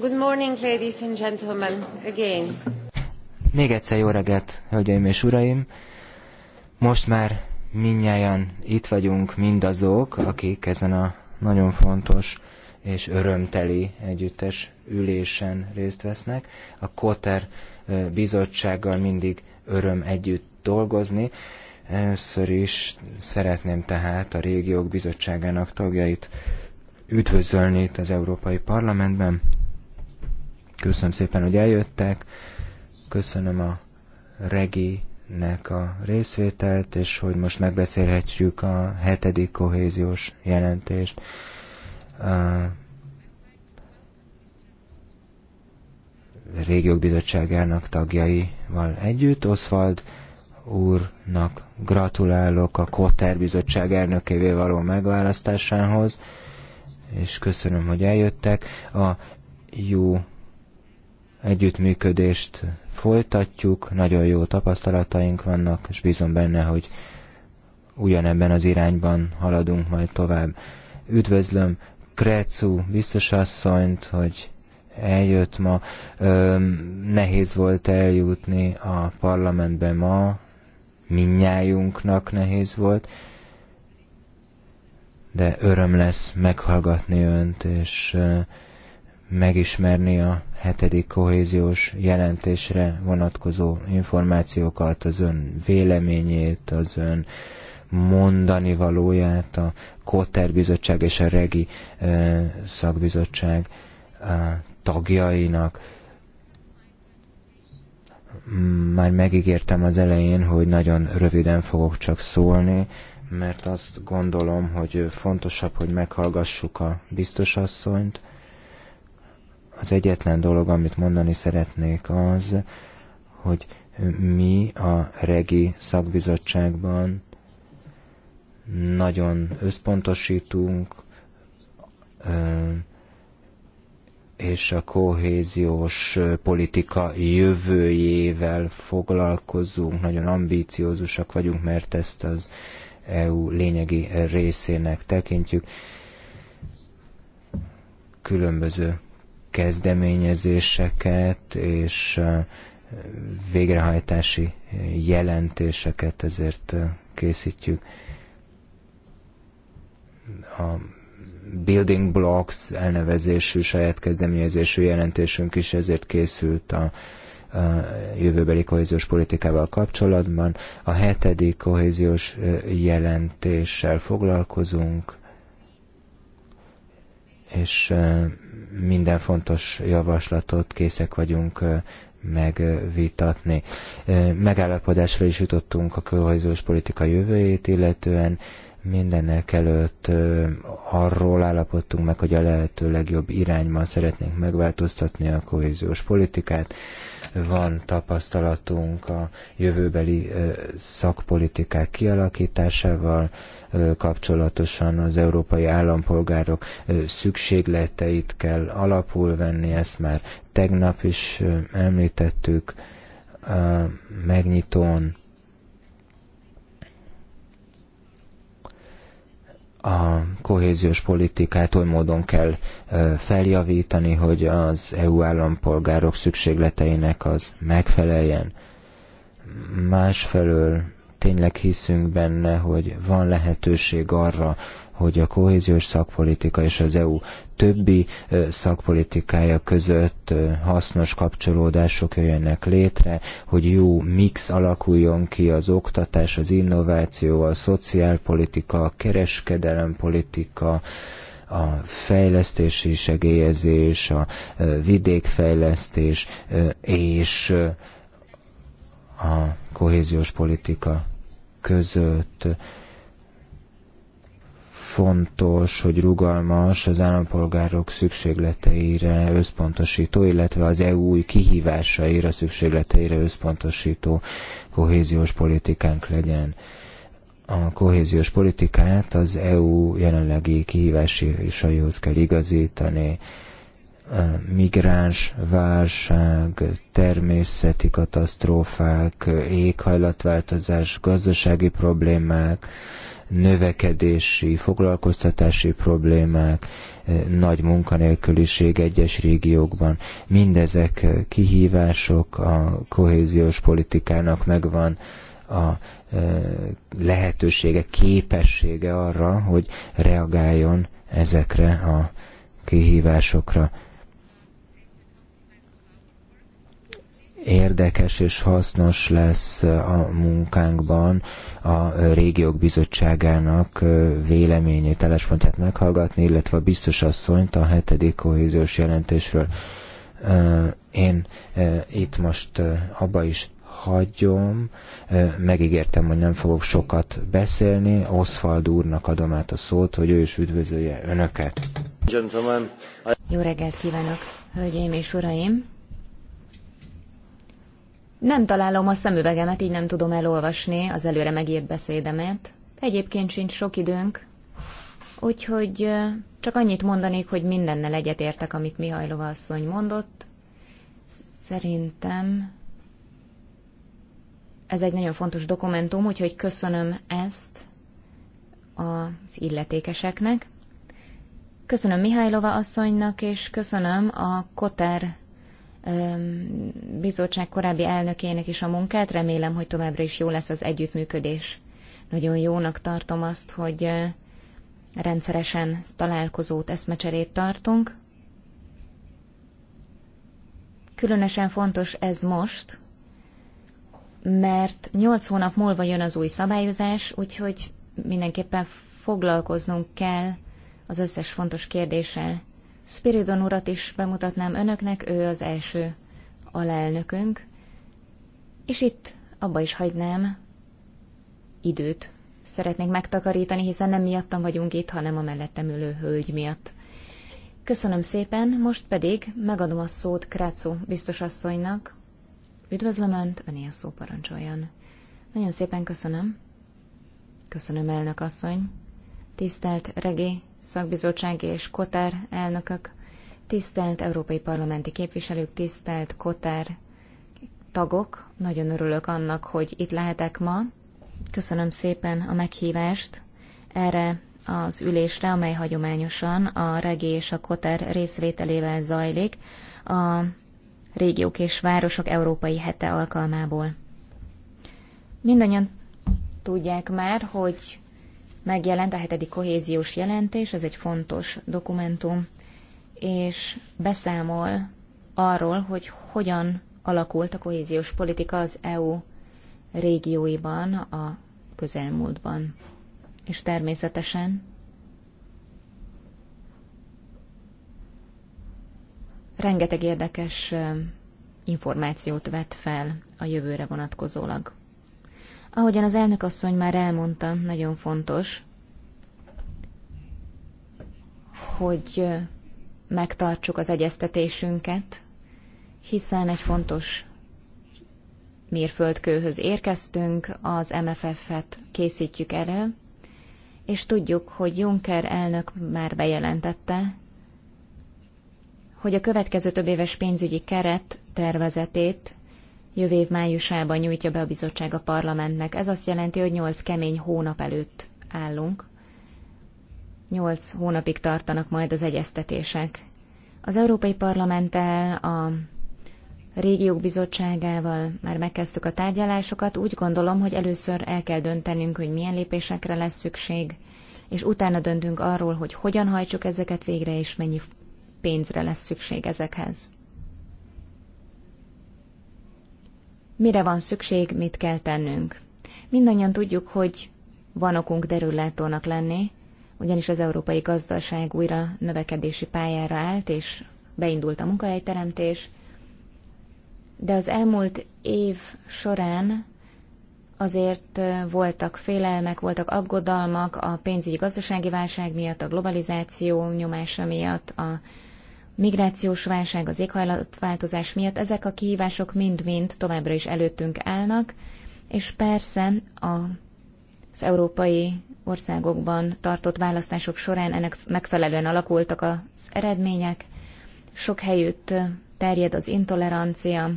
Good morning, ladies and gentlemen, again. Még egyszer jó reggelt, hölgyeim és uraim. Most már minnyáján itt vagyunk mindazok, akik ezen a nagyon fontos és örömteli együttes ülésen részt vesznek. A Koter bizottsággal mindig öröm együtt dolgozni. Először is szeretném tehát a régiók bizottságának tagjait üdvözölni itt az Európai Parlamentben. Köszönöm szépen, hogy eljöttek. Köszönöm a reginek a részvételt, és hogy most megbeszélhetjük a hetedik kohéziós jelentést. A régiók bizottságának tagjaival együtt. Oswald úrnak gratulálok a Kotter bizottság elnökévé való megválasztásához, és köszönöm, hogy eljöttek. A jó együttműködést folytatjuk, nagyon jó tapasztalataink vannak, és bízom benne, hogy ugyanebben az irányban haladunk majd tovább. Üdvözlöm Krecu biztosasszonyt, hogy eljött ma. nehéz volt eljutni a parlamentbe ma, minnyájunknak nehéz volt, de öröm lesz meghallgatni önt, és megismerni a hetedik kohéziós jelentésre vonatkozó információkat, az ön véleményét, az ön mondani valóját, a Kóter Bizottság és a Regi Szakbizottság tagjainak. Már megígértem az elején, hogy nagyon röviden fogok csak szólni, mert azt gondolom, hogy fontosabb, hogy meghallgassuk a biztosasszonyt, az egyetlen dolog, amit mondani szeretnék az, hogy mi a regi szakbizottságban nagyon összpontosítunk, és a kohéziós politika jövőjével foglalkozunk, nagyon ambíciózusak vagyunk, mert ezt az EU lényegi részének tekintjük. Különböző kezdeményezéseket és végrehajtási jelentéseket ezért készítjük. A Building Blocks elnevezésű, saját kezdeményezésű jelentésünk is ezért készült a, jövőbeli kohéziós politikával kapcsolatban. A hetedik kohéziós jelentéssel foglalkozunk, és minden fontos javaslatot készek vagyunk megvitatni. Megállapodásra is jutottunk a kőhajzós politika jövőjét, illetően mindenek előtt arról állapodtunk meg, hogy a lehető legjobb irányban szeretnénk megváltoztatni a kohéziós politikát. Van tapasztalatunk a jövőbeli szakpolitikák kialakításával, kapcsolatosan az európai állampolgárok szükségleteit kell alapul venni, ezt már tegnap is említettük megnyitón. a kohéziós politikát oly módon kell feljavítani, hogy az EU állampolgárok szükségleteinek az megfeleljen. Másfelől tényleg hiszünk benne, hogy van lehetőség arra, hogy a kohéziós szakpolitika és az EU többi szakpolitikája között hasznos kapcsolódások jöjjenek létre, hogy jó mix alakuljon ki az oktatás, az innováció, a szociálpolitika, a kereskedelempolitika, a fejlesztési segélyezés, a vidékfejlesztés és a kohéziós politika között. Fontos, hogy rugalmas az állampolgárok szükségleteire összpontosító, illetve az EU új kihívásaira szükségleteire összpontosító kohéziós politikánk legyen a kohéziós politikát az EU jelenlegi kihívásaihoz kell igazítani, migráns válság, természeti katasztrófák, éghajlatváltozás, gazdasági problémák, növekedési, foglalkoztatási problémák, e, nagy munkanélküliség egyes régiókban. Mindezek e, kihívások, a kohéziós politikának megvan a e, lehetősége, képessége arra, hogy reagáljon ezekre a kihívásokra érdekes és hasznos lesz a munkánkban a régiók bizottságának véleményét, álláspontját meghallgatni, illetve a biztos asszonyt a hetedik kohéziós jelentésről. Én itt most abba is hagyom, megígértem, hogy nem fogok sokat beszélni, Oszfald úrnak adom át a szót, hogy ő is üdvözölje önöket. Jó reggelt kívánok, hölgyeim és uraim! Nem találom a szemüvegemet, így nem tudom elolvasni az előre megírt beszédemet. Egyébként sincs sok időnk, úgyhogy csak annyit mondanék, hogy mindennel egyetértek, amit Mihajlova asszony mondott. Szerintem ez egy nagyon fontos dokumentum, úgyhogy köszönöm ezt az illetékeseknek. Köszönöm Mihálylova asszonynak, és köszönöm a Koter bizottság korábbi elnökének is a munkát. Remélem, hogy továbbra is jó lesz az együttműködés. Nagyon jónak tartom azt, hogy rendszeresen találkozót, eszmecserét tartunk. Különösen fontos ez most, mert 8 hónap múlva jön az új szabályozás, úgyhogy mindenképpen foglalkoznunk kell az összes fontos kérdéssel. Spiridon urat is bemutatnám önöknek, ő az első alelnökünk, és itt abba is hagynám időt. Szeretnék megtakarítani, hiszen nem miattam vagyunk itt, hanem a mellettem ülő hölgy miatt. Köszönöm szépen, most pedig megadom a szót Krácó biztosasszonynak. Üdvözlöm Önt, Öné a szó parancsoljon. Nagyon szépen köszönöm. Köszönöm, elnök asszony. Tisztelt Regé szakbizottság és Kotár elnökök, tisztelt európai parlamenti képviselők, tisztelt Kotár tagok, nagyon örülök annak, hogy itt lehetek ma. Köszönöm szépen a meghívást erre az ülésre, amely hagyományosan a regi és a Kotár részvételével zajlik a régiók és városok európai hete alkalmából. Mindannyian tudják már, hogy megjelent a hetedik kohéziós jelentés, ez egy fontos dokumentum, és beszámol arról, hogy hogyan alakult a kohéziós politika az EU régióiban a közelmúltban. És természetesen rengeteg érdekes információt vett fel a jövőre vonatkozólag. Ahogyan az elnök asszony már elmondta, nagyon fontos, hogy megtartsuk az egyeztetésünket, hiszen egy fontos mérföldkőhöz érkeztünk, az MFF-et készítjük elő, és tudjuk, hogy Juncker elnök már bejelentette, hogy a következő több éves pénzügyi keret tervezetét jövő év májusában nyújtja be a bizottság a parlamentnek. Ez azt jelenti, hogy nyolc kemény hónap előtt állunk. Nyolc hónapig tartanak majd az egyeztetések. Az Európai Parlamenttel, a régiók bizottságával már megkezdtük a tárgyalásokat. Úgy gondolom, hogy először el kell döntenünk, hogy milyen lépésekre lesz szükség, és utána döntünk arról, hogy hogyan hajtsuk ezeket végre, és mennyi pénzre lesz szükség ezekhez. mire van szükség, mit kell tennünk. Mindannyian tudjuk, hogy van okunk derüllátónak lenni, ugyanis az európai gazdaság újra növekedési pályára állt, és beindult a munkahelyteremtés, de az elmúlt év során azért voltak félelmek, voltak aggodalmak a pénzügyi gazdasági válság miatt, a globalizáció nyomása miatt, a migrációs válság, az éghajlatváltozás miatt ezek a kihívások mind-mind továbbra is előttünk állnak, és persze a, az európai országokban tartott választások során ennek megfelelően alakultak az eredmények. Sok helyütt terjed az intolerancia,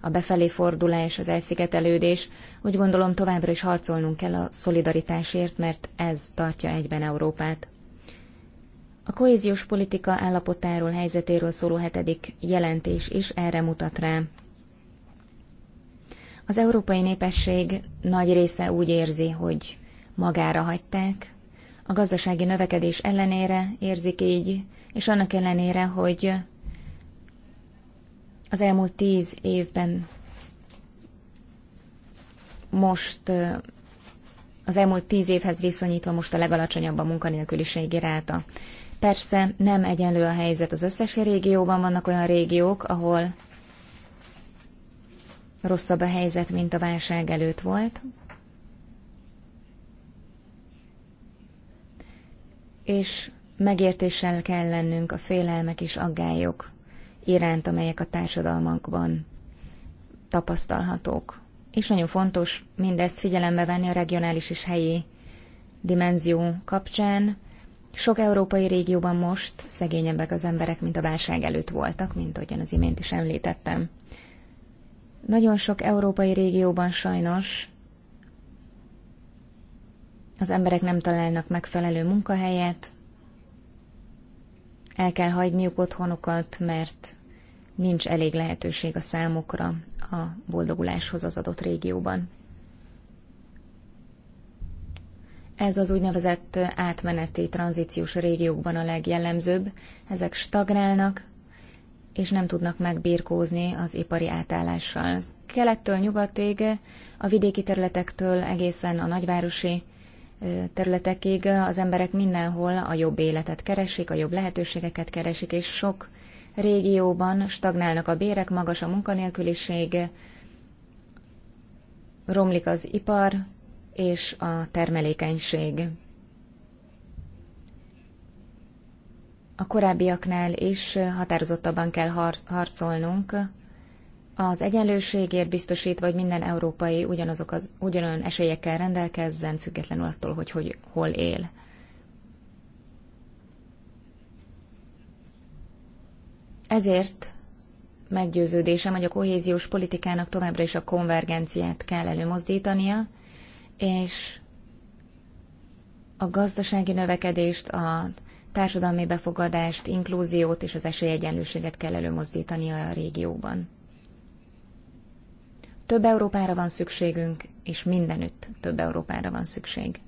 a befelé fordulás, az elszigetelődés. Úgy gondolom továbbra is harcolnunk kell a szolidaritásért, mert ez tartja egyben Európát. A kohéziós politika állapotáról, helyzetéről szóló hetedik jelentés is erre mutat rá. Az európai népesség nagy része úgy érzi, hogy magára hagyták, a gazdasági növekedés ellenére érzik így, és annak ellenére, hogy az elmúlt tíz évben most az elmúlt tíz évhez viszonyítva most a legalacsonyabb a munkanélküliségi ráta. Persze nem egyenlő a helyzet az összes régióban, vannak olyan régiók, ahol rosszabb a helyzet, mint a válság előtt volt. És megértéssel kell lennünk a félelmek és aggályok iránt, amelyek a társadalmakban tapasztalhatók. És nagyon fontos mindezt figyelembe venni a regionális és helyi dimenzió kapcsán, sok európai régióban most szegényebbek az emberek, mint a válság előtt voltak, mint ahogyan az imént is említettem. Nagyon sok európai régióban sajnos az emberek nem találnak megfelelő munkahelyet, el kell hagyniuk otthonukat, mert nincs elég lehetőség a számukra a boldoguláshoz az adott régióban. Ez az úgynevezett átmeneti tranzíciós régiókban a legjellemzőbb. Ezek stagnálnak, és nem tudnak megbírkózni az ipari átállással. Kelettől nyugatig, a vidéki területektől egészen a nagyvárosi területekig az emberek mindenhol a jobb életet keresik, a jobb lehetőségeket keresik, és sok régióban stagnálnak a bérek, magas a munkanélküliség, romlik az ipar, és a termelékenység. A korábbiaknál is határozottabban kell har- harcolnunk az egyenlőségért biztosítva, hogy minden európai ugyanazok az, ugyanolyan esélyekkel rendelkezzen, függetlenül attól, hogy, hogy hol él. Ezért meggyőződésem, hogy a kohéziós politikának továbbra is a konvergenciát kell előmozdítania, és a gazdasági növekedést, a társadalmi befogadást, inklúziót és az esélyegyenlőséget kell előmozdítani a régióban. Több Európára van szükségünk, és mindenütt több Európára van szükség.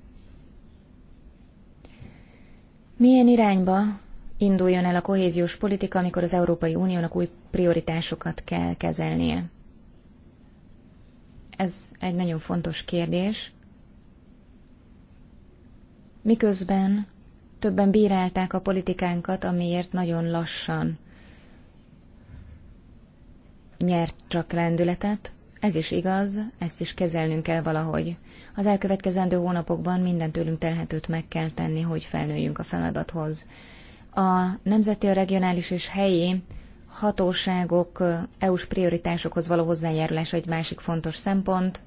Milyen irányba induljon el a kohéziós politika, amikor az Európai Uniónak új prioritásokat kell kezelnie? Ez egy nagyon fontos kérdés, miközben többen bírálták a politikánkat, amiért nagyon lassan nyert csak lendületet. Ez is igaz, ezt is kezelnünk kell valahogy. Az elkövetkezendő hónapokban minden tőlünk telhetőt meg kell tenni, hogy felnőjünk a feladathoz. A nemzeti, a regionális és helyi hatóságok EU-s prioritásokhoz való hozzájárulás egy másik fontos szempont.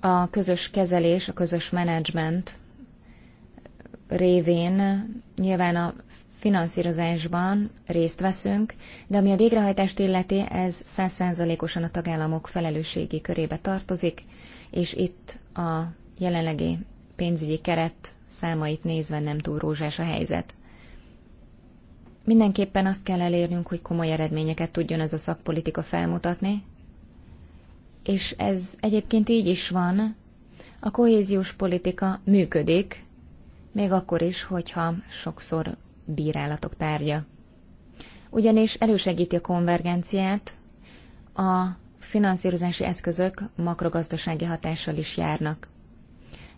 A közös kezelés, a közös menedzsment révén nyilván a finanszírozásban részt veszünk, de ami a végrehajtást illeti, ez százszerzalékosan a tagállamok felelősségi körébe tartozik, és itt a jelenlegi pénzügyi keret számait nézve nem túl rózsás a helyzet. Mindenképpen azt kell elérnünk, hogy komoly eredményeket tudjon ez a szakpolitika felmutatni, és ez egyébként így is van, a kohéziós politika működik, még akkor is, hogyha sokszor bírálatok tárgya. Ugyanis elősegíti a konvergenciát, a finanszírozási eszközök makrogazdasági hatással is járnak.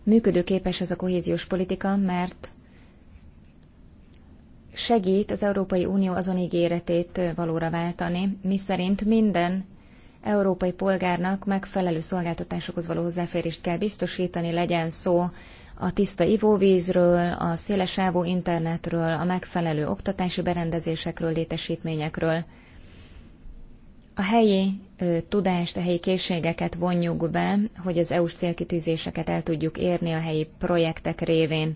Működőképes ez a kohéziós politika, mert segít az Európai Unió azon ígéretét valóra váltani, miszerint minden európai polgárnak megfelelő szolgáltatásokhoz való hozzáférést kell biztosítani, legyen szó a tiszta ivóvízről, a szélesávú internetről, a megfelelő oktatási berendezésekről, létesítményekről. A helyi ö, tudást, a helyi készségeket vonjuk be, hogy az EU-s célkitűzéseket el tudjuk érni a helyi projektek révén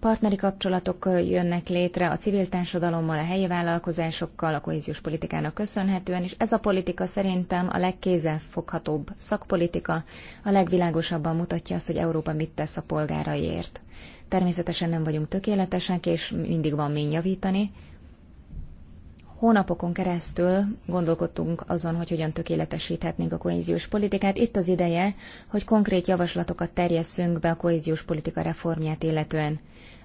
partneri kapcsolatok jönnek létre a civil társadalommal, a helyi vállalkozásokkal, a kohéziós politikának köszönhetően, és ez a politika szerintem a legkézzelfoghatóbb szakpolitika, a legvilágosabban mutatja azt, hogy Európa mit tesz a polgáraiért. Természetesen nem vagyunk tökéletesek, és mindig van mény javítani. Hónapokon keresztül gondolkodtunk azon, hogy hogyan tökéletesíthetnénk a kohéziós politikát. Itt az ideje, hogy konkrét javaslatokat terjesszünk be a kohéziós politika reformját illetően.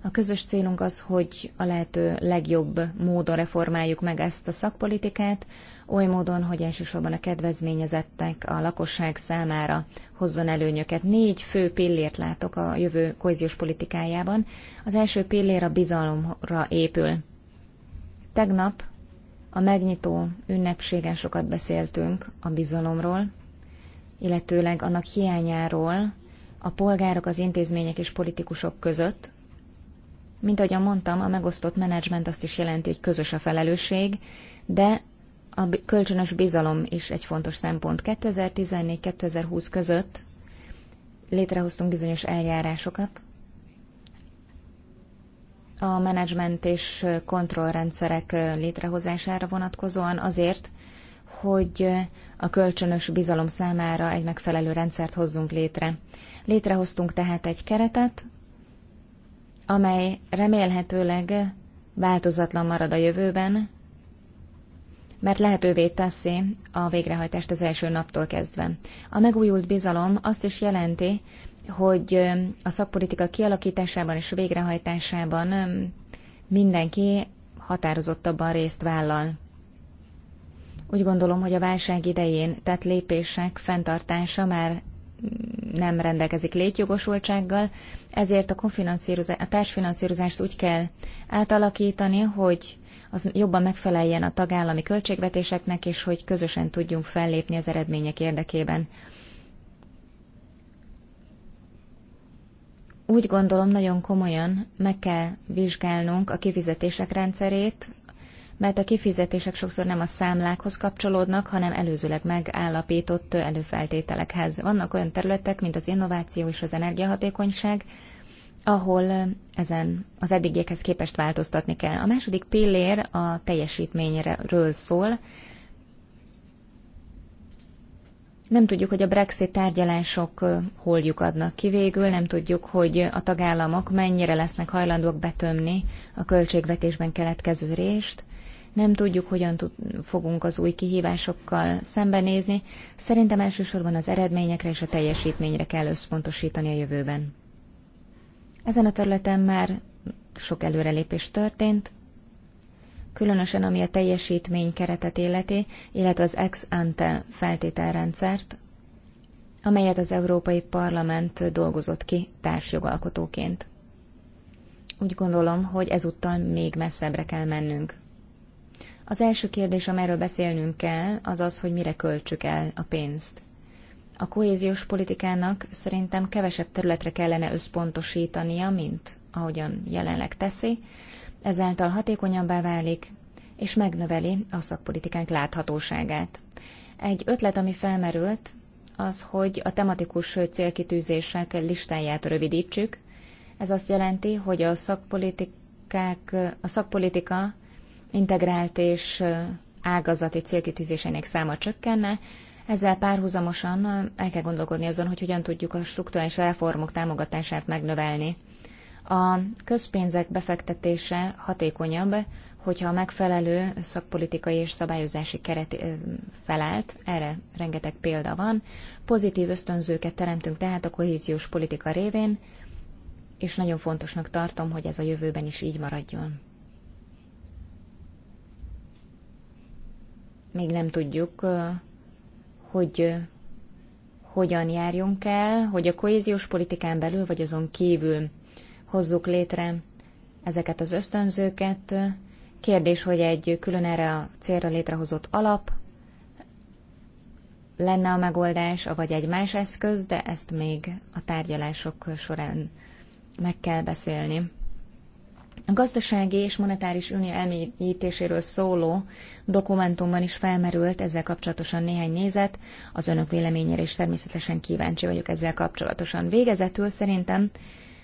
A közös célunk az, hogy a lehető legjobb módon reformáljuk meg ezt a szakpolitikát, oly módon, hogy elsősorban a kedvezményezettek a lakosság számára hozzon előnyöket. Négy fő pillért látok a jövő kohéziós politikájában. Az első pillér a bizalomra épül. Tegnap a megnyitó ünnepségen sokat beszéltünk a bizalomról, illetőleg annak hiányáról a polgárok, az intézmények és politikusok között, mint ahogyan mondtam, a megosztott menedzsment azt is jelenti, hogy közös a felelősség, de a kölcsönös bizalom is egy fontos szempont. 2014-2020 között létrehoztunk bizonyos eljárásokat, a menedzsment és kontrollrendszerek létrehozására vonatkozóan azért, hogy a kölcsönös bizalom számára egy megfelelő rendszert hozzunk létre. Létrehoztunk tehát egy keretet, amely remélhetőleg változatlan marad a jövőben, mert lehetővé teszi a végrehajtást az első naptól kezdve. A megújult bizalom azt is jelenti, hogy a szakpolitika kialakításában és végrehajtásában mindenki határozottabban részt vállal. Úgy gondolom, hogy a válság idején tett lépések fenntartása már nem rendelkezik létjogosultsággal, ezért a, a társfinanszírozást úgy kell átalakítani, hogy az jobban megfeleljen a tagállami költségvetéseknek, és hogy közösen tudjunk fellépni az eredmények érdekében. Úgy gondolom, nagyon komolyan meg kell vizsgálnunk a kifizetések rendszerét, mert a kifizetések sokszor nem a számlákhoz kapcsolódnak, hanem előzőleg megállapított előfeltételekhez. Vannak olyan területek, mint az innováció és az energiahatékonyság, ahol ezen az eddigiekhez képest változtatni kell. A második pillér a teljesítményről szól. Nem tudjuk, hogy a Brexit tárgyalások hol lyukadnak ki végül, nem tudjuk, hogy a tagállamok mennyire lesznek hajlandók betömni a költségvetésben keletkező részt nem tudjuk, hogyan tud, fogunk az új kihívásokkal szembenézni. Szerintem elsősorban az eredményekre és a teljesítményre kell összpontosítani a jövőben. Ezen a területen már sok előrelépés történt, különösen ami a teljesítmény keretet életé, illetve az ex ante feltételrendszert, amelyet az Európai Parlament dolgozott ki társjogalkotóként. Úgy gondolom, hogy ezúttal még messzebbre kell mennünk. Az első kérdés, amelyről beszélnünk kell, az az, hogy mire költsük el a pénzt. A kohéziós politikának szerintem kevesebb területre kellene összpontosítania, mint ahogyan jelenleg teszi, ezáltal hatékonyabbá válik, és megnöveli a szakpolitikánk láthatóságát. Egy ötlet, ami felmerült, az, hogy a tematikus célkitűzések listáját rövidítsük. Ez azt jelenti, hogy a, szakpolitikák, a szakpolitika integrált és ágazati célkitűzéseinek száma csökkenne, ezzel párhuzamosan el kell gondolkodni azon, hogy hogyan tudjuk a struktúrális reformok támogatását megnövelni. A közpénzek befektetése hatékonyabb, hogyha a megfelelő szakpolitikai és szabályozási keret felelt, erre rengeteg példa van, pozitív ösztönzőket teremtünk tehát a kohéziós politika révén, és nagyon fontosnak tartom, hogy ez a jövőben is így maradjon. még nem tudjuk, hogy hogyan járjunk el, hogy a kohéziós politikán belül vagy azon kívül hozzuk létre ezeket az ösztönzőket. Kérdés, hogy egy külön erre a célra létrehozott alap lenne a megoldás, vagy egy más eszköz, de ezt még a tárgyalások során meg kell beszélni. A gazdasági és monetáris unió elmélyítéséről szóló dokumentumban is felmerült ezzel kapcsolatosan néhány nézet, az önök véleményére is természetesen kíváncsi vagyok ezzel kapcsolatosan. Végezetül szerintem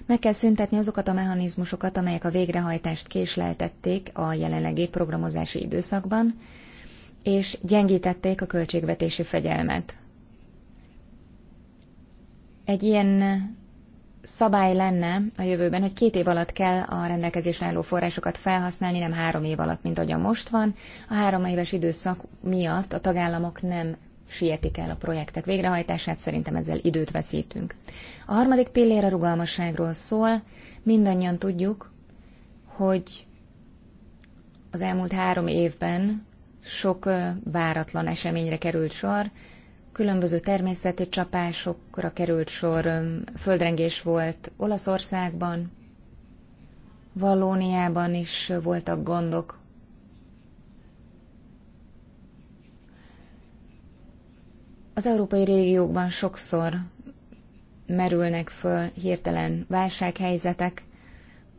meg kell szüntetni azokat a mechanizmusokat, amelyek a végrehajtást késleltették a jelenlegi programozási időszakban, és gyengítették a költségvetési fegyelmet. Egy ilyen szabály lenne a jövőben, hogy két év alatt kell a rendelkezésre álló forrásokat felhasználni, nem három év alatt, mint a most van. A három éves időszak miatt a tagállamok nem sietik el a projektek végrehajtását, szerintem ezzel időt veszítünk. A harmadik pillér a rugalmasságról szól. Mindannyian tudjuk, hogy az elmúlt három évben sok váratlan eseményre került sor, különböző természeti csapásokra került sor, földrengés volt Olaszországban, Valóniában is voltak gondok. Az európai régiókban sokszor merülnek föl hirtelen válsághelyzetek,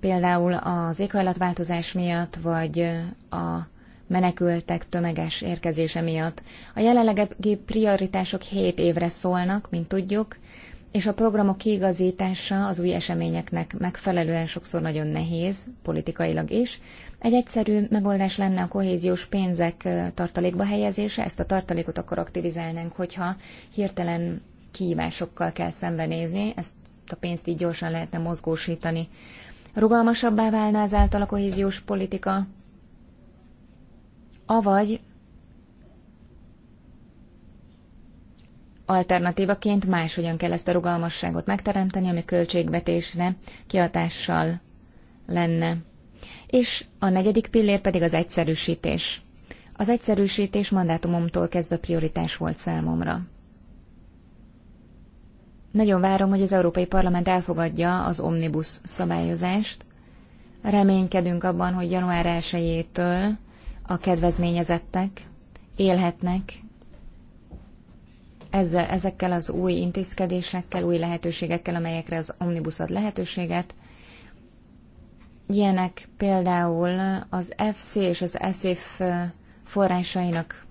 például az éghajlatváltozás miatt, vagy a menekültek tömeges érkezése miatt. A jelenlegi prioritások 7 évre szólnak, mint tudjuk, és a programok kiigazítása az új eseményeknek megfelelően sokszor nagyon nehéz, politikailag is. Egy egyszerű megoldás lenne a kohéziós pénzek tartalékba helyezése, ezt a tartalékot akkor aktivizálnánk, hogyha hirtelen kihívásokkal kell szembenézni, ezt a pénzt így gyorsan lehetne mozgósítani. Rugalmasabbá válna ezáltal a kohéziós politika, avagy alternatívaként máshogyan kell ezt a rugalmasságot megteremteni, ami költségvetésre kiatással lenne. És a negyedik pillér pedig az egyszerűsítés. Az egyszerűsítés mandátumomtól kezdve prioritás volt számomra. Nagyon várom, hogy az Európai Parlament elfogadja az omnibus szabályozást. Reménykedünk abban, hogy január 1 a kedvezményezettek élhetnek ezzel, ezekkel az új intézkedésekkel, új lehetőségekkel, amelyekre az Omnibus ad lehetőséget. Ilyenek például az FC és az ESIF forrásainak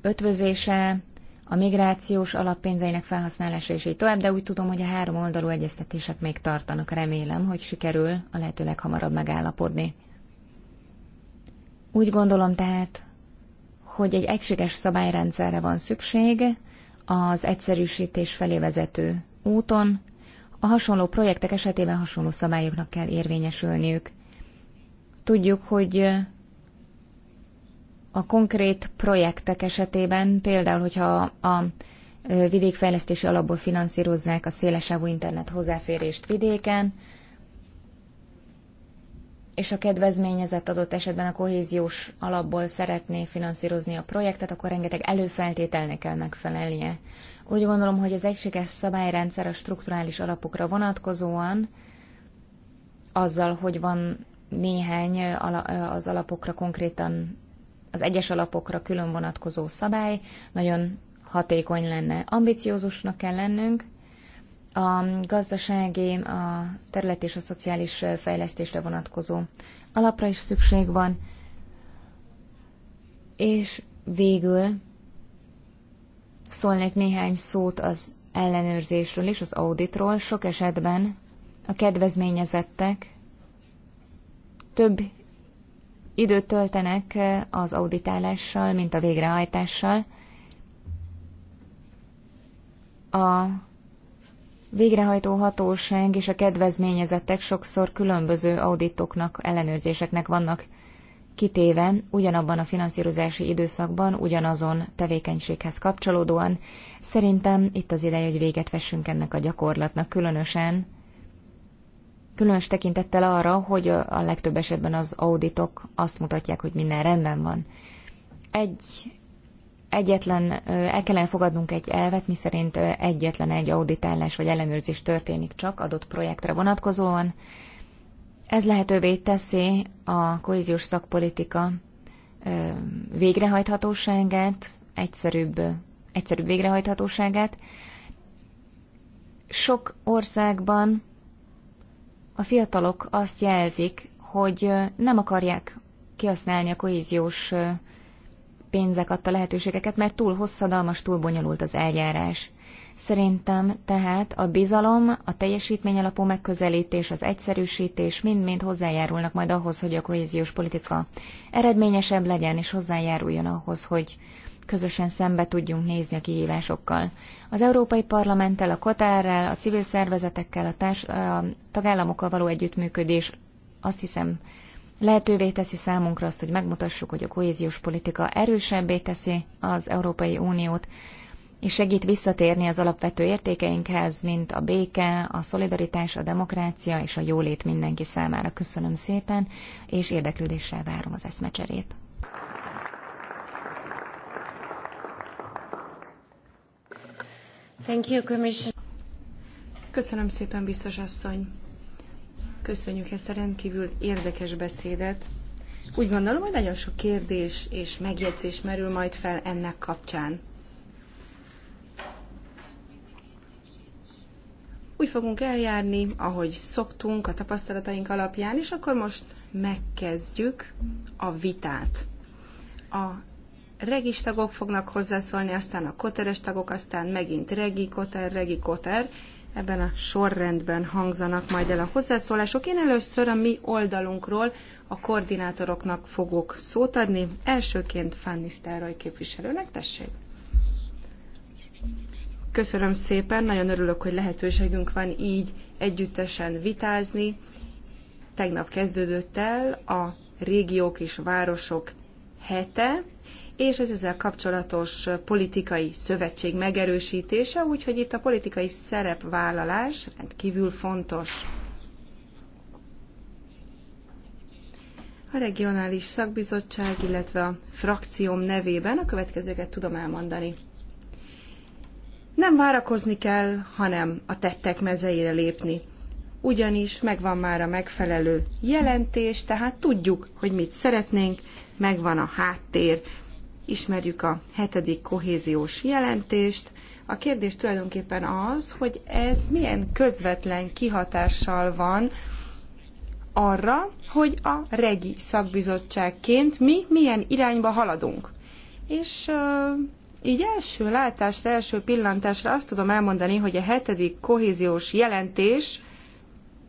ötvözése, a migrációs alappénzeinek felhasználása és így tovább, de úgy tudom, hogy a három oldalú egyeztetések még tartanak. Remélem, hogy sikerül a lehető leghamarabb megállapodni. Úgy gondolom tehát, hogy egy egységes szabályrendszerre van szükség az egyszerűsítés felé vezető úton, a hasonló projektek esetében hasonló szabályoknak kell érvényesülniük. Tudjuk, hogy a konkrét projektek esetében, például, hogyha a vidékfejlesztési alapból finanszírozzák a szélesávú internet hozzáférést vidéken, és a kedvezményezett adott esetben a kohéziós alapból szeretné finanszírozni a projektet, akkor rengeteg előfeltételnek kell megfelelnie. Úgy gondolom, hogy az egységes szabályrendszer a strukturális alapokra vonatkozóan, azzal, hogy van néhány az alapokra konkrétan, az egyes alapokra külön vonatkozó szabály, nagyon hatékony lenne. Ambiciózusnak kell lennünk, a gazdasági, a terület és a szociális fejlesztésre vonatkozó alapra is szükség van, és végül szólnék néhány szót az ellenőrzésről és az auditról. Sok esetben a kedvezményezettek több időt töltenek az auditálással, mint a végrehajtással. A végrehajtó hatóság és a kedvezményezettek sokszor különböző auditoknak, ellenőrzéseknek vannak kitéve ugyanabban a finanszírozási időszakban, ugyanazon tevékenységhez kapcsolódóan. Szerintem itt az ideje, hogy véget vessünk ennek a gyakorlatnak, különösen különös tekintettel arra, hogy a legtöbb esetben az auditok azt mutatják, hogy minden rendben van. Egy egyetlen, el kellene fogadnunk egy elvet, miszerint egyetlen egy auditálás vagy ellenőrzés történik csak adott projektre vonatkozóan. Ez lehetővé teszi a kohéziós szakpolitika végrehajthatóságát, egyszerűbb, egyszerűbb végrehajthatóságát. Sok országban a fiatalok azt jelzik, hogy nem akarják kihasználni a kohéziós pénzek adta lehetőségeket, mert túl hosszadalmas, túl bonyolult az eljárás. Szerintem tehát a bizalom, a teljesítmény alapú megközelítés, az egyszerűsítés mind-mind hozzájárulnak majd ahhoz, hogy a kohéziós politika eredményesebb legyen, és hozzájáruljon ahhoz, hogy közösen szembe tudjunk nézni a kihívásokkal. Az Európai Parlamenttel, a Kotárral, a civil szervezetekkel, a, társ, a tagállamokkal való együttműködés azt hiszem lehetővé teszi számunkra azt, hogy megmutassuk, hogy a kohéziós politika erősebbé teszi az Európai Uniót, és segít visszatérni az alapvető értékeinkhez, mint a béke, a szolidaritás, a demokrácia és a jólét mindenki számára. Köszönöm szépen, és érdeklődéssel várom az eszmecserét. Thank you, Commission. Köszönöm szépen, biztos asszony. Köszönjük ezt a rendkívül érdekes beszédet. Úgy gondolom, hogy nagyon sok kérdés és megjegyzés merül majd fel ennek kapcsán. Úgy fogunk eljárni, ahogy szoktunk a tapasztalataink alapján, és akkor most megkezdjük a vitát. A regis tagok fognak hozzászólni, aztán a koteres tagok, aztán megint regi, koter, regi, koter, ebben a sorrendben hangzanak majd el a hozzászólások. Én először a mi oldalunkról a koordinátoroknak fogok szót adni. Elsőként Fanny Sztároly képviselőnek, tessék! Köszönöm szépen, nagyon örülök, hogy lehetőségünk van így együttesen vitázni. Tegnap kezdődött el a régiók és városok hete, és az ezzel kapcsolatos politikai szövetség megerősítése, úgyhogy itt a politikai szerepvállalás rendkívül fontos. A regionális szakbizottság, illetve a frakcióm nevében a következőket tudom elmondani. Nem várakozni kell, hanem a tettek mezeire lépni. Ugyanis megvan már a megfelelő jelentés, tehát tudjuk, hogy mit szeretnénk, megvan a háttér ismerjük a hetedik kohéziós jelentést. A kérdés tulajdonképpen az, hogy ez milyen közvetlen kihatással van arra, hogy a regi szakbizottságként mi milyen irányba haladunk. És uh, így első látásra, első pillantásra azt tudom elmondani, hogy a hetedik kohéziós jelentés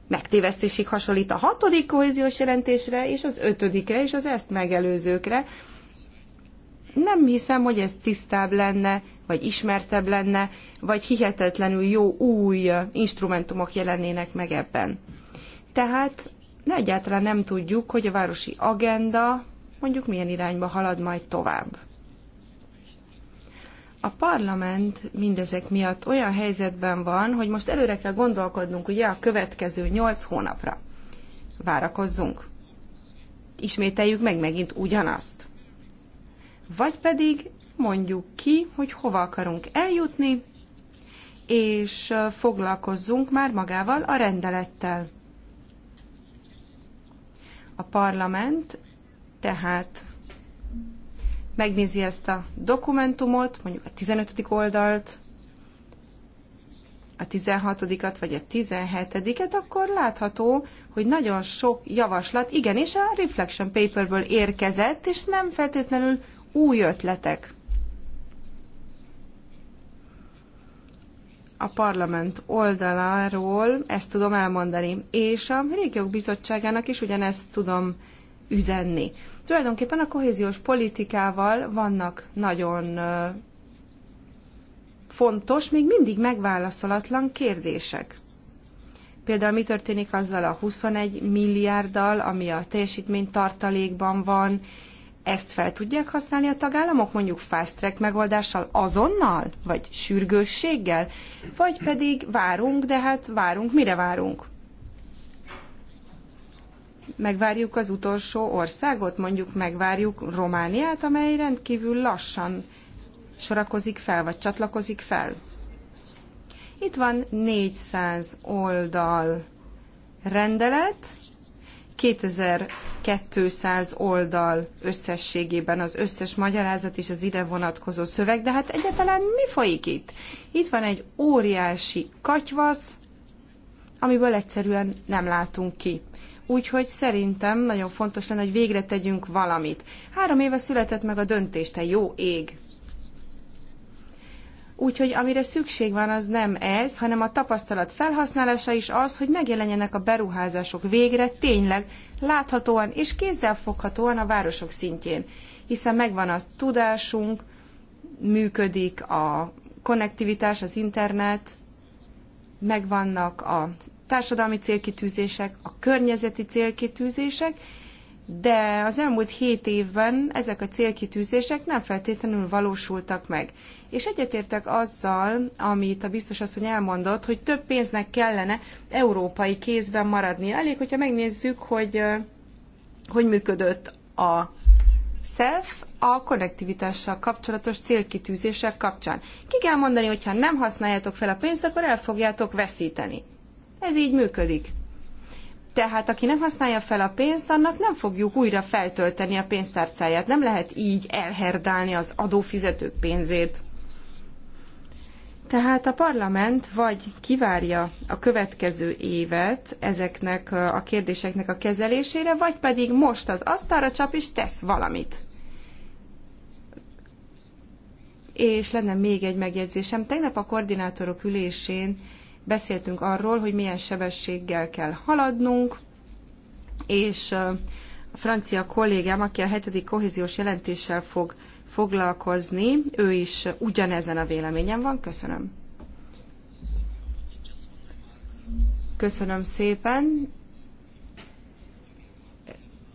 megtévesztésig hasonlít a hatodik kohéziós jelentésre, és az ötödikre, és az ezt megelőzőkre, nem hiszem, hogy ez tisztább lenne, vagy ismertebb lenne, vagy hihetetlenül jó új instrumentumok jelennének meg ebben. Tehát ne egyáltalán nem tudjuk, hogy a városi agenda mondjuk milyen irányba halad majd tovább. A parlament mindezek miatt olyan helyzetben van, hogy most előre kell gondolkodnunk ugye a következő nyolc hónapra. Várakozzunk. Ismételjük meg megint ugyanazt vagy pedig mondjuk ki, hogy hova akarunk eljutni, és foglalkozzunk már magával a rendelettel. A parlament tehát megnézi ezt a dokumentumot, mondjuk a 15. oldalt, a 16-at vagy a 17-et, akkor látható, hogy nagyon sok javaslat igenis a Reflection Paperből érkezett, és nem feltétlenül új ötletek. a parlament oldaláról ezt tudom elmondani, és a régiók bizottságának is ugyanezt tudom üzenni. Tulajdonképpen a kohéziós politikával vannak nagyon fontos, még mindig megválaszolatlan kérdések. Például mi történik azzal a 21 milliárddal, ami a teljesítménytartalékban van, ezt fel tudják használni a tagállamok mondjuk fast track megoldással azonnal, vagy sürgősséggel, vagy pedig várunk, de hát várunk, mire várunk? Megvárjuk az utolsó országot, mondjuk megvárjuk Romániát, amely rendkívül lassan sorakozik fel, vagy csatlakozik fel. Itt van 400 oldal rendelet, 2200 oldal összességében az összes magyarázat és az ide vonatkozó szöveg, de hát egyáltalán mi folyik itt? Itt van egy óriási katyvasz, amiből egyszerűen nem látunk ki. Úgyhogy szerintem nagyon fontos lenne, hogy végre tegyünk valamit. Három éve született meg a döntés, te jó ég. Úgyhogy amire szükség van, az nem ez, hanem a tapasztalat felhasználása is az, hogy megjelenjenek a beruházások végre tényleg láthatóan és kézzelfoghatóan a városok szintjén. Hiszen megvan a tudásunk, működik a konnektivitás, az internet, megvannak a társadalmi célkitűzések, a környezeti célkitűzések, de az elmúlt hét évben ezek a célkitűzések nem feltétlenül valósultak meg. És egyetértek azzal, amit a biztos asszony elmondott, hogy több pénznek kellene európai kézben maradni. Elég, hogyha megnézzük, hogy hogy működött a SZEF a konnektivitással kapcsolatos célkitűzések kapcsán. Ki kell mondani, hogyha nem használjátok fel a pénzt, akkor el fogjátok veszíteni. Ez így működik. Tehát aki nem használja fel a pénzt, annak nem fogjuk újra feltölteni a pénztárcáját. Nem lehet így elherdálni az adófizetők pénzét. Tehát a parlament vagy kivárja a következő évet ezeknek a kérdéseknek a kezelésére, vagy pedig most az asztalra csap és tesz valamit. És lenne még egy megjegyzésem. Tegnap a koordinátorok ülésén Beszéltünk arról, hogy milyen sebességgel kell haladnunk, és a francia kollégám, aki a hetedik kohéziós jelentéssel fog foglalkozni, ő is ugyanezen a véleményen van. Köszönöm. Köszönöm szépen.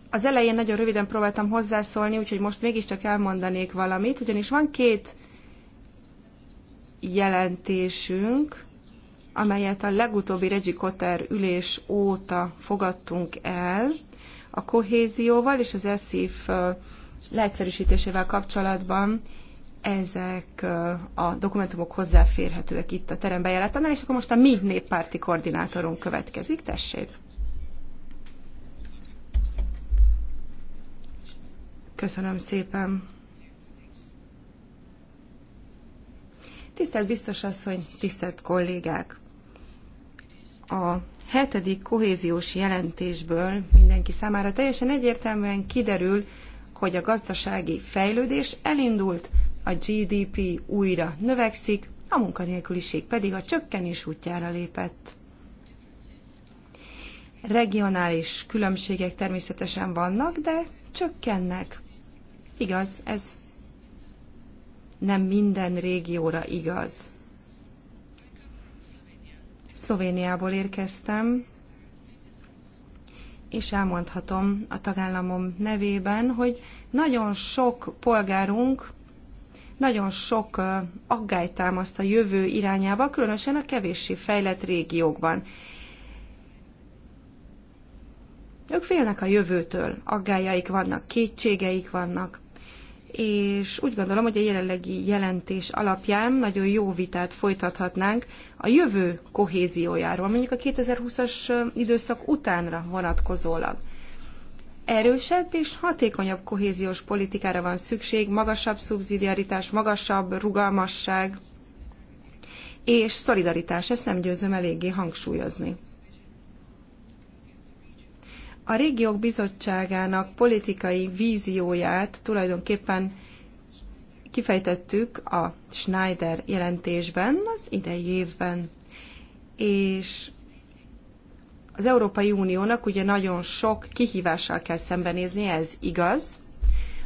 Az elején nagyon röviden próbáltam hozzászólni, úgyhogy most mégiscsak elmondanék valamit, ugyanis van két jelentésünk, amelyet a legutóbbi Regikoter ülés óta fogadtunk el, a kohézióval és az eszív leegyszerűsítésével kapcsolatban ezek a dokumentumok hozzáférhetőek itt a terem és akkor most a mi néppárti koordinátorunk következik, tessék. Köszönöm szépen. Tisztelt biztos asszony, tisztelt kollégák! a hetedik kohéziós jelentésből mindenki számára teljesen egyértelműen kiderül, hogy a gazdasági fejlődés elindult, a GDP újra növekszik, a munkanélküliség pedig a csökkenés útjára lépett. Regionális különbségek természetesen vannak, de csökkennek. Igaz, ez nem minden régióra igaz. Szlovéniából érkeztem, és elmondhatom a tagállamom nevében, hogy nagyon sok polgárunk nagyon sok aggályt támaszt a jövő irányába, különösen a kevéssé fejlett régiókban. Ők félnek a jövőtől, aggájaik vannak, kétségeik vannak és úgy gondolom, hogy a jelenlegi jelentés alapján nagyon jó vitát folytathatnánk a jövő kohéziójáról, mondjuk a 2020-as időszak utánra vonatkozólag. Erősebb és hatékonyabb kohéziós politikára van szükség, magasabb szubszidiaritás, magasabb rugalmasság és szolidaritás, ezt nem győzöm eléggé hangsúlyozni. A régiók bizottságának politikai vízióját tulajdonképpen kifejtettük a Schneider jelentésben az idei évben. És az Európai Uniónak ugye nagyon sok kihívással kell szembenézni, ez igaz.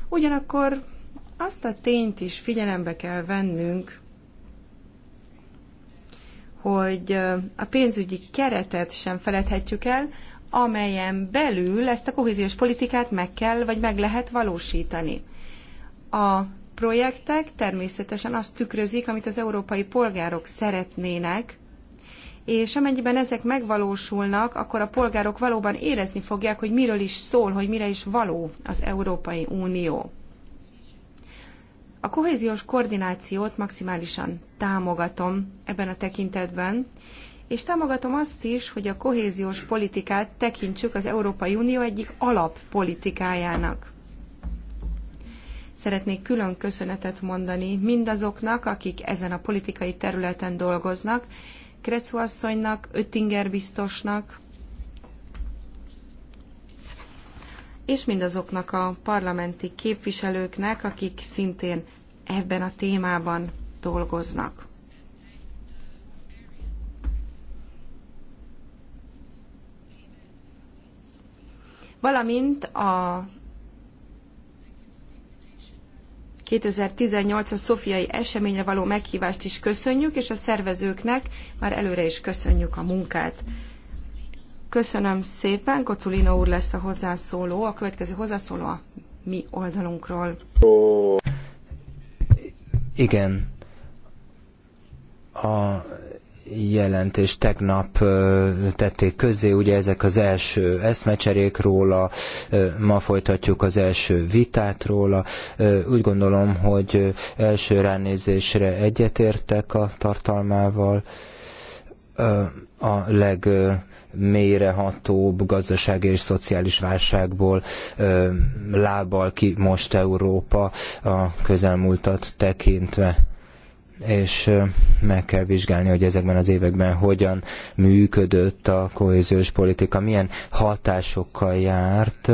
Ugyanakkor azt a tényt is figyelembe kell vennünk, hogy a pénzügyi keretet sem feledhetjük el, amelyen belül ezt a kohéziós politikát meg kell, vagy meg lehet valósítani. A projektek természetesen azt tükrözik, amit az európai polgárok szeretnének, és amennyiben ezek megvalósulnak, akkor a polgárok valóban érezni fogják, hogy miről is szól, hogy mire is való az Európai Unió. A kohéziós koordinációt maximálisan támogatom ebben a tekintetben, és támogatom azt is, hogy a kohéziós politikát tekintsük az Európai Unió egyik alappolitikájának. Szeretnék külön köszönetet mondani mindazoknak, akik ezen a politikai területen dolgoznak, Krecu asszonynak, Öttinger biztosnak, és mindazoknak a parlamenti képviselőknek, akik szintén ebben a témában dolgoznak. valamint a 2018-as szofiai eseményre való meghívást is köszönjük, és a szervezőknek már előre is köszönjük a munkát. Köszönöm szépen, Koculina úr lesz a hozzászóló, a következő hozzászóló a mi oldalunkról. Igen. A jelentést tegnap tették közé, ugye ezek az első eszmecserék róla, ma folytatjuk az első vitát róla. Úgy gondolom, hogy első ránézésre egyetértek a tartalmával a legmélyrehatóbb gazdasági és szociális válságból lábbal ki most Európa a közelmúltat tekintve és meg kell vizsgálni, hogy ezekben az években hogyan működött a kohéziós politika, milyen hatásokkal járt,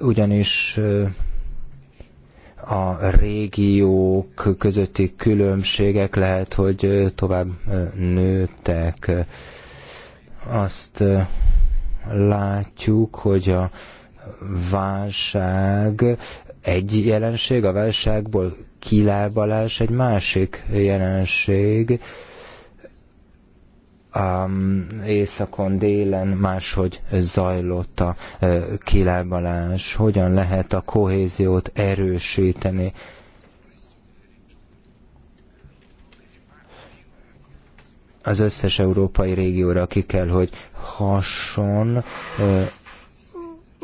ugyanis a régiók közötti különbségek lehet, hogy tovább nőttek. Azt látjuk, hogy a válság egy jelenség, a válságból kilábalás egy másik jelenség, um, északon, délen máshogy zajlott a uh, kilábalás, hogyan lehet a kohéziót erősíteni. Az összes európai régióra ki kell, hogy hason, uh,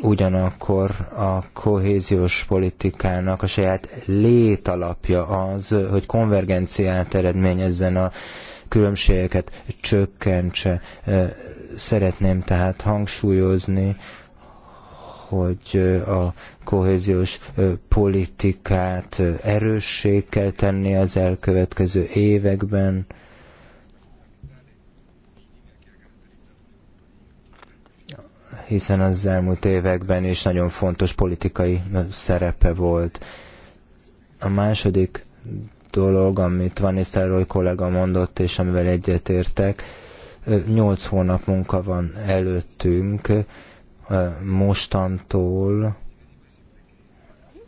ugyanakkor a kohéziós politikának a saját létalapja az, hogy konvergenciát eredményezzen a különbségeket csökkentse. Szeretném tehát hangsúlyozni, hogy a kohéziós politikát erősség kell tenni az elkövetkező években, hiszen az elmúlt években is nagyon fontos politikai szerepe volt. A második dolog, amit Van Nisztelrooy kollega mondott, és amivel egyetértek, nyolc hónap munka van előttünk, mostantól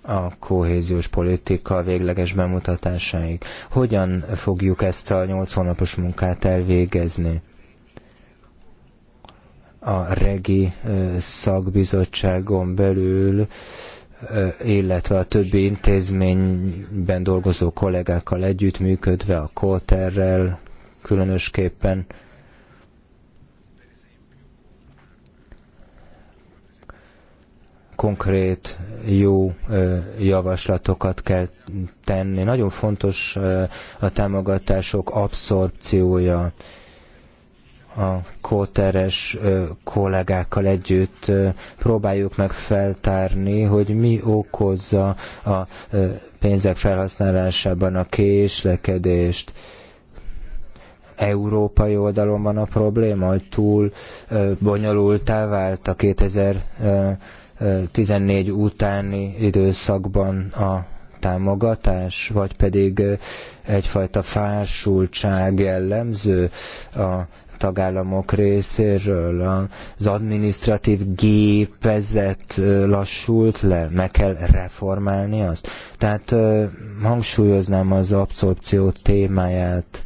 a kohéziós politika végleges bemutatásáig. Hogyan fogjuk ezt a nyolc hónapos munkát elvégezni? a regi szakbizottságon belül, illetve a többi intézményben dolgozó kollégákkal együttműködve, a Kóterrel különösképpen, konkrét, jó javaslatokat kell tenni. Nagyon fontos a támogatások abszorpciója a kóteres kollégákkal együtt próbáljuk meg feltárni, hogy mi okozza a pénzek felhasználásában a késlekedést európai oldalon van a probléma, hogy túl bonyolultá vált a 2014 utáni időszakban a támogatás, vagy pedig egyfajta fásultság jellemző a tagállamok részéről. Az adminisztratív gépezet lassult le, meg kell reformálni azt. Tehát hangsúlyoznám az abszorpció témáját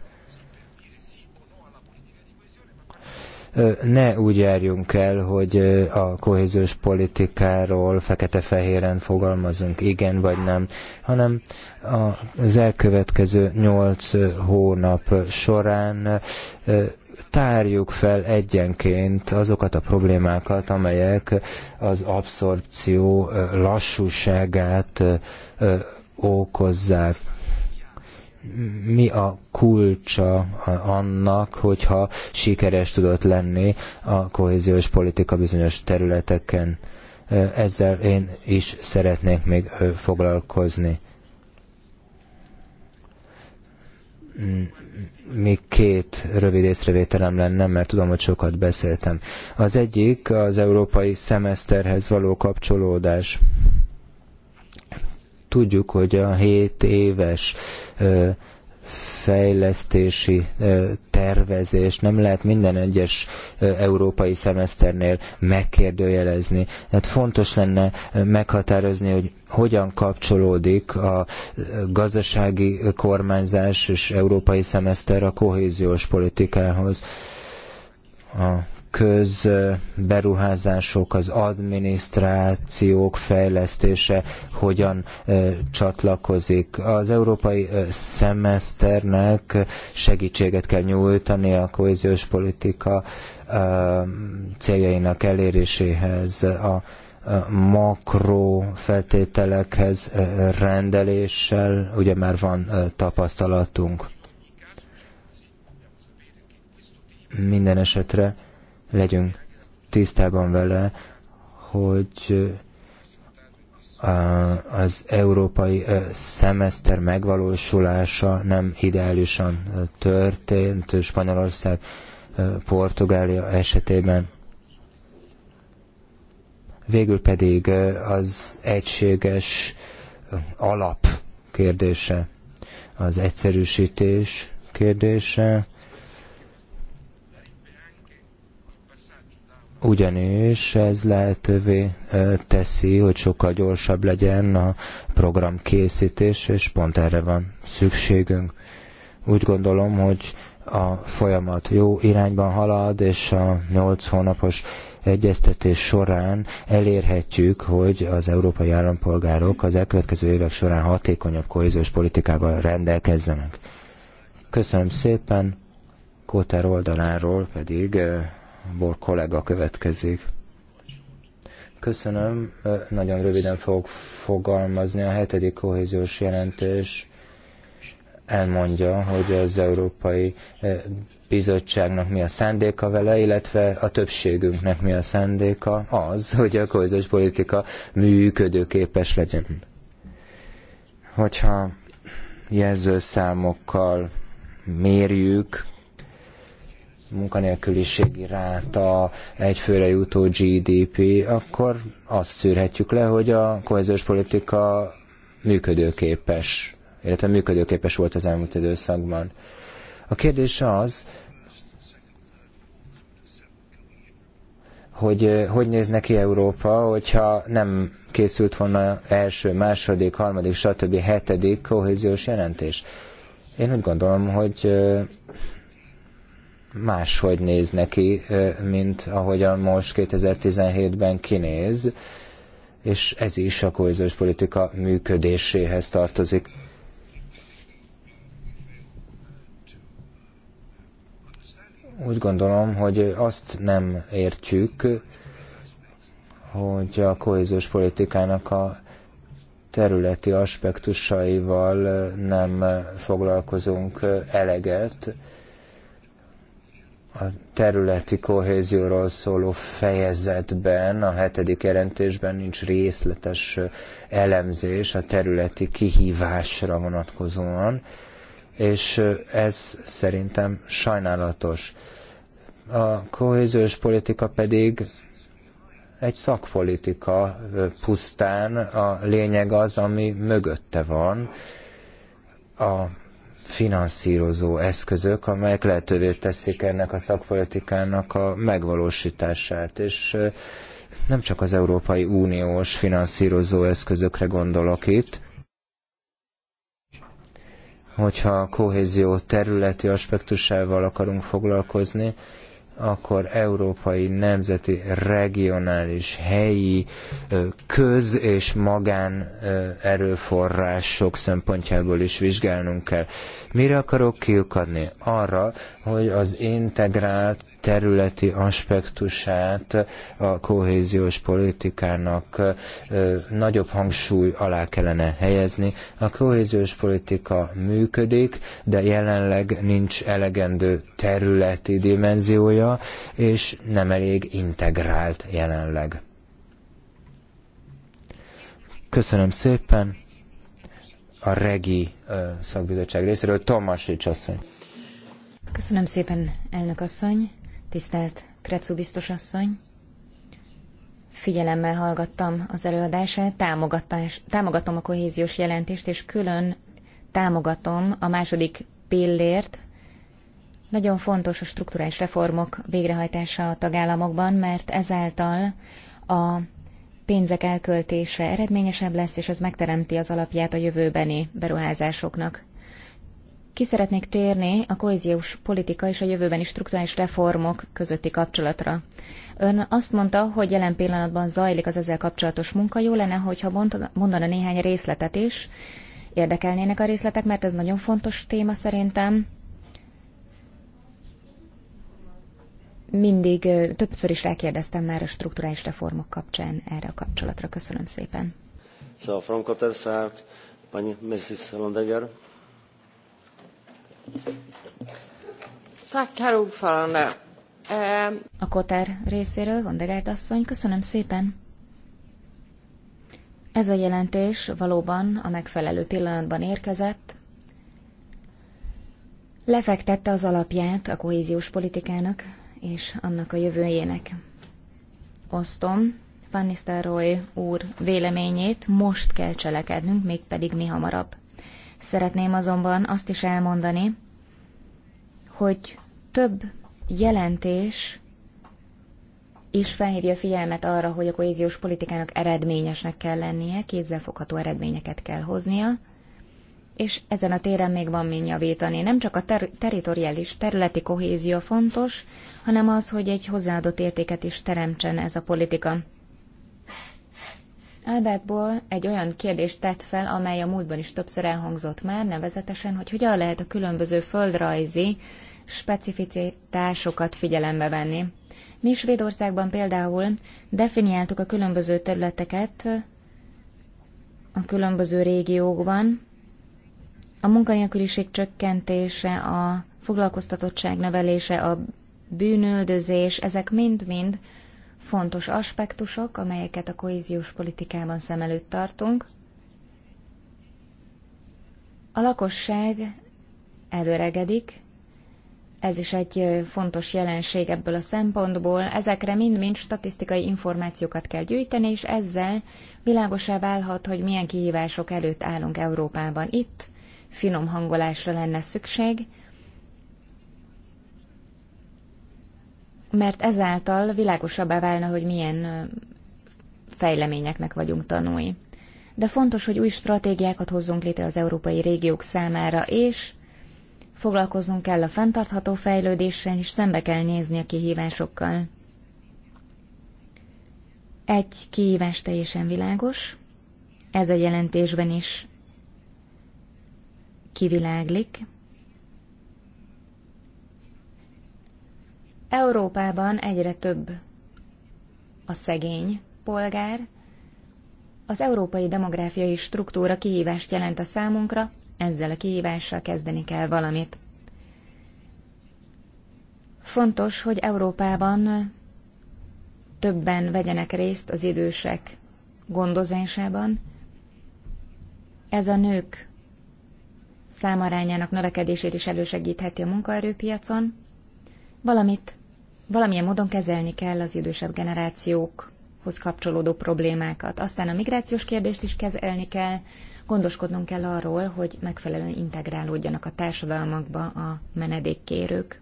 ne úgy járjunk el, hogy a kohéziós politikáról fekete-fehéren fogalmazunk, igen vagy nem, hanem az elkövetkező nyolc hónap során tárjuk fel egyenként azokat a problémákat, amelyek az abszorpció lassúságát okozzák mi a kulcsa annak, hogyha sikeres tudott lenni a kohéziós politika bizonyos területeken. Ezzel én is szeretnék még foglalkozni. Mm, még két rövid észrevételem lenne, mert tudom, hogy sokat beszéltem. Az egyik az európai szemeszterhez való kapcsolódás. Tudjuk, hogy a 7 éves fejlesztési tervezés nem lehet minden egyes európai szemeszternél megkérdőjelezni. Tehát fontos lenne meghatározni, hogy hogyan kapcsolódik a gazdasági kormányzás és európai szemeszter a kohéziós politikához. A közberuházások, az adminisztrációk fejlesztése hogyan csatlakozik. Az európai szemeszternek segítséget kell nyújtani a kohéziós politika céljainak eléréséhez, a makro feltételekhez rendeléssel, ugye már van tapasztalatunk. Minden esetre legyünk tisztában vele, hogy az európai szemeszter megvalósulása nem ideálisan történt Spanyolország, Portugália esetében. Végül pedig az egységes alap kérdése, az egyszerűsítés kérdése, ugyanis ez lehetővé teszi, hogy sokkal gyorsabb legyen a program készítés, és pont erre van szükségünk. Úgy gondolom, hogy a folyamat jó irányban halad, és a 8 hónapos egyeztetés során elérhetjük, hogy az európai állampolgárok az elkövetkező évek során hatékonyabb kohéziós politikával rendelkezzenek. Köszönöm szépen, Kóter oldaláról pedig Bor kollega következik. Köszönöm. Nagyon röviden fogok fogalmazni. A hetedik kohéziós jelentés elmondja, hogy az Európai Bizottságnak mi a szándéka vele, illetve a többségünknek mi a szándéka az, hogy a kohéziós politika működőképes legyen. Hogyha jelzőszámokkal mérjük munkanélküliségi ráta, egyfőre jutó GDP, akkor azt szűrhetjük le, hogy a kohéziós politika működőképes, illetve működőképes volt az elmúlt időszakban. A kérdés az, hogy eh, hogy néz neki Európa, hogyha nem készült volna első, második, harmadik, stb. hetedik kohéziós jelentés. Én úgy gondolom, hogy eh, máshogy néz neki, mint ahogyan most 2017-ben kinéz, és ez is a kohéziós politika működéséhez tartozik. Úgy gondolom, hogy azt nem értjük, hogy a kohéziós politikának a területi aspektusaival nem foglalkozunk eleget, a területi kohézióról szóló fejezetben, a hetedik jelentésben nincs részletes elemzés a területi kihívásra vonatkozóan, és ez szerintem sajnálatos. A kohéziós politika pedig egy szakpolitika pusztán, a lényeg az, ami mögötte van, a finanszírozó eszközök, amelyek lehetővé teszik ennek a szakpolitikának a megvalósítását. És nem csak az Európai Uniós finanszírozó eszközökre gondolok itt, hogyha a kohézió területi aspektusával akarunk foglalkozni, akkor európai, nemzeti, regionális, helyi, köz- és magán erőforrások szempontjából is vizsgálnunk kell. Mire akarok kiukadni? Arra, hogy az integrált területi aspektusát a kohéziós politikának nagyobb hangsúly alá kellene helyezni. A kohéziós politika működik, de jelenleg nincs elegendő területi dimenziója, és nem elég integrált jelenleg. Köszönöm szépen! a regi szakbizottság részéről. Tomasics asszony. Köszönöm szépen, elnök asszony. Tisztelt Krecu biztos asszony! Figyelemmel hallgattam az előadását, támogatás, támogatom a kohéziós jelentést, és külön támogatom a második pillért. Nagyon fontos a strukturális reformok végrehajtása a tagállamokban, mert ezáltal a pénzek elköltése eredményesebb lesz, és ez megteremti az alapját a jövőbeni beruházásoknak. Ki szeretnék térni a kohéziós politika és a jövőbeni struktúrális reformok közötti kapcsolatra. Ön azt mondta, hogy jelen pillanatban zajlik az ezzel kapcsolatos munka. Jó lenne, hogyha mondana néhány részletet is. Érdekelnének a részletek, mert ez nagyon fontos téma szerintem. Mindig többször is rákérdeztem már a struktúrális reformok kapcsán erre a kapcsolatra. Köszönöm szépen. So, from Kotersart, pani Mrs. Londegger. Ehm. A Kotár részéről, Vondegárt asszony, köszönöm szépen. Ez a jelentés valóban a megfelelő pillanatban érkezett. Lefektette az alapját a kohéziós politikának és annak a jövőjének. Osztom Van Nistelrooy úr véleményét, most kell cselekednünk, mégpedig mi hamarabb. Szeretném azonban azt is elmondani, hogy több jelentés is felhívja a figyelmet arra, hogy a kohéziós politikának eredményesnek kell lennie, kézzelfogható eredményeket kell hoznia, és ezen a téren még van mind javítani. Nem csak a ter- teritoriális területi kohézió fontos, hanem az, hogy egy hozzáadott értéket is teremtsen ez a politika. Albertból egy olyan kérdést tett fel, amely a múltban is többször elhangzott már, nevezetesen, hogy hogyan lehet a különböző földrajzi specificitásokat figyelembe venni. Mi Svédországban például definiáltuk a különböző területeket a különböző régiókban. A munkanélküliség csökkentése, a foglalkoztatottság növelése, a bűnöldözés, ezek mind-mind fontos aspektusok, amelyeket a kohéziós politikában szem előtt tartunk. A lakosság előregedik, ez is egy fontos jelenség ebből a szempontból. Ezekre mind-mind statisztikai információkat kell gyűjteni, és ezzel világosá válhat, hogy milyen kihívások előtt állunk Európában. Itt finom hangolásra lenne szükség, mert ezáltal világosabbá válna, hogy milyen fejleményeknek vagyunk tanúi. De fontos, hogy új stratégiákat hozzunk létre az európai régiók számára, és foglalkoznunk kell a fenntartható fejlődéssel, és szembe kell nézni a kihívásokkal. Egy kihívás teljesen világos, ez a jelentésben is kiviláglik, Európában egyre több a szegény polgár, az európai demográfiai struktúra kihívást jelent a számunkra, ezzel a kihívással kezdeni kell valamit. Fontos, hogy Európában többen vegyenek részt az idősek gondozásában. Ez a nők számarányának növekedését is elősegítheti a munkaerőpiacon, valamint valamilyen módon kezelni kell az idősebb generációkhoz kapcsolódó problémákat. Aztán a migrációs kérdést is kezelni kell, gondoskodnunk kell arról, hogy megfelelően integrálódjanak a társadalmakba a menedékkérők.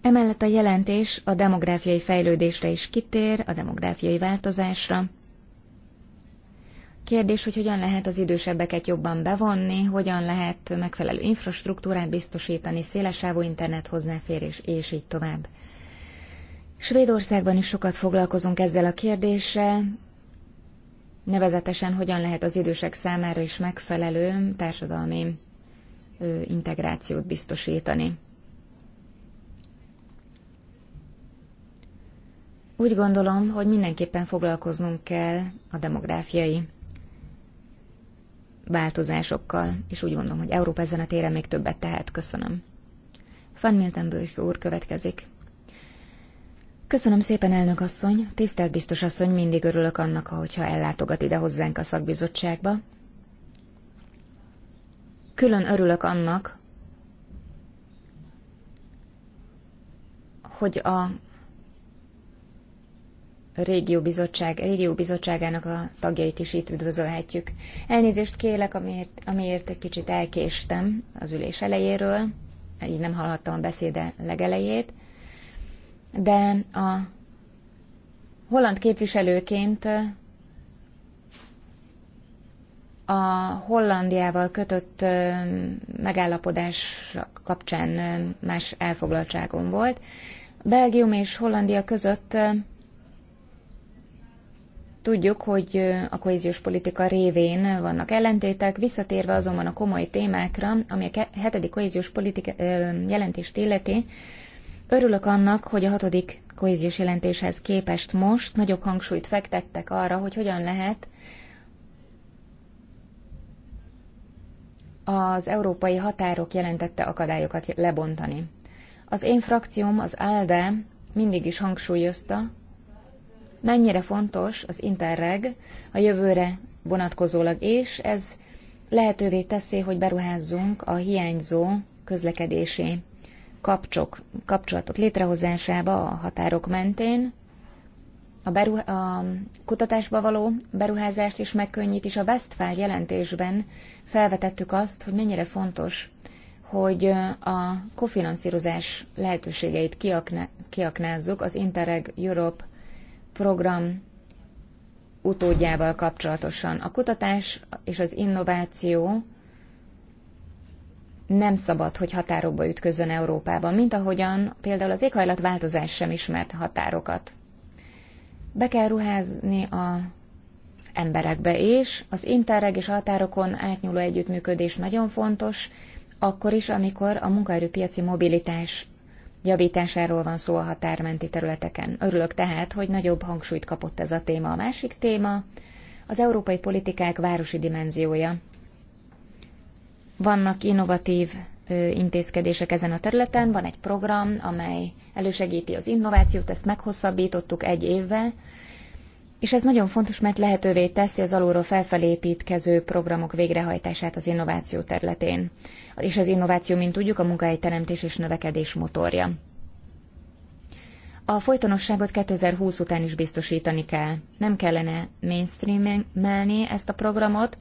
Emellett a jelentés a demográfiai fejlődésre is kitér, a demográfiai változásra, Kérdés, hogy hogyan lehet az idősebbeket jobban bevonni, hogyan lehet megfelelő infrastruktúrát biztosítani, szélesávú internet hozzáférés, és így tovább. Svédországban is sokat foglalkozunk ezzel a kérdéssel, nevezetesen hogyan lehet az idősek számára is megfelelő társadalmi integrációt biztosítani. Úgy gondolom, hogy mindenképpen foglalkoznunk kell a demográfiai változásokkal, és úgy gondolom, hogy Európa ezen a téren még többet tehet. Köszönöm. Van Miltenbők úr következik. Köszönöm szépen, elnök asszony. Tisztelt biztos asszony, mindig örülök annak, hogyha ellátogat ide hozzánk a szakbizottságba. Külön örülök annak, hogy a régióbizottság, régióbizottságának a tagjait is itt üdvözölhetjük. Elnézést kérek, amiért, amiért egy kicsit elkéstem az ülés elejéről, így nem hallhattam a beszéde legelejét, de a holland képviselőként a Hollandiával kötött megállapodás kapcsán más elfoglaltságom volt. Belgium és Hollandia között Tudjuk, hogy a kohéziós politika révén vannak ellentétek, visszatérve azonban a komoly témákra, ami a hetedik kohéziós politika jelentést illeti, örülök annak, hogy a hatodik kohéziós jelentéshez képest most nagyobb hangsúlyt fektettek arra, hogy hogyan lehet az európai határok jelentette akadályokat lebontani. Az én frakcióm, az ALDE mindig is hangsúlyozta, mennyire fontos az Interreg a jövőre vonatkozólag, és ez lehetővé teszi, hogy beruházzunk a hiányzó közlekedési kapcsok, kapcsolatok létrehozásába a határok mentén, a, beru, a kutatásba való beruházást is megkönnyít, és a Westfál jelentésben felvetettük azt, hogy mennyire fontos, hogy a kofinanszírozás lehetőségeit kiakne, kiaknázzuk az Interreg Europe program utódjával kapcsolatosan. A kutatás és az innováció nem szabad, hogy határokba ütközön Európában, mint ahogyan például az éghajlatváltozás sem ismert határokat. Be kell ruházni a emberekbe is. Az interreg és határokon átnyúló együttműködés nagyon fontos, akkor is, amikor a munkaerőpiaci mobilitás javításáról van szó a határmenti területeken. Örülök tehát, hogy nagyobb hangsúlyt kapott ez a téma. A másik téma az európai politikák városi dimenziója. Vannak innovatív intézkedések ezen a területen, van egy program, amely elősegíti az innovációt, ezt meghosszabbítottuk egy évvel, és ez nagyon fontos, mert lehetővé teszi az alulról felfelé építkező programok végrehajtását az innováció területén. És az innováció, mint tudjuk, a teremtés és növekedés motorja. A folytonosságot 2020 után is biztosítani kell. Nem kellene mainstreamelni ezt a programot,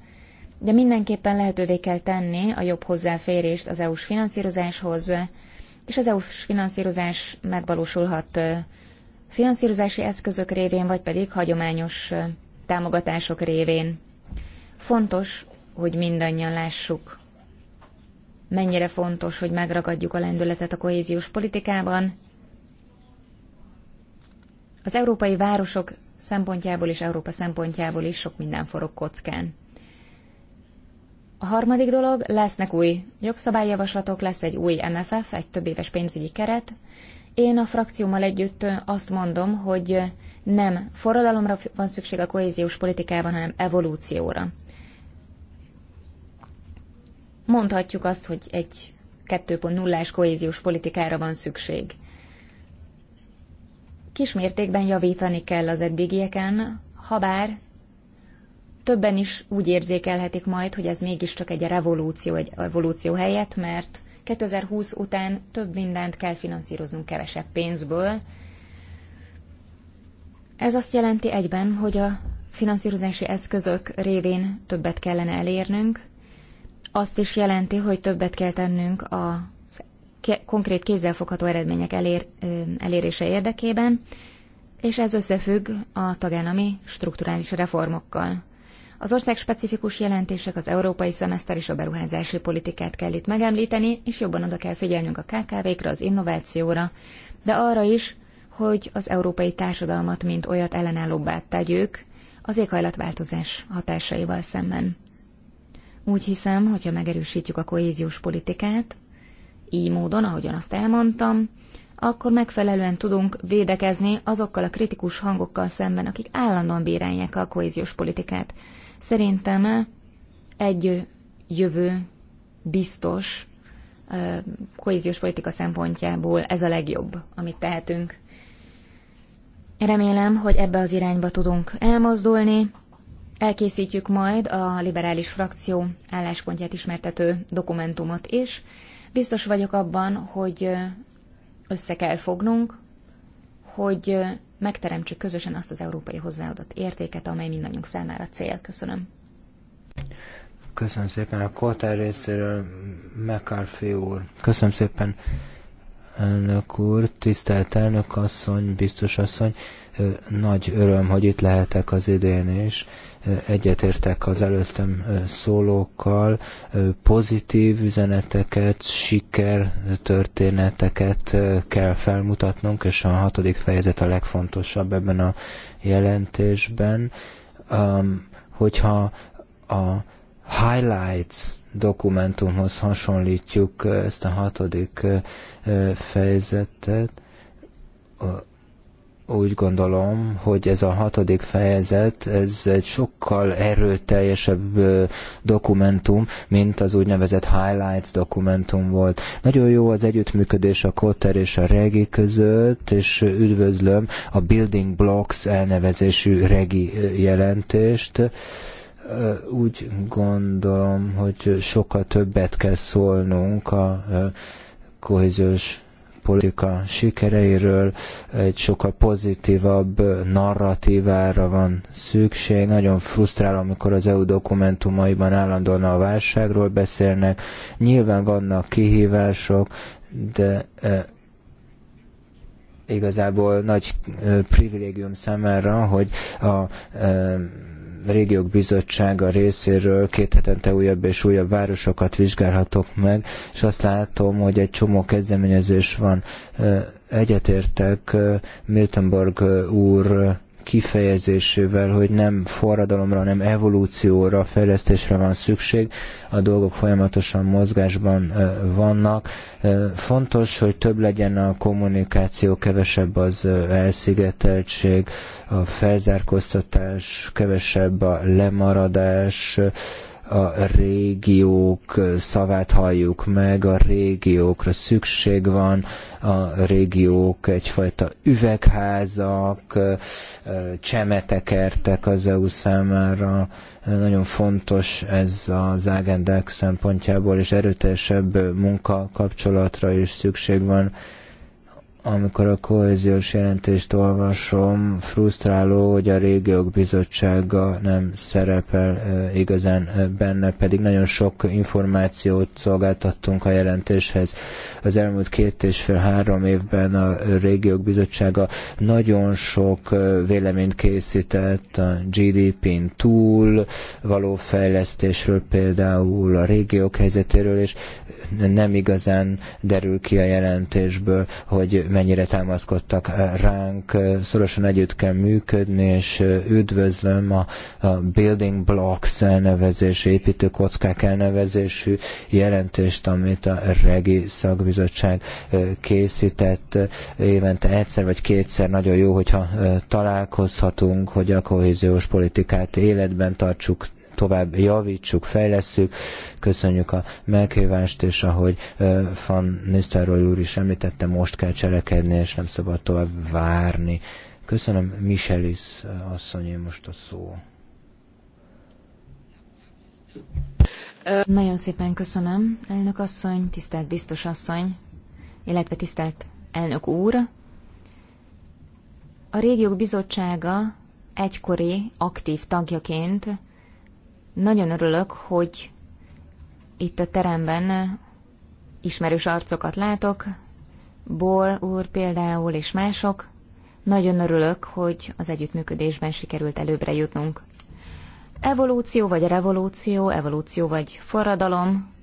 de mindenképpen lehetővé kell tenni a jobb hozzáférést az EU-s finanszírozáshoz, és az EU-s finanszírozás megvalósulhat finanszírozási eszközök révén, vagy pedig hagyományos támogatások révén. Fontos, hogy mindannyian lássuk, mennyire fontos, hogy megragadjuk a lendületet a kohéziós politikában. Az európai városok szempontjából és Európa szempontjából is sok minden forog kockán. A harmadik dolog, lesznek új jogszabályjavaslatok, lesz egy új MFF, egy több éves pénzügyi keret, én a frakciómmal együtt azt mondom, hogy nem forradalomra van szükség a kohéziós politikában, hanem evolúcióra. Mondhatjuk azt, hogy egy 2.0-ás kohéziós politikára van szükség. Kismértékben javítani kell az eddigieken, habár többen is úgy érzékelhetik majd, hogy ez mégiscsak egy revolúció, egy evolúció helyett, mert 2020 után több mindent kell finanszíroznunk kevesebb pénzből. Ez azt jelenti egyben, hogy a finanszírozási eszközök révén többet kellene elérnünk. Azt is jelenti, hogy többet kell tennünk a konkrét kézzelfogható eredmények elér, elérése érdekében, és ez összefügg a tagállami strukturális reformokkal. Az ország specifikus jelentések, az európai szemeszter és a beruházási politikát kell itt megemlíteni, és jobban oda kell figyelnünk a KKV-kra, az innovációra, de arra is, hogy az európai társadalmat mint olyat ellenállóbbá tegyük az éghajlatváltozás hatásaival szemben. Úgy hiszem, hogyha megerősítjük a kohéziós politikát, így módon, ahogyan azt elmondtam, akkor megfelelően tudunk védekezni azokkal a kritikus hangokkal szemben, akik állandóan bírálják a kohéziós politikát. Szerintem egy jövő biztos kohéziós politika szempontjából ez a legjobb, amit tehetünk. Remélem, hogy ebbe az irányba tudunk elmozdulni. Elkészítjük majd a liberális frakció álláspontját ismertető dokumentumot is. Biztos vagyok abban, hogy össze kell fognunk, hogy megteremtsük közösen azt az európai hozzáadott értéket, amely mindannyiunk számára cél. Köszönöm. Köszönöm szépen a Kotár részéről, McCarthy úr. Köszönöm szépen, elnök úr, tisztelt elnök asszony, biztos asszony. Nagy öröm, hogy itt lehetek az idén is. És Egyetértek az előttem szólókkal, pozitív üzeneteket, sikertörténeteket kell felmutatnunk, és a hatodik fejezet a legfontosabb ebben a jelentésben. Hogyha a highlights dokumentumhoz hasonlítjuk ezt a hatodik fejezetet, úgy gondolom, hogy ez a hatodik fejezet, ez egy sokkal erőteljesebb dokumentum, mint az úgynevezett highlights dokumentum volt. Nagyon jó az együttműködés a Kotter és a Regi között, és üdvözlöm a Building Blocks elnevezésű Regi jelentést úgy gondolom, hogy sokkal többet kell szólnunk a kohéziós politika sikereiről, egy sokkal pozitívabb narratívára van szükség. Nagyon frusztrál, amikor az EU dokumentumaiban állandóan a válságról beszélnek. Nyilván vannak kihívások, de e, igazából nagy e, privilégium számára, hogy a e, régiók bizottsága részéről két hetente újabb és újabb városokat vizsgálhatok meg, és azt látom, hogy egy csomó kezdeményezés van. Egyetértek Miltenborg úr kifejezésével, hogy nem forradalomra, hanem evolúcióra, fejlesztésre van szükség, a dolgok folyamatosan mozgásban vannak. Fontos, hogy több legyen a kommunikáció, kevesebb az elszigeteltség, a felzárkóztatás, kevesebb a lemaradás, a régiók szavát halljuk meg, a régiókra szükség van, a régiók egyfajta üvegházak, csemetekertek az EU számára. Nagyon fontos ez az ágendák szempontjából, és erőteljesebb munkakapcsolatra is szükség van amikor a kohéziós jelentést olvasom, frusztráló, hogy a régiók bizottsága nem szerepel igazán benne, pedig nagyon sok információt szolgáltattunk a jelentéshez. Az elmúlt két és fél-három évben a régiók bizottsága nagyon sok véleményt készített a GDP-n túl, való fejlesztésről például a régiók helyzetéről, és nem igazán derül ki a jelentésből, hogy mennyire támaszkodtak eh, ránk. Eh, szorosan együtt kell működni, és eh, üdvözlöm a, Building Blocks elnevezésű, építőkockák elnevezésű jelentést, amit a Regi Szakbizottság készített. Évente egyszer vagy kétszer nagyon jó, hogyha találkozhatunk, hogy a kohéziós politikát életben tartsuk, tovább javítsuk, fejlesszük. Köszönjük a meghívást, és ahogy Van Nisztároly úr is említette, most kell cselekedni, és nem szabad tovább várni. Köszönöm, Michelis asszony, most a szó. Nagyon szépen köszönöm, elnök asszony, tisztelt biztos asszony, illetve tisztelt elnök úr. A régiók bizottsága egykori aktív tagjaként nagyon örülök, hogy itt a teremben ismerős arcokat látok, Ból úr például és mások. Nagyon örülök, hogy az együttműködésben sikerült előbbre jutnunk. Evolúció vagy revolúció, evolúció vagy forradalom.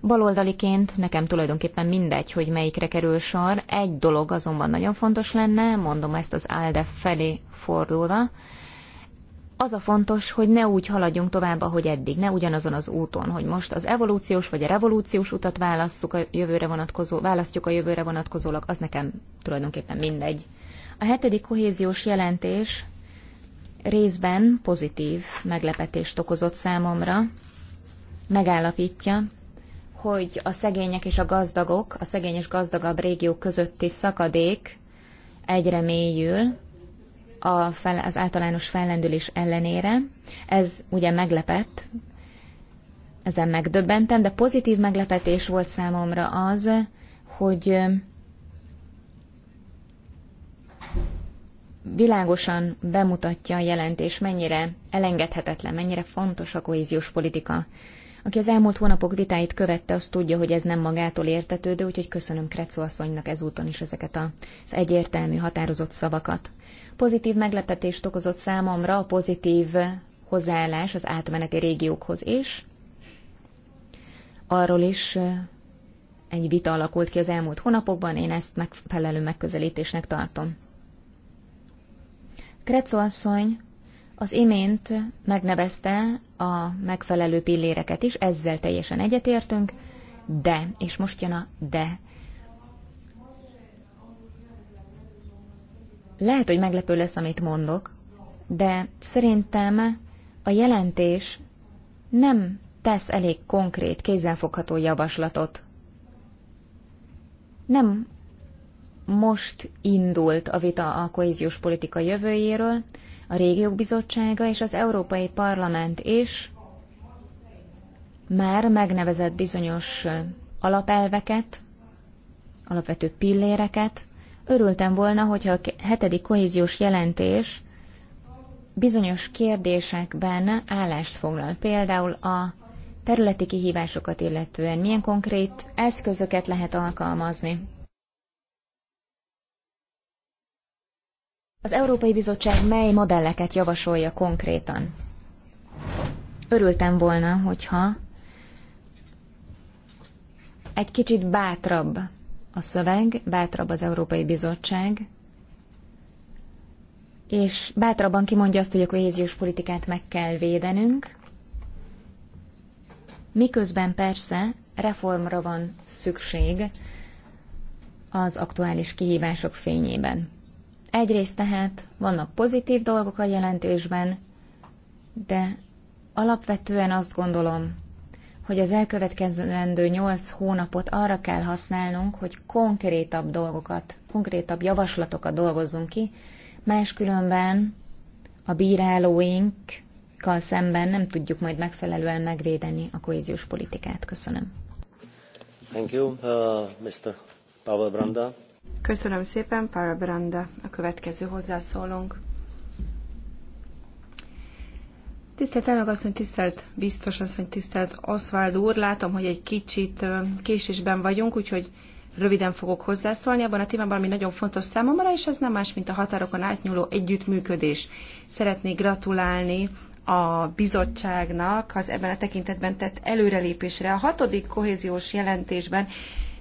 Baloldaliként nekem tulajdonképpen mindegy, hogy melyikre kerül sor. Egy dolog azonban nagyon fontos lenne, mondom ezt az ALDE felé fordulva, az a fontos, hogy ne úgy haladjunk tovább, ahogy eddig, ne ugyanazon az úton, hogy most az evolúciós vagy a revolúciós utat választjuk a jövőre vonatkozó, választjuk a jövőre vonatkozólag, az nekem tulajdonképpen mindegy. A hetedik kohéziós jelentés részben pozitív meglepetést okozott számomra, megállapítja, hogy a szegények és a gazdagok, a szegény és gazdagabb régiók közötti szakadék egyre mélyül, a fel, az általános fellendülés ellenére. Ez ugye meglepett, ezen megdöbbentem, de pozitív meglepetés volt számomra az, hogy világosan bemutatja a jelentés, mennyire elengedhetetlen, mennyire fontos a kohéziós politika aki az elmúlt hónapok vitáit követte, az tudja, hogy ez nem magától értetődő, úgyhogy köszönöm Kretszó asszonynak ezúton is ezeket az egyértelmű, határozott szavakat. Pozitív meglepetést okozott számomra a pozitív hozzáállás az átmeneti régiókhoz is. Arról is egy vita alakult ki az elmúlt hónapokban, én ezt megfelelő megközelítésnek tartom. Kretszó asszony az imént megnevezte a megfelelő pilléreket is, ezzel teljesen egyetértünk, de, és most jön a de. Lehet, hogy meglepő lesz, amit mondok, de szerintem a jelentés nem tesz elég konkrét, kézzelfogható javaslatot. Nem most indult a vita a kohéziós politika jövőjéről, a Régiók Bizottsága és az Európai Parlament is már megnevezett bizonyos alapelveket, alapvető pilléreket. Örültem volna, hogyha a hetedik kohéziós jelentés bizonyos kérdésekben állást foglal. Például a területi kihívásokat illetően milyen konkrét eszközöket lehet alkalmazni. Az Európai Bizottság mely modelleket javasolja konkrétan? Örültem volna, hogyha egy kicsit bátrabb a szöveg, bátrabb az Európai Bizottság, és bátrabban kimondja azt, hogy a kohéziós politikát meg kell védenünk, miközben persze reformra van szükség az aktuális kihívások fényében. Egyrészt tehát vannak pozitív dolgok a jelentésben, de alapvetően azt gondolom, hogy az elkövetkezendő nyolc hónapot arra kell használnunk, hogy konkrétabb dolgokat, konkrétabb javaslatokat dolgozzunk ki, máskülönben a bírálóinkkal szemben nem tudjuk majd megfelelően megvédeni a kohéziós politikát. Köszönöm. Thank you, uh, Mr. Pavel Branda. Köszönöm szépen, Para Branda, a következő hozzászólónk. Tisztelt elnök asszony, tisztelt biztos asszony, tisztelt Oswald úr, látom, hogy egy kicsit késésben vagyunk, úgyhogy röviden fogok hozzászólni abban a témában, ami nagyon fontos számomra, és ez nem más, mint a határokon átnyúló együttműködés. Szeretnék gratulálni a bizottságnak az ebben a tekintetben tett előrelépésre. A hatodik kohéziós jelentésben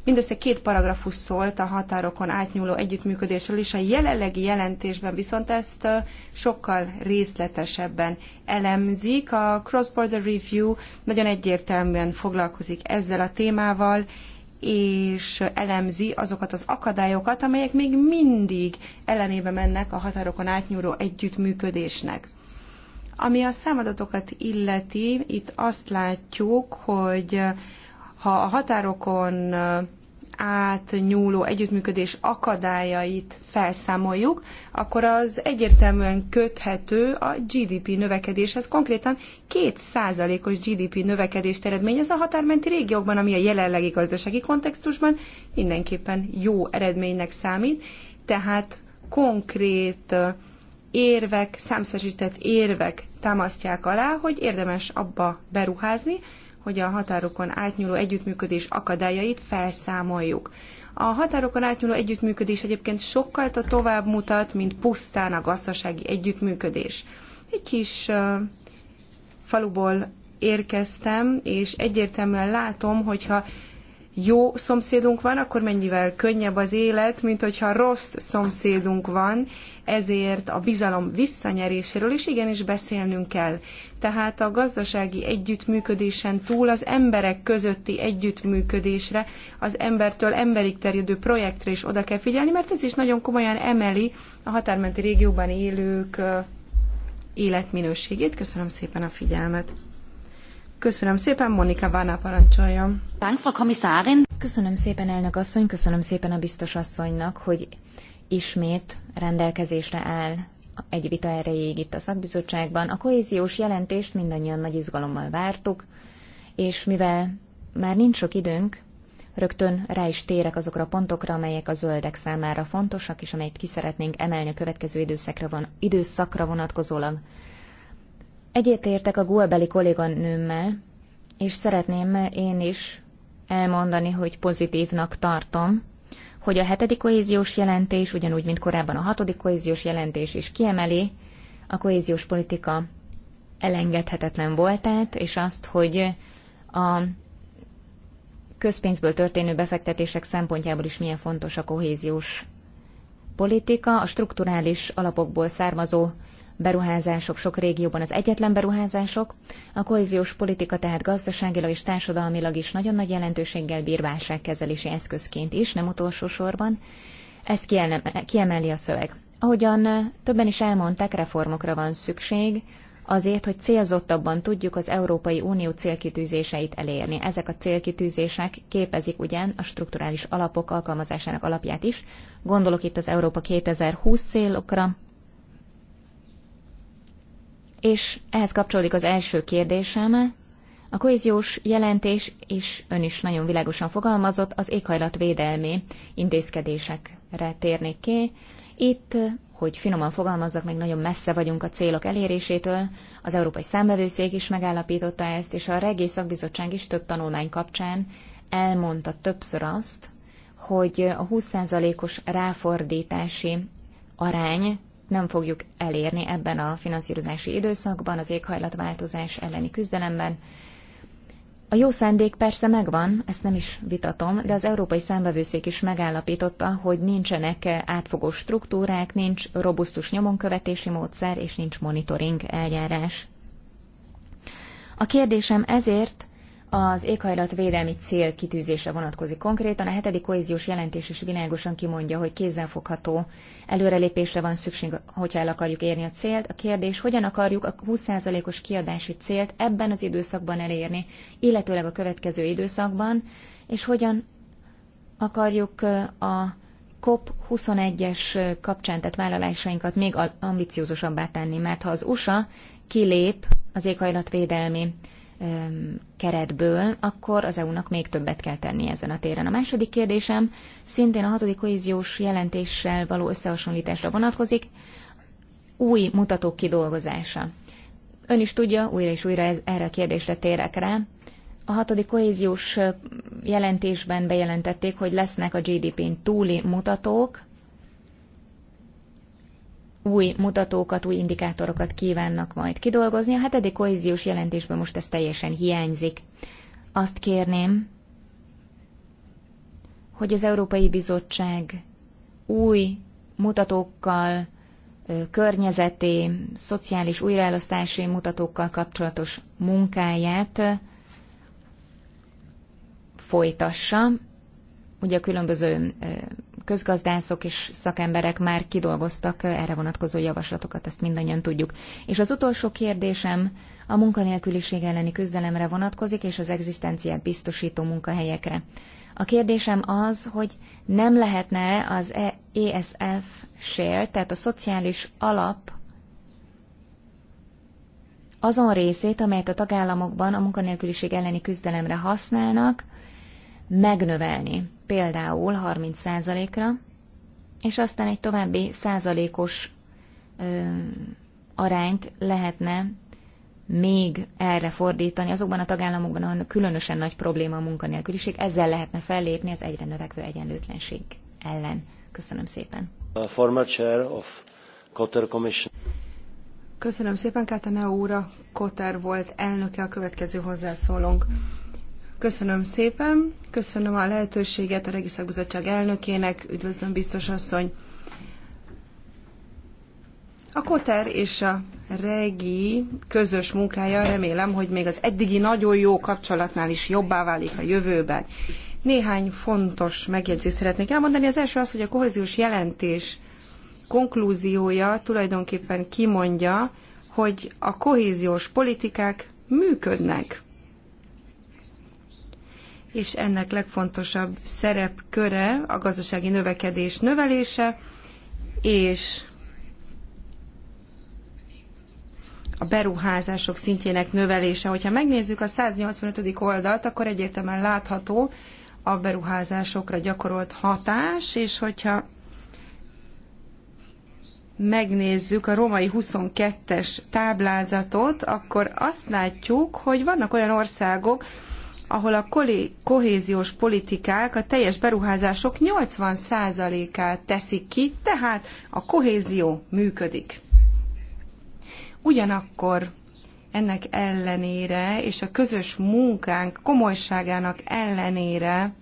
Mindössze két paragrafus szólt a határokon átnyúló együttműködésről is, a jelenlegi jelentésben viszont ezt sokkal részletesebben elemzik. A Cross-Border Review nagyon egyértelműen foglalkozik ezzel a témával, és elemzi azokat az akadályokat, amelyek még mindig ellenébe mennek a határokon átnyúló együttműködésnek. Ami a számadatokat illeti, itt azt látjuk, hogy ha a határokon átnyúló együttműködés akadályait felszámoljuk, akkor az egyértelműen köthető a GDP növekedéshez. Konkrétan 2%-os GDP növekedést eredményez a határmenti régiókban, ami a jelenlegi gazdasági kontextusban mindenképpen jó eredménynek számít. Tehát konkrét érvek, számszerűsített érvek támasztják alá, hogy érdemes abba beruházni, hogy a határokon átnyúló együttműködés akadályait felszámoljuk. A határokon átnyúló együttműködés egyébként sokkal tovább mutat, mint pusztán a gazdasági együttműködés. Egy kis uh, faluból érkeztem, és egyértelműen látom, hogyha jó szomszédunk van, akkor mennyivel könnyebb az élet, mint hogyha rossz szomszédunk van, ezért a bizalom visszanyeréséről is igenis beszélnünk kell. Tehát a gazdasági együttműködésen túl az emberek közötti együttműködésre, az embertől emberig terjedő projektre is oda kell figyelni, mert ez is nagyon komolyan emeli a határmenti régióban élők életminőségét. Köszönöm szépen a figyelmet. Köszönöm szépen, Monika Vána parancsoljon. Köszönöm szépen, elnök asszony, köszönöm szépen a biztos asszonynak, hogy ismét rendelkezésre áll egy vita erejéig itt a szakbizottságban. A kohéziós jelentést mindannyian nagy izgalommal vártuk, és mivel már nincs sok időnk, rögtön rá is térek azokra a pontokra, amelyek a zöldek számára fontosak, és amelyet ki szeretnénk emelni a következő időszakra, von, időszakra vonatkozólag. Egyetértek a Guabeli kolléganőmmel, és szeretném én is elmondani, hogy pozitívnak tartom hogy a hetedik kohéziós jelentés, ugyanúgy, mint korábban a hatodik kohéziós jelentés is kiemeli a kohéziós politika elengedhetetlen voltát, és azt, hogy a közpénzből történő befektetések szempontjából is milyen fontos a kohéziós politika, a strukturális alapokból származó beruházások sok régióban az egyetlen beruházások, a kohéziós politika tehát gazdaságilag és társadalmilag is nagyon nagy jelentőséggel bír válságkezelési eszközként is, nem utolsó sorban. Ezt kiemeli a szöveg. Ahogyan többen is elmondták, reformokra van szükség, azért, hogy célzottabban tudjuk az Európai Unió célkitűzéseit elérni. Ezek a célkitűzések képezik ugyan a strukturális alapok alkalmazásának alapját is. Gondolok itt az Európa 2020 célokra, és ehhez kapcsolódik az első kérdésem. A kohéziós jelentés, és ön is nagyon világosan fogalmazott, az éghajlatvédelmi intézkedésekre térnék ki. Itt, hogy finoman fogalmazzak, még nagyon messze vagyunk a célok elérésétől. Az Európai Számbevőszék is megállapította ezt, és a Regi Szakbizottság is több tanulmány kapcsán elmondta többször azt, hogy a 20%-os ráfordítási arány nem fogjuk elérni ebben a finanszírozási időszakban, az éghajlatváltozás elleni küzdelemben. A jó szándék persze megvan, ezt nem is vitatom, de az Európai Számbevőszék is megállapította, hogy nincsenek átfogó struktúrák, nincs robusztus nyomonkövetési módszer és nincs monitoring eljárás. A kérdésem ezért az védelmi cél kitűzése vonatkozik konkrétan. A hetedik kohéziós jelentés is világosan kimondja, hogy kézzelfogható előrelépésre van szükség, hogyha el akarjuk érni a célt. A kérdés, hogyan akarjuk a 20%-os kiadási célt ebben az időszakban elérni, illetőleg a következő időszakban, és hogyan akarjuk a COP21-es kapcsán tett vállalásainkat még ambiciózusabbá tenni, mert ha az USA kilép az éghajlatvédelmi keretből, akkor az EU-nak még többet kell tenni ezen a téren. A második kérdésem szintén a hatodik kohéziós jelentéssel való összehasonlításra vonatkozik, új mutatók kidolgozása. Ön is tudja, újra és újra ez, erre a kérdésre térek rá. A hatodik kohéziós jelentésben bejelentették, hogy lesznek a GDP-n túli mutatók, új mutatókat, új indikátorokat kívánnak majd kidolgozni. A hetedik kohéziós jelentésben most ez teljesen hiányzik. Azt kérném, hogy az Európai Bizottság új mutatókkal, környezeti, szociális újraelosztási mutatókkal kapcsolatos munkáját folytassa. Ugye a különböző közgazdászok és szakemberek már kidolgoztak erre vonatkozó javaslatokat, ezt mindannyian tudjuk. És az utolsó kérdésem a munkanélküliség elleni küzdelemre vonatkozik, és az egzisztenciát biztosító munkahelyekre. A kérdésem az, hogy nem lehetne az ESF share, tehát a szociális alap azon részét, amelyet a tagállamokban a munkanélküliség elleni küzdelemre használnak, megnövelni, például 30%-ra, és aztán egy további százalékos ö, arányt lehetne még erre fordítani azokban a tagállamokban, ahol különösen nagy probléma a munkanélküliség, ezzel lehetne fellépni az egyre növekvő egyenlőtlenség ellen. Köszönöm szépen. A former chair of Cotter Commission. Köszönöm szépen, Kátana úr, a Kotter volt elnöke a következő hozzászólónk. Köszönöm szépen, köszönöm a lehetőséget a Regiszakbizottság elnökének, üdvözlöm biztos asszony. A Koter és a Regi közös munkája remélem, hogy még az eddigi nagyon jó kapcsolatnál is jobbá válik a jövőben. Néhány fontos megjegyzést szeretnék elmondani. Az első az, hogy a kohéziós jelentés konklúziója tulajdonképpen kimondja, hogy a kohéziós politikák működnek és ennek legfontosabb szerepköre a gazdasági növekedés növelése, és a beruházások szintjének növelése. Hogyha megnézzük a 185. oldalt, akkor egyértelműen látható a beruházásokra gyakorolt hatás, és hogyha megnézzük a romai 22-es táblázatot, akkor azt látjuk, hogy vannak olyan országok, ahol a kohéziós politikák a teljes beruházások 80%-át teszik ki, tehát a kohézió működik. Ugyanakkor ennek ellenére és a közös munkánk komolyságának ellenére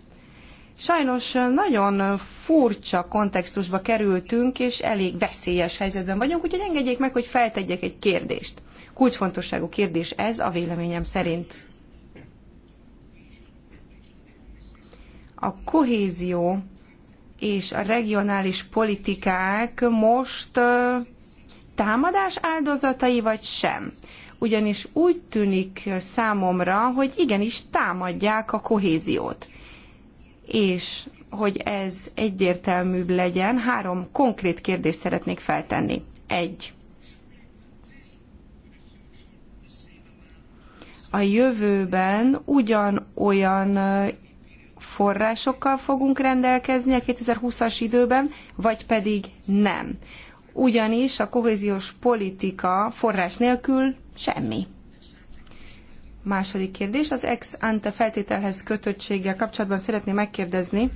sajnos nagyon furcsa kontextusba kerültünk, és elég veszélyes helyzetben vagyunk, úgyhogy engedjék meg, hogy feltegyek egy kérdést. Kulcsfontosságú kérdés ez a véleményem szerint. a kohézió és a regionális politikák most támadás áldozatai, vagy sem? Ugyanis úgy tűnik számomra, hogy igenis támadják a kohéziót. És hogy ez egyértelműbb legyen, három konkrét kérdést szeretnék feltenni. Egy. A jövőben ugyanolyan forrásokkal fogunk rendelkezni a 2020-as időben, vagy pedig nem. Ugyanis a kohéziós politika forrás nélkül semmi. Második kérdés, az ex ante feltételhez kötöttséggel kapcsolatban szeretném megkérdezni,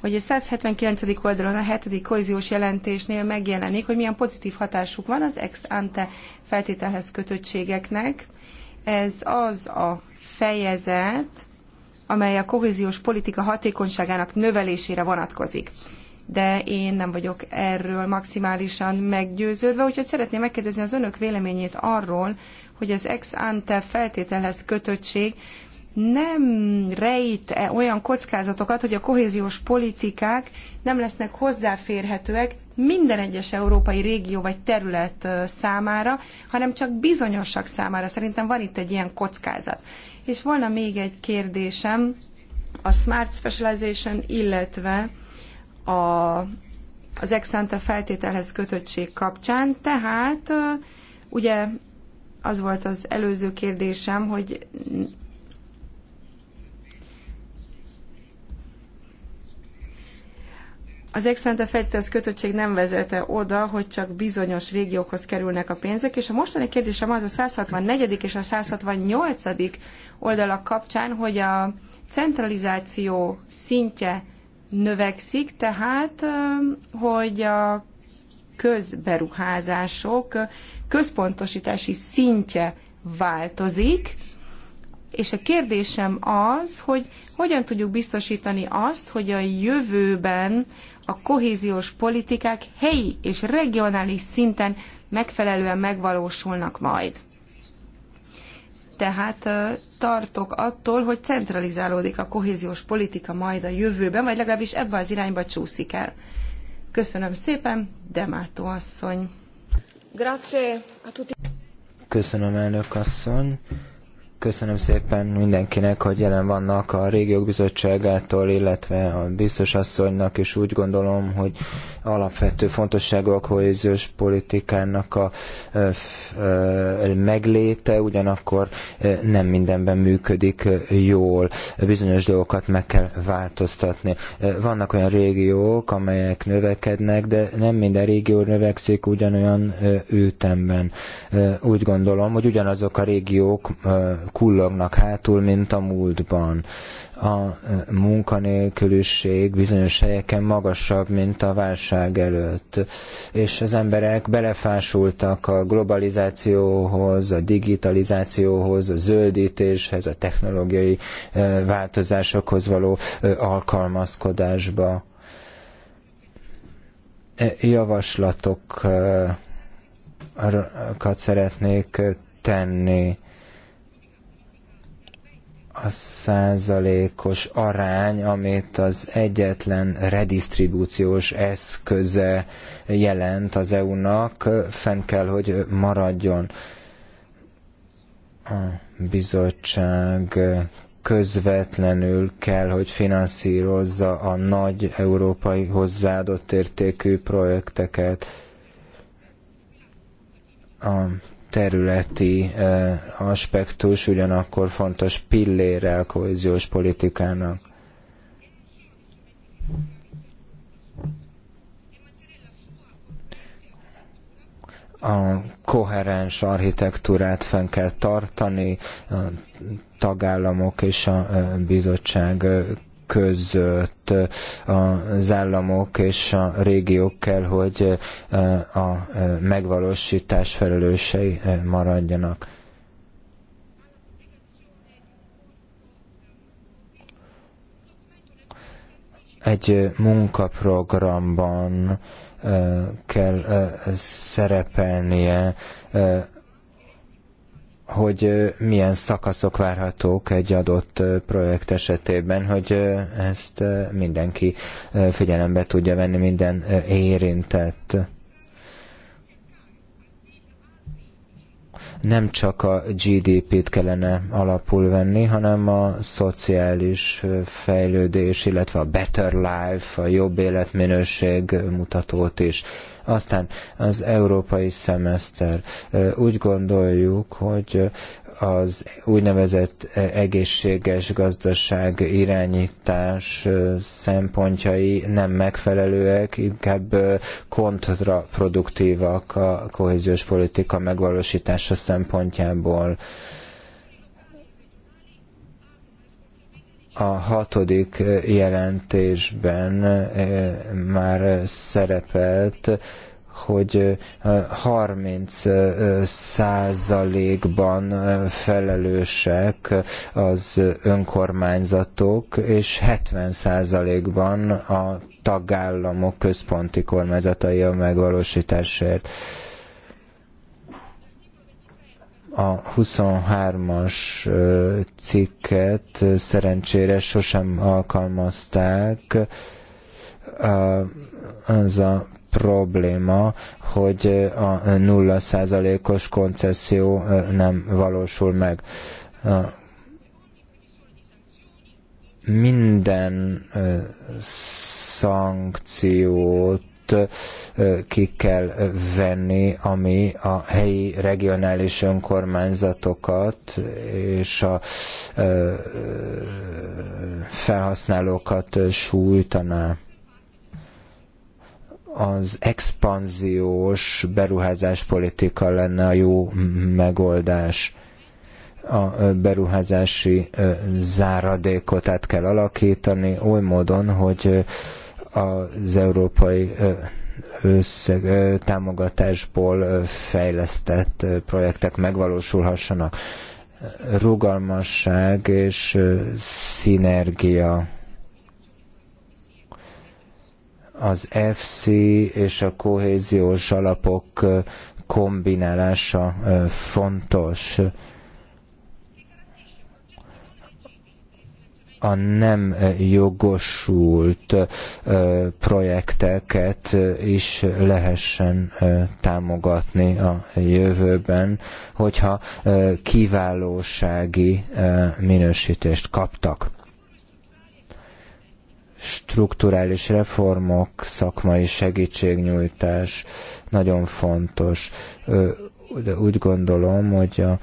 hogy a 179. oldalon a 7. kohéziós jelentésnél megjelenik, hogy milyen pozitív hatásuk van az ex ante feltételhez kötöttségeknek. Ez az a fejezet, amely a kohéziós politika hatékonyságának növelésére vonatkozik. De én nem vagyok erről maximálisan meggyőződve, úgyhogy szeretném megkérdezni az önök véleményét arról, hogy az ex ante feltételhez kötöttség nem rejt -e olyan kockázatokat, hogy a kohéziós politikák nem lesznek hozzáférhetőek minden egyes európai régió vagy terület számára, hanem csak bizonyosak számára. Szerintem van itt egy ilyen kockázat. És volna még egy kérdésem a Smart Specialization, illetve a, az Exanta feltételhez kötöttség kapcsán. Tehát ugye az volt az előző kérdésem, hogy az Exente Fegytesz kötöttség nem vezete oda, hogy csak bizonyos régiókhoz kerülnek a pénzek, és a mostani kérdésem az a 164. és a 168. oldalak kapcsán, hogy a centralizáció szintje növekszik, tehát hogy a közberuházások központosítási szintje változik, és a kérdésem az, hogy hogyan tudjuk biztosítani azt, hogy a jövőben a kohéziós politikák helyi és regionális szinten megfelelően megvalósulnak majd. Tehát tartok attól, hogy centralizálódik a kohéziós politika majd a jövőben, vagy legalábbis ebbe az irányba csúszik el. Köszönöm szépen, Demátó asszony. Grazie a tutti. Köszönöm, elnök asszony. Köszönöm szépen mindenkinek, hogy jelen vannak a régiók bizottságától, illetve a biztos asszonynak, és úgy gondolom, hogy alapvető fontosságú a kohéziós politikának a ö, ö, megléte, ugyanakkor nem mindenben működik jól. Bizonyos dolgokat meg kell változtatni. Vannak olyan régiók, amelyek növekednek, de nem minden régió növekszik ugyanolyan ütemben. Úgy gondolom, hogy ugyanazok a régiók kullognak hátul, mint a múltban. A e, munkanélküliség bizonyos helyeken magasabb, mint a válság előtt. És az emberek belefásultak a globalizációhoz, a digitalizációhoz, a zöldítéshez, a technológiai e, változásokhoz való e, alkalmazkodásba javaslatokat szeretnék tenni a százalékos arány, amit az egyetlen redistribúciós eszköze jelent az EU-nak, fenn kell, hogy maradjon. A bizottság közvetlenül kell, hogy finanszírozza a nagy európai hozzáadott értékű projekteket. A területi aspektus ugyanakkor fontos pillére a kohéziós politikának. a koherens architektúrát fenn kell tartani, a tagállamok és a bizottság között az államok és a régiók kell, hogy eh, a eh, megvalósítás felelősei eh, maradjanak. Egy munkaprogramban kell szerepelnie hogy milyen szakaszok várhatók egy adott projekt esetében, hogy ezt mindenki figyelembe tudja venni, minden érintett. Nem csak a GDP-t kellene alapul venni, hanem a szociális fejlődés, illetve a better life, a jobb életminőség mutatót is. Aztán az európai szemeszter. Úgy gondoljuk, hogy az úgynevezett egészséges gazdaság irányítás szempontjai nem megfelelőek, inkább kontraproduktívak a kohéziós politika megvalósítása szempontjából a hatodik eh, jelentésben eh, már szerepelt, hogy 30 eh, százalékban felelősek az önkormányzatok, és 70 százalékban a tagállamok központi kormányzatai a megvalósításért a 23-as cikket szerencsére sosem alkalmazták. Az a probléma, hogy a 0%-os koncesszió nem valósul meg. Minden szankciót ki kell venni, ami a helyi regionális önkormányzatokat és a felhasználókat sújtaná az expanziós beruházáspolitika lenne a jó megoldás. A beruházási záradékot át kell alakítani oly módon, hogy az európai összeg, támogatásból fejlesztett projektek megvalósulhassanak. Rugalmasság és szinergia az FC és a kohéziós alapok kombinálása fontos. a nem eh, jogosult eh, projekteket eh, is lehessen támogatni a jövőben, hogyha kiválósági minősítést kaptak strukturális reformok, szakmai segítségnyújtás nagyon fontos. De úgy gondolom, hogy a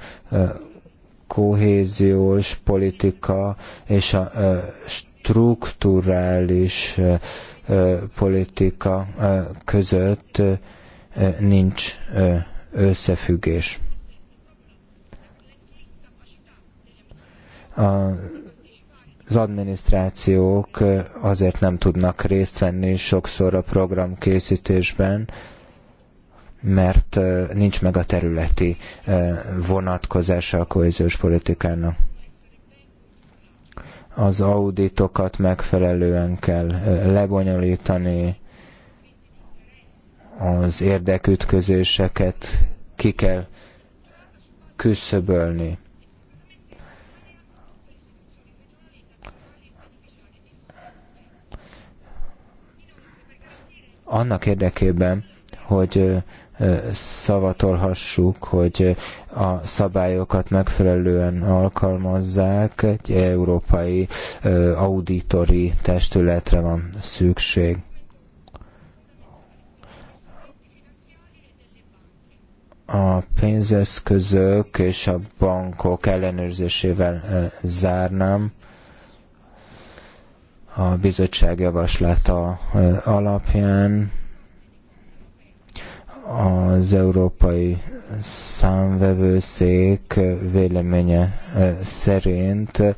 kohéziós politika és a strukturális politika között nincs összefüggés. az adminisztrációk azért nem tudnak részt venni sokszor a programkészítésben, mert nincs meg a területi vonatkozása a kohéziós politikának. Az auditokat megfelelően kell lebonyolítani, az érdekütközéseket ki kell küszöbölni. Annak érdekében, hogy szavatolhassuk, hogy a szabályokat megfelelően alkalmazzák, egy európai auditori testületre van szükség. a pénzeszközök és a bankok ellenőrzésével zárnám a bizottság javaslata alapján az Európai Számvevőszék véleménye eh, szerint eh,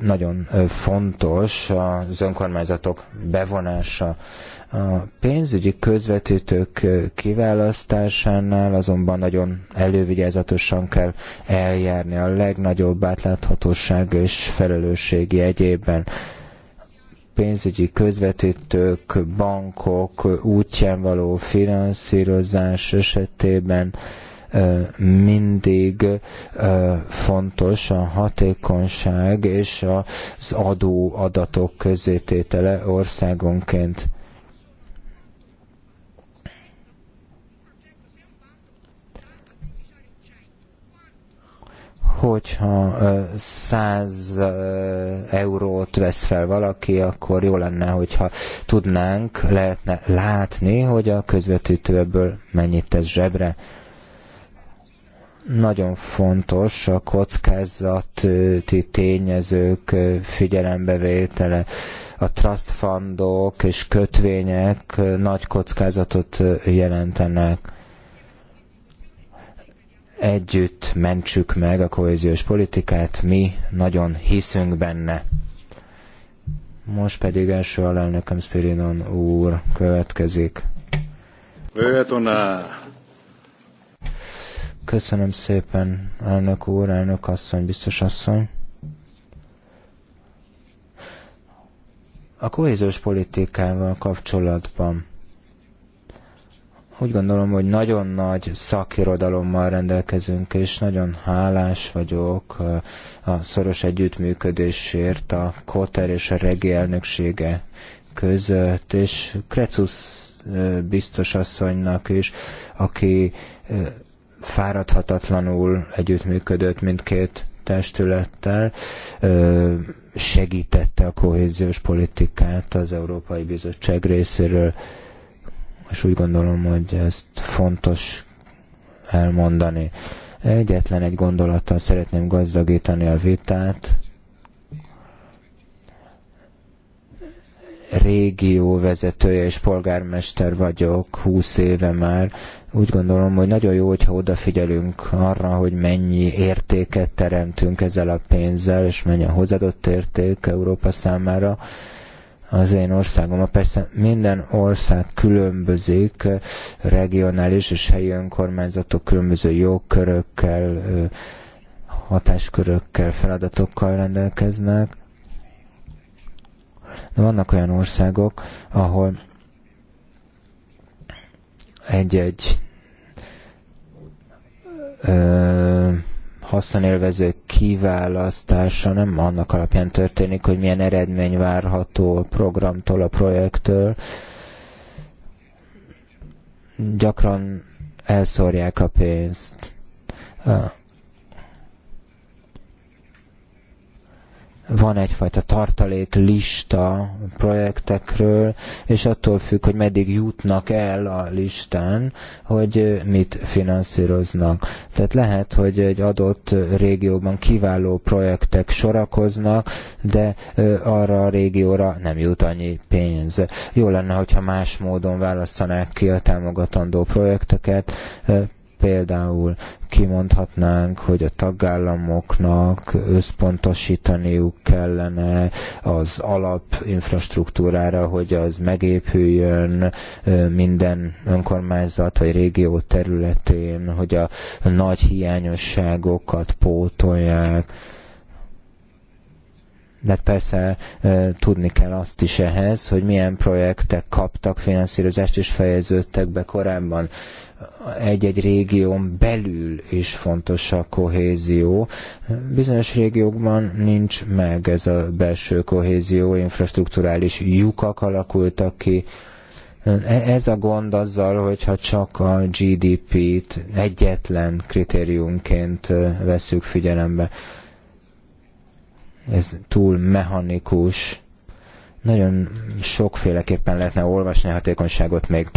nagyon eh, fontos az önkormányzatok bevonása. A pénzügyi közvetítők kiválasztásánál azonban nagyon elővigyázatosan kell eljárni a legnagyobb átláthatóság és felelősségi egyében pénzügyi közvetítők, bankok útján való finanszírozás esetében mindig fontos a hatékonyság és az adó adatok közététele országonként hogyha 100 eurót vesz fel valaki, akkor jó lenne, hogyha tudnánk, lehetne látni, hogy a közvetítő ebből mennyit tesz zsebre. Nagyon fontos a kockázati tényezők figyelembevétele. A trust fundok és kötvények nagy kockázatot jelentenek. Együtt mentsük meg a kohéziós politikát, mi nagyon hiszünk benne. Most pedig első alelnököm Spirinon úr következik. Bőtona. Köszönöm szépen, elnök úr, elnök asszony, biztos asszony. A kohéziós politikával kapcsolatban úgy gondolom, hogy nagyon nagy szakirodalommal rendelkezünk, és nagyon hálás vagyok a szoros együttműködésért a Koter és a Regi elnöksége között, és Krecus biztos asszonynak is, aki fáradhatatlanul együttműködött mindkét testülettel, segítette a kohéziós politikát az Európai Bizottság részéről és úgy gondolom, hogy ezt fontos elmondani. Egyetlen egy gondolattal szeretném gazdagítani a vitát. Régió vezetője és polgármester vagyok, 20 éve már. Úgy gondolom, hogy nagyon jó, hogyha odafigyelünk arra, hogy mennyi értéket teremtünk ezzel a pénzzel, és mennyi a hozadott érték Európa számára az én országom. Persze minden ország különbözik, regionális és helyi önkormányzatok különböző jogkörökkel, hatáskörökkel, feladatokkal rendelkeznek. De vannak olyan országok, ahol egy-egy haszonélvező kiválasztása nem annak alapján történik, hogy milyen eredmény várható a programtól, a projektől. Gyakran elszórják a pénzt van egyfajta tartaléklista projektekről, és attól függ, hogy meddig jutnak el a listán, hogy mit finanszíroznak. Tehát lehet, hogy egy adott régióban kiváló projektek sorakoznak, de arra a régióra nem jut annyi pénz. Jó lenne, hogyha más módon választanák ki a támogatandó projekteket, Például kimondhatnánk, hogy a tagállamoknak összpontosítaniuk kellene az alapinfrastruktúrára, hogy az megépüljön minden önkormányzat vagy régió területén, hogy a nagy hiányosságokat pótolják de persze tudni kell azt is ehhez, hogy milyen projektek kaptak finanszírozást és fejeződtek be korábban. Egy-egy régión belül is fontos a kohézió. Bizonyos régiókban nincs meg ez a belső kohézió, infrastruktúrális lyukak alakultak ki, e-, ez a gond azzal, hogyha csak a GDP-t egyetlen kritériumként veszük figyelembe ez túl mechanikus. Nagyon sokféleképpen lehetne olvasni a hatékonyságot még.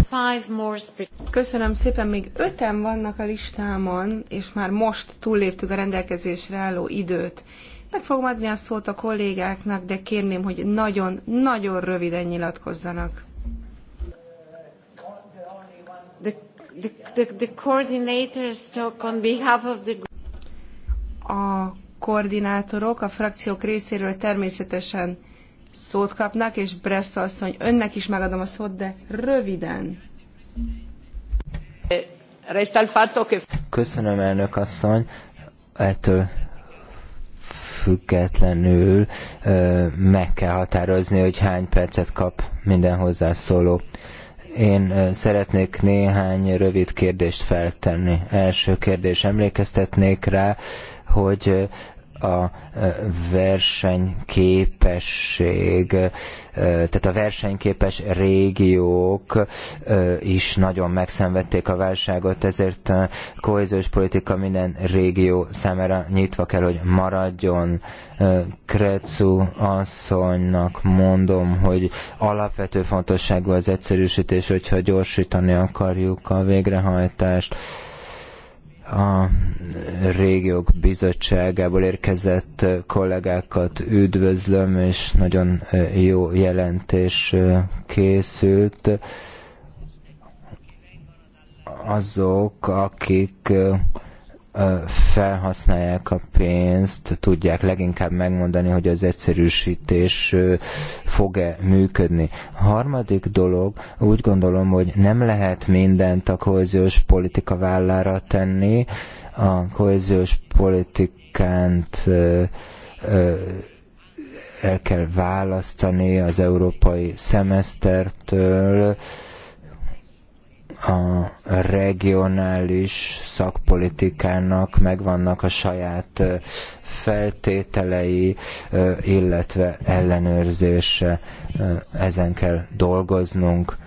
Köszönöm szépen, még öten vannak a listámon, és már most túlléptük a rendelkezésre álló időt. Meg fogom adni a szót a kollégáknak, de kérném, hogy nagyon-nagyon röviden nyilatkozzanak. The, the, the, the coordinators talk on behalf of the a koordinátorok a frakciók részéről természetesen szót kapnak, és Bresso asszony, önnek is megadom a szót, de röviden. Köszönöm, elnök asszony. Ettől függetlenül meg kell határozni, hogy hány percet kap minden hozzászóló. Én szeretnék néhány rövid kérdést feltenni. Első kérdés, emlékeztetnék rá, hogy a e, versenyképesség, e, tehát a versenyképes régiók e, is nagyon megszenvedték a válságot, ezért a kohéziós politika minden régió számára nyitva kell, hogy maradjon. Krecu asszonynak mondom, hogy alapvető fontosságú az egyszerűsítés, hogyha gyorsítani akarjuk a végrehajtást a régiók bizottságából érkezett kollégákat üdvözlöm, és nagyon jó jelentés készült. Azok, akik felhasználják a pénzt, tudják leginkább megmondani, hogy az egyszerűsítés fog-e működni. A harmadik dolog, úgy gondolom, hogy nem lehet mindent a kohéziós politika vállára tenni, a kohéziós politikánt el kell választani az európai szemesztertől, a regionális szakpolitikának megvannak a saját feltételei, illetve ellenőrzése. Ezen kell dolgoznunk.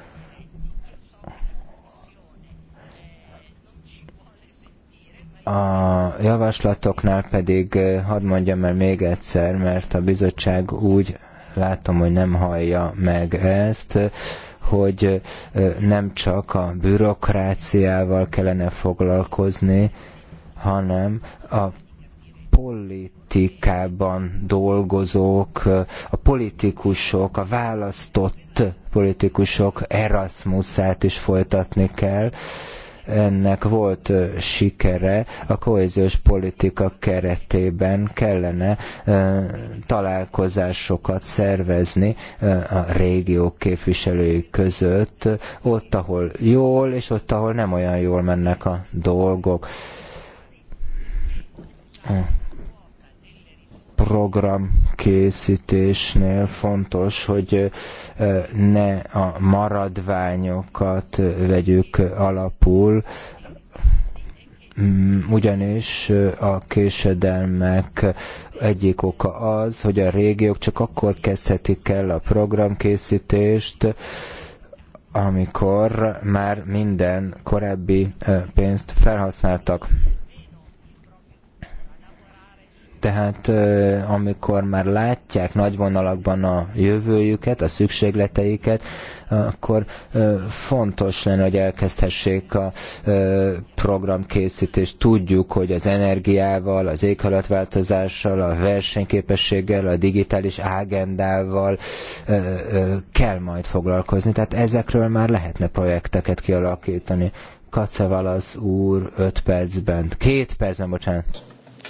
A javaslatoknál pedig hadd mondjam el még egyszer, mert a bizottság úgy látom, hogy nem hallja meg ezt, hogy nem csak a bürokráciával kellene foglalkozni, hanem a politikában dolgozók, a politikusok, a választott politikusok Erasmusát is folytatni kell, ennek volt sikere, a kohéziós politika keretében kellene találkozásokat szervezni a régiók képviselői között, ott, ahol jól, és ott, ahol nem olyan jól mennek a dolgok programkészítésnél fontos, hogy ne a maradványokat vegyük alapul, ugyanis a késedelmek egyik oka az, hogy a régiók csak akkor kezdhetik el a programkészítést, amikor már minden korábbi pénzt felhasználtak. Tehát amikor már látják nagy vonalakban a jövőjüket, a szükségleteiket, akkor fontos lenne, hogy elkezdhessék a programkészítést. Tudjuk, hogy az energiával, az éghajlatváltozással, a versenyképességgel, a digitális agendával kell majd foglalkozni. Tehát ezekről már lehetne projekteket kialakítani. Kacavalasz úr öt percben, két percben, bocsánat.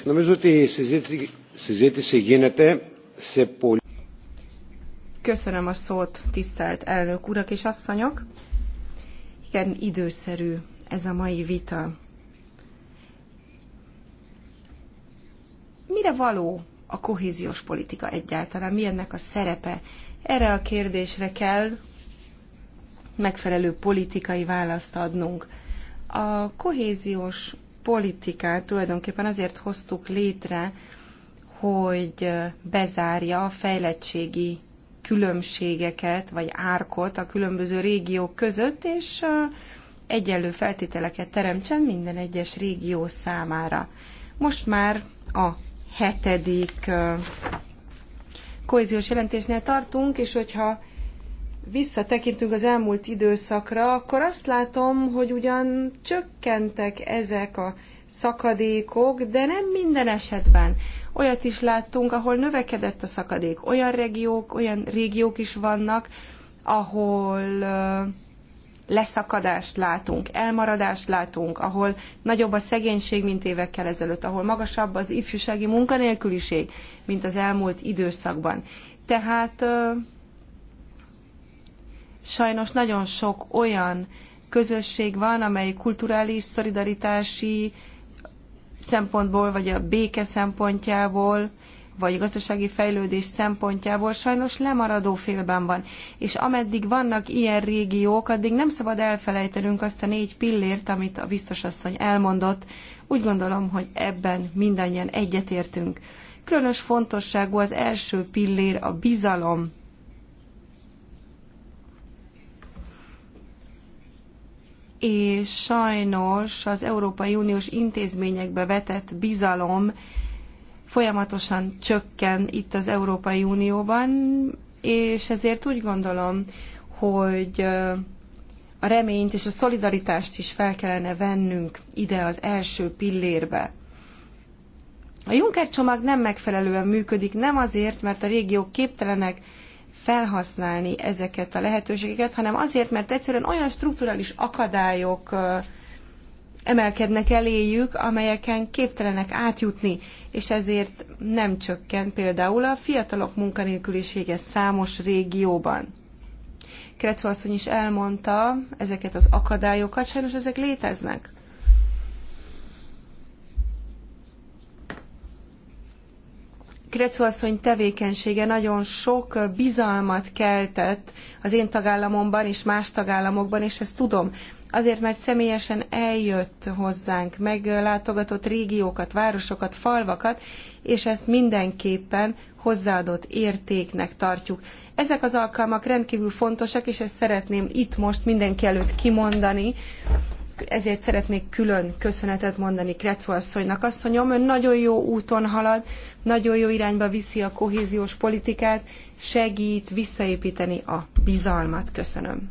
Νομίζω ότι η συζήτηση, συζήτηση γίνεται σε πολύ... Köszönöm a szót, tisztelt elnök urak és asszonyok. Igen, időszerű ez a mai vita. Mire való a kohéziós politika egyáltalán? Mi ennek a szerepe? Erre a kérdésre kell megfelelő politikai választ adnunk. A kohéziós politikát tulajdonképpen azért hoztuk létre, hogy bezárja a fejlettségi különbségeket, vagy árkot a különböző régiók között, és egyenlő feltételeket teremtsen minden egyes régió számára. Most már a hetedik kohéziós jelentésnél tartunk, és hogyha visszatekintünk az elmúlt időszakra, akkor azt látom, hogy ugyan csökkentek ezek a szakadékok, de nem minden esetben. Olyat is láttunk, ahol növekedett a szakadék. Olyan régiók, olyan régiók is vannak, ahol leszakadást látunk, elmaradást látunk, ahol nagyobb a szegénység, mint évekkel ezelőtt, ahol magasabb az ifjúsági munkanélküliség, mint az elmúlt időszakban. Tehát Sajnos nagyon sok olyan közösség van, amely kulturális, szolidaritási szempontból, vagy a béke szempontjából, vagy gazdasági fejlődés szempontjából sajnos lemaradó félben van. És ameddig vannak ilyen régiók, addig nem szabad elfelejtenünk azt a négy pillért, amit a biztosasszony elmondott. Úgy gondolom, hogy ebben mindannyian egyetértünk. Különös fontosságú az első pillér a bizalom és sajnos az Európai Uniós intézményekbe vetett bizalom folyamatosan csökken itt az Európai Unióban, és ezért úgy gondolom, hogy a reményt és a szolidaritást is fel kellene vennünk ide az első pillérbe. A Juncker csomag nem megfelelően működik, nem azért, mert a régiók képtelenek felhasználni ezeket a lehetőségeket, hanem azért, mert egyszerűen olyan strukturális akadályok emelkednek eléjük, amelyeken képtelenek átjutni, és ezért nem csökken például a fiatalok munkanélkülisége számos régióban. Kretszó asszony is elmondta ezeket az akadályokat, sajnos ezek léteznek. Krecu asszony tevékenysége nagyon sok bizalmat keltett az én tagállamomban és más tagállamokban, és ezt tudom. Azért, mert személyesen eljött hozzánk, meglátogatott régiókat, városokat, falvakat, és ezt mindenképpen hozzáadott értéknek tartjuk. Ezek az alkalmak rendkívül fontosak, és ezt szeretném itt most mindenki előtt kimondani, ezért szeretnék külön köszönetet mondani Kretszó asszonynak. Asszonyom, ön nagyon jó úton halad, nagyon jó irányba viszi a kohéziós politikát, segít visszaépíteni a bizalmat. Köszönöm.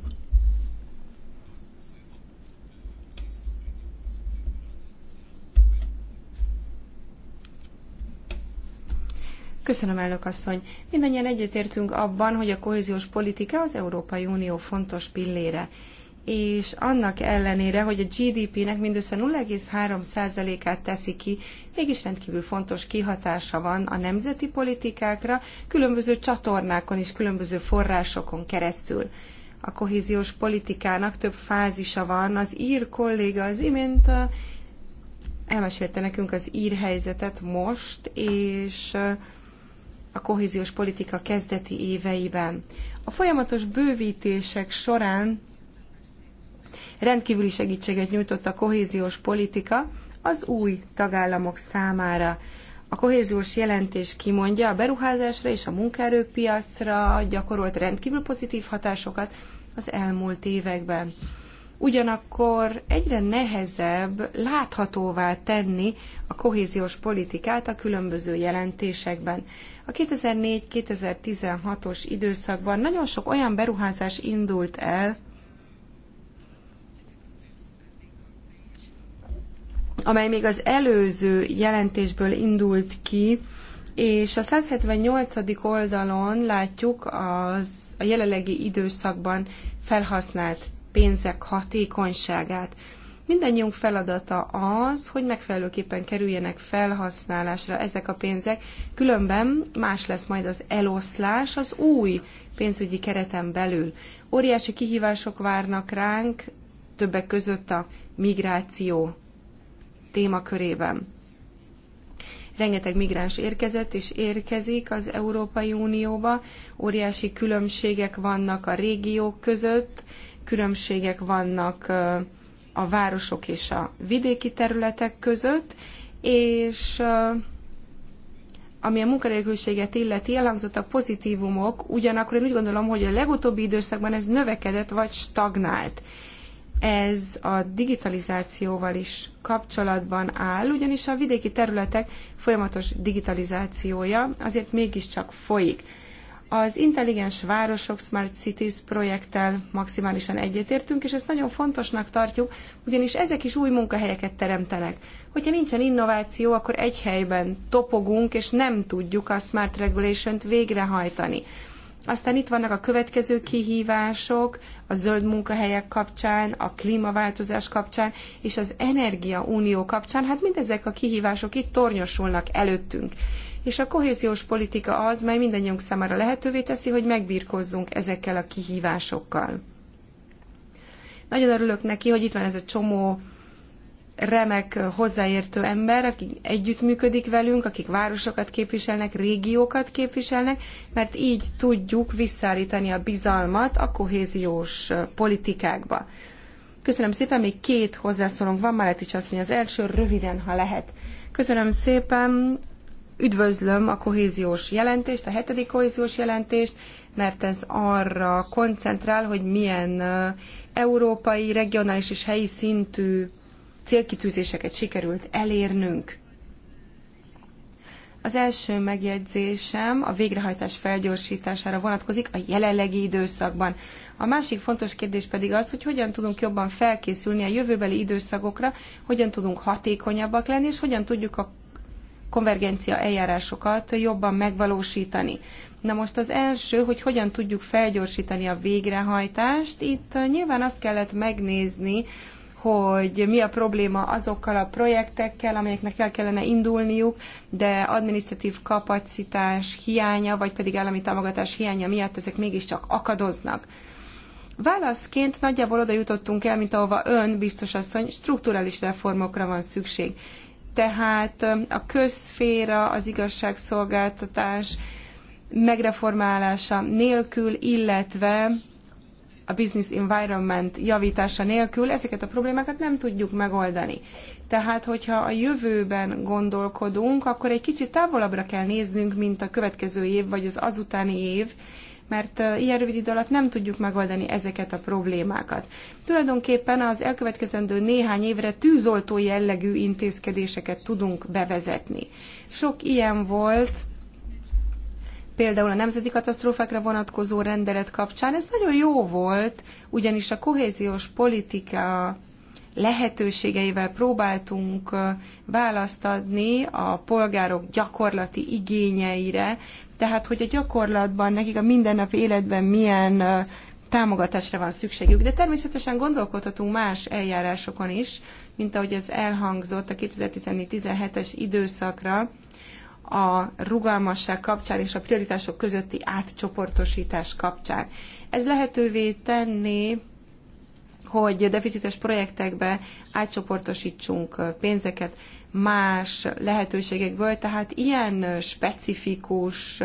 Köszönöm, elnök asszony. Mindannyian egyetértünk abban, hogy a kohéziós politika az Európai Unió fontos pillére és annak ellenére, hogy a GDP-nek mindössze 0,3%-át teszi ki, mégis rendkívül fontos kihatása van a nemzeti politikákra, különböző csatornákon és különböző forrásokon keresztül. A kohéziós politikának több fázisa van. Az ír kolléga az imént elmesélte nekünk az ír helyzetet most, és a kohéziós politika kezdeti éveiben. A folyamatos bővítések során rendkívüli segítséget nyújtott a kohéziós politika az új tagállamok számára. A kohéziós jelentés kimondja a beruházásra és a munkaerőpiacra gyakorolt rendkívül pozitív hatásokat az elmúlt években. Ugyanakkor egyre nehezebb láthatóvá tenni a kohéziós politikát a különböző jelentésekben. A 2004-2016-os időszakban nagyon sok olyan beruházás indult el, amely még az előző jelentésből indult ki, és a 178. oldalon látjuk az a jelenlegi időszakban felhasznált pénzek hatékonyságát. Mindennyiunk feladata az, hogy megfelelőképpen kerüljenek felhasználásra ezek a pénzek, különben más lesz majd az eloszlás az új pénzügyi kereten belül. Óriási kihívások várnak ránk, többek között a migráció témakörében. Rengeteg migráns érkezett és érkezik az Európai Unióba, óriási különbségek vannak a régiók között, különbségek vannak a városok és a vidéki területek között, és ami a munkanélküliséget illeti, elhangzottak pozitívumok, ugyanakkor én úgy gondolom, hogy a legutóbbi időszakban ez növekedett vagy stagnált ez a digitalizációval is kapcsolatban áll, ugyanis a vidéki területek folyamatos digitalizációja azért mégiscsak folyik. Az intelligens városok Smart Cities projekttel maximálisan egyetértünk, és ezt nagyon fontosnak tartjuk, ugyanis ezek is új munkahelyeket teremtenek. Hogyha nincsen innováció, akkor egy helyben topogunk, és nem tudjuk a Smart Regulation-t végrehajtani. Aztán itt vannak a következő kihívások a zöld munkahelyek kapcsán, a klímaváltozás kapcsán és az energiaunió kapcsán. Hát mindezek a kihívások itt tornyosulnak előttünk. És a kohéziós politika az, mely mindannyiunk számára lehetővé teszi, hogy megbírkozzunk ezekkel a kihívásokkal. Nagyon örülök neki, hogy itt van ez a csomó remek hozzáértő ember, aki együttműködik velünk, akik városokat képviselnek, régiókat képviselnek, mert így tudjuk visszaállítani a bizalmat a kohéziós politikákba. Köszönöm szépen, még két hozzászólónk van, Máleti asszony az első, röviden, ha lehet. Köszönöm szépen, üdvözlöm a kohéziós jelentést, a hetedik kohéziós jelentést, mert ez arra koncentrál, hogy milyen európai, regionális és helyi szintű célkitűzéseket sikerült elérnünk. Az első megjegyzésem a végrehajtás felgyorsítására vonatkozik a jelenlegi időszakban. A másik fontos kérdés pedig az, hogy hogyan tudunk jobban felkészülni a jövőbeli időszakokra, hogyan tudunk hatékonyabbak lenni, és hogyan tudjuk a konvergencia eljárásokat jobban megvalósítani. Na most az első, hogy hogyan tudjuk felgyorsítani a végrehajtást, itt uh, nyilván azt kellett megnézni, hogy mi a probléma azokkal a projektekkel, amelyeknek el kellene indulniuk, de administratív kapacitás hiánya, vagy pedig állami támogatás hiánya miatt ezek mégiscsak akadoznak. Válaszként nagyjából oda jutottunk el, mint ahova ön, biztos asszony, strukturális reformokra van szükség. Tehát a közféra, az igazságszolgáltatás megreformálása nélkül, illetve a business environment javítása nélkül ezeket a problémákat nem tudjuk megoldani. Tehát, hogyha a jövőben gondolkodunk, akkor egy kicsit távolabbra kell néznünk, mint a következő év, vagy az azutáni év, mert ilyen rövid idő alatt nem tudjuk megoldani ezeket a problémákat. Tulajdonképpen az elkövetkezendő néhány évre tűzoltó jellegű intézkedéseket tudunk bevezetni. Sok ilyen volt például a nemzeti katasztrófákra vonatkozó rendelet kapcsán. Ez nagyon jó volt, ugyanis a kohéziós politika lehetőségeivel próbáltunk választ adni a polgárok gyakorlati igényeire, tehát hogy a gyakorlatban nekik a mindennapi életben milyen támogatásra van szükségük, de természetesen gondolkodhatunk más eljárásokon is, mint ahogy ez elhangzott a 2014-17-es időszakra a rugalmasság kapcsán és a prioritások közötti átcsoportosítás kapcsán. Ez lehetővé tenni, hogy deficites projektekbe átcsoportosítsunk pénzeket más lehetőségekből, tehát ilyen specifikus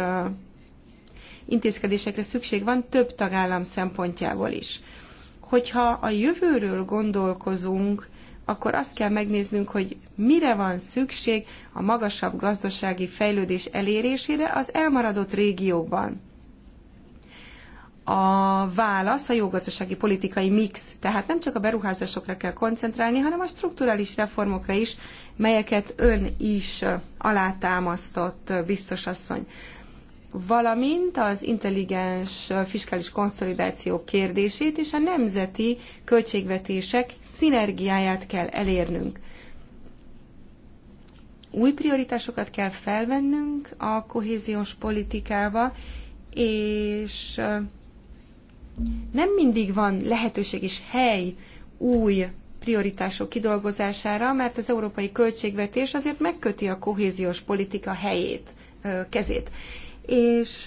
intézkedésekre szükség van több tagállam szempontjából is. Hogyha a jövőről gondolkozunk, akkor azt kell megnéznünk, hogy mire van szükség a magasabb gazdasági fejlődés elérésére az elmaradott régiókban. A válasz a jogazdasági politikai mix, tehát nem csak a beruházásokra kell koncentrálni, hanem a strukturális reformokra is, melyeket ön is alátámasztott biztos asszony valamint az intelligens fiskális konszolidáció kérdését és a nemzeti költségvetések szinergiáját kell elérnünk. Új prioritásokat kell felvennünk a kohéziós politikába, és nem mindig van lehetőség és hely új prioritások kidolgozására, mert az európai költségvetés azért megköti a kohéziós politika helyét, kezét és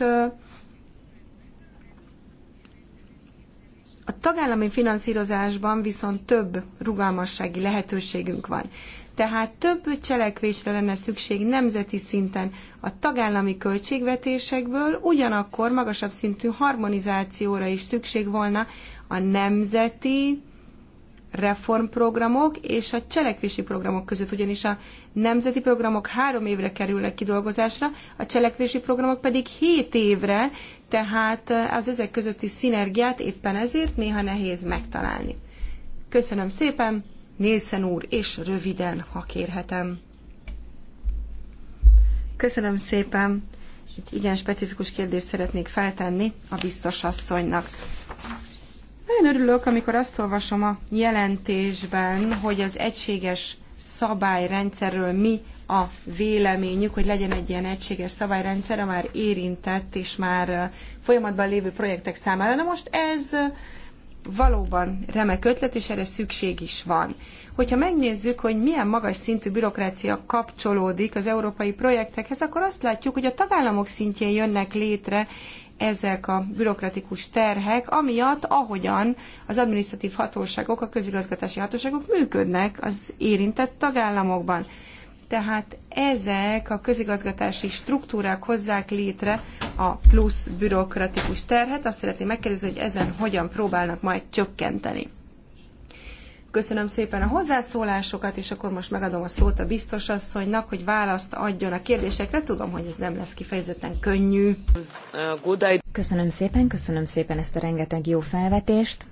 a tagállami finanszírozásban viszont több rugalmassági lehetőségünk van. Tehát több cselekvésre lenne szükség nemzeti szinten a tagállami költségvetésekből, ugyanakkor magasabb szintű harmonizációra is szükség volna a nemzeti reformprogramok és a cselekvési programok között, ugyanis a nemzeti programok három évre kerülnek kidolgozásra, a cselekvési programok pedig hét évre, tehát eh, az ezek közötti szinergiát éppen ezért néha nehéz megtalálni. Köszönöm szépen, Nélszen úr, és röviden, ha kérhetem. Köszönöm szépen. Egy igen specifikus kérdést szeretnék feltenni a biztos asszonynak nagyon örülök, amikor azt olvasom a jelentésben, hogy az egységes szabályrendszerről mi a véleményük, hogy legyen egy ilyen egységes szabályrendszer, a már érintett és már folyamatban lévő projektek számára. Na most ez valóban remek ötlet, és erre szükség is van. Hogyha megnézzük, hogy milyen magas szintű bürokrácia kapcsolódik az európai projektekhez, akkor azt látjuk, hogy a tagállamok szintjén jönnek létre ezek a bürokratikus terhek, amiatt, ahogyan az adminisztratív hatóságok, a közigazgatási hatóságok működnek az érintett tagállamokban. Tehát ezek a közigazgatási struktúrák hozzák létre a plusz bürokratikus terhet. Azt szeretném megkérdezni, hogy ezen hogyan próbálnak majd csökkenteni. Köszönöm szépen a hozzászólásokat, és akkor most megadom a szót a biztos asszonynak, hogy választ adjon a kérdésekre. Tudom, hogy ez nem lesz kifejezetten könnyű. Köszönöm szépen, köszönöm szépen ezt a rengeteg jó felvetést.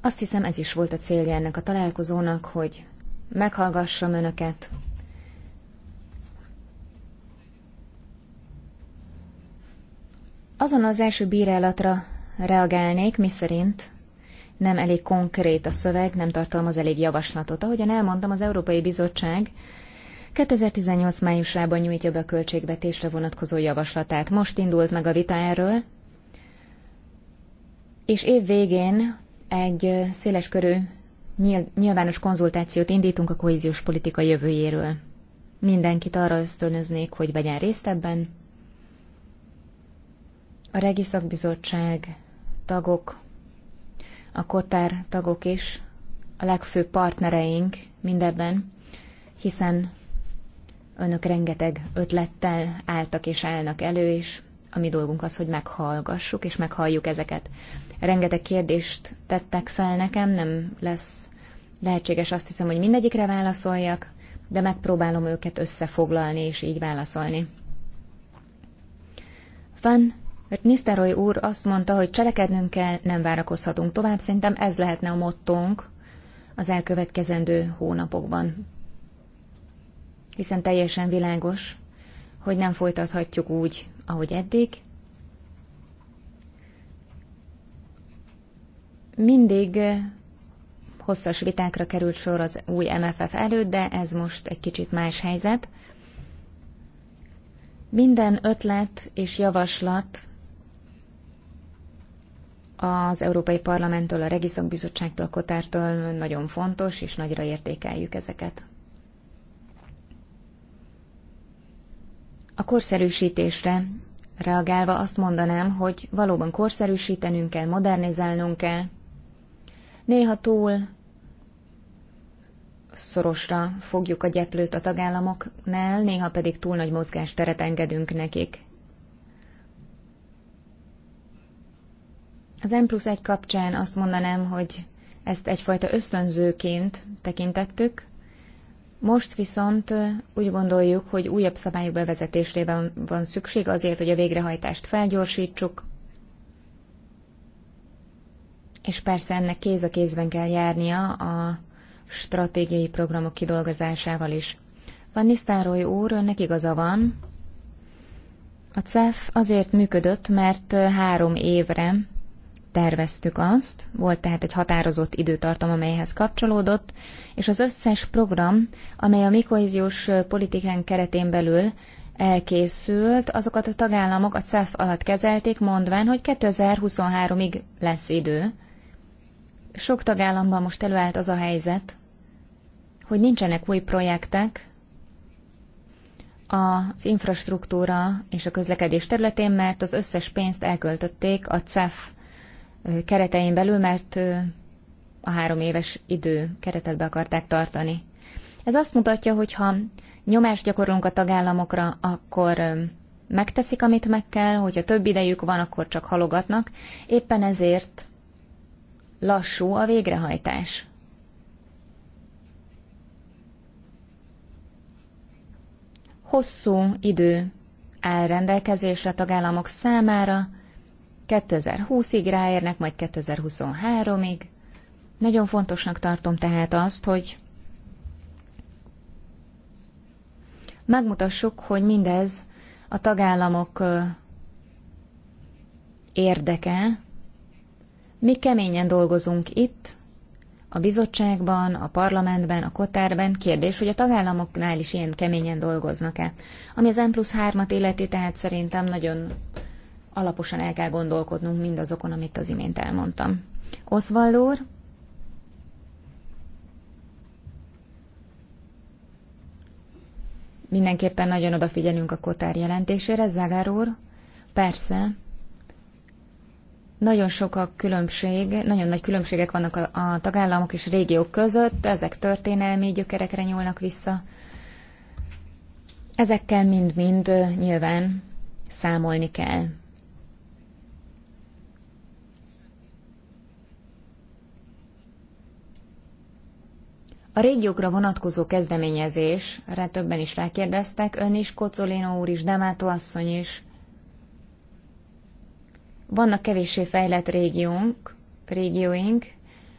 Azt hiszem ez is volt a célja ennek a találkozónak, hogy meghallgassam önöket, Azon az első bírálatra reagálnék, miszerint nem elég konkrét a szöveg, nem tartalmaz elég javaslatot. Ahogyan elmondtam, az Európai Bizottság 2018 májusában nyújtja be a költségvetésre vonatkozó javaslatát. Most indult meg a vita erről, és év végén egy széles körű nyilvános konzultációt indítunk a kohéziós politika jövőjéről. Mindenkit arra ösztönöznék, hogy vegyen részt ebben. A Regiszakbizottság tagok a Kotár tagok is a legfőbb partnereink mindebben, hiszen önök rengeteg ötlettel álltak és állnak elő, és a mi dolgunk az, hogy meghallgassuk és meghalljuk ezeket. Rengeteg kérdést tettek fel nekem, nem lesz lehetséges azt hiszem, hogy mindegyikre válaszoljak, de megpróbálom őket összefoglalni és így válaszolni. Van mert Nisztároly úr azt mondta, hogy cselekednünk kell, nem várakozhatunk tovább. Szerintem ez lehetne a mottónk az elkövetkezendő hónapokban. Hiszen teljesen világos, hogy nem folytathatjuk úgy, ahogy eddig. Mindig eh, hosszas vitákra került sor az új MFF előtt, de ez most egy kicsit más helyzet. Minden ötlet és javaslat az Európai Parlamenttől, a Regiszok Bizottságtól, a Kotártól nagyon fontos, és nagyra értékeljük ezeket. A korszerűsítésre reagálva azt mondanám, hogy valóban korszerűsítenünk kell, modernizálnunk kell, néha túl szorosra fogjuk a gyeplőt a tagállamoknál, néha pedig túl nagy mozgásteret engedünk nekik. Az M plusz egy kapcsán azt mondanám, hogy ezt egyfajta ösztönzőként tekintettük, most viszont úgy gondoljuk, hogy újabb szabályok bevezetésében van szükség azért, hogy a végrehajtást felgyorsítsuk, és persze ennek kéz a kézben kell járnia a stratégiai programok kidolgozásával is. Van Nisztároly úr, önnek igaza van. A CEF azért működött, mert három évre terveztük azt, volt tehát egy határozott időtartam, amelyhez kapcsolódott, és az összes program, amely a mi kohéziós politikán keretén belül elkészült, azokat a tagállamok a CEF alatt kezelték, mondván, hogy 2023-ig lesz idő. Sok tagállamban most előállt az a helyzet, hogy nincsenek új projektek az infrastruktúra és a közlekedés területén, mert az összes pénzt elköltötték a CEF keretein belül, mert a három éves idő keretet be akarták tartani. Ez azt mutatja, hogy ha nyomást gyakorlunk a tagállamokra, akkor megteszik, amit meg kell, hogyha több idejük van, akkor csak halogatnak. Éppen ezért lassú a végrehajtás. Hosszú idő áll rendelkezésre a tagállamok számára, 2020-ig ráérnek, majd 2023-ig. Nagyon fontosnak tartom tehát azt, hogy megmutassuk, hogy mindez a tagállamok érdeke. Mi keményen dolgozunk itt, a bizottságban, a parlamentben, a kotárben. Kérdés, hogy a tagállamoknál is ilyen keményen dolgoznak-e. Ami az M plusz 3-at illeti, tehát szerintem nagyon alaposan el kell gondolkodnunk mindazokon, amit az imént elmondtam. Oswald úr? Mindenképpen nagyon odafigyelünk a kotár jelentésére, Zagár úr. Persze, nagyon sok a különbség, nagyon nagy különbségek vannak a, a tagállamok és régiók között, ezek történelmi gyökerekre nyúlnak vissza. Ezekkel mind-mind nyilván számolni kell. A régiókra vonatkozó kezdeményezésre többen is rákérdeztek, ön is, Kocolino úr is, Demátó asszony is. Vannak kevéssé fejlett régiónk, régióink,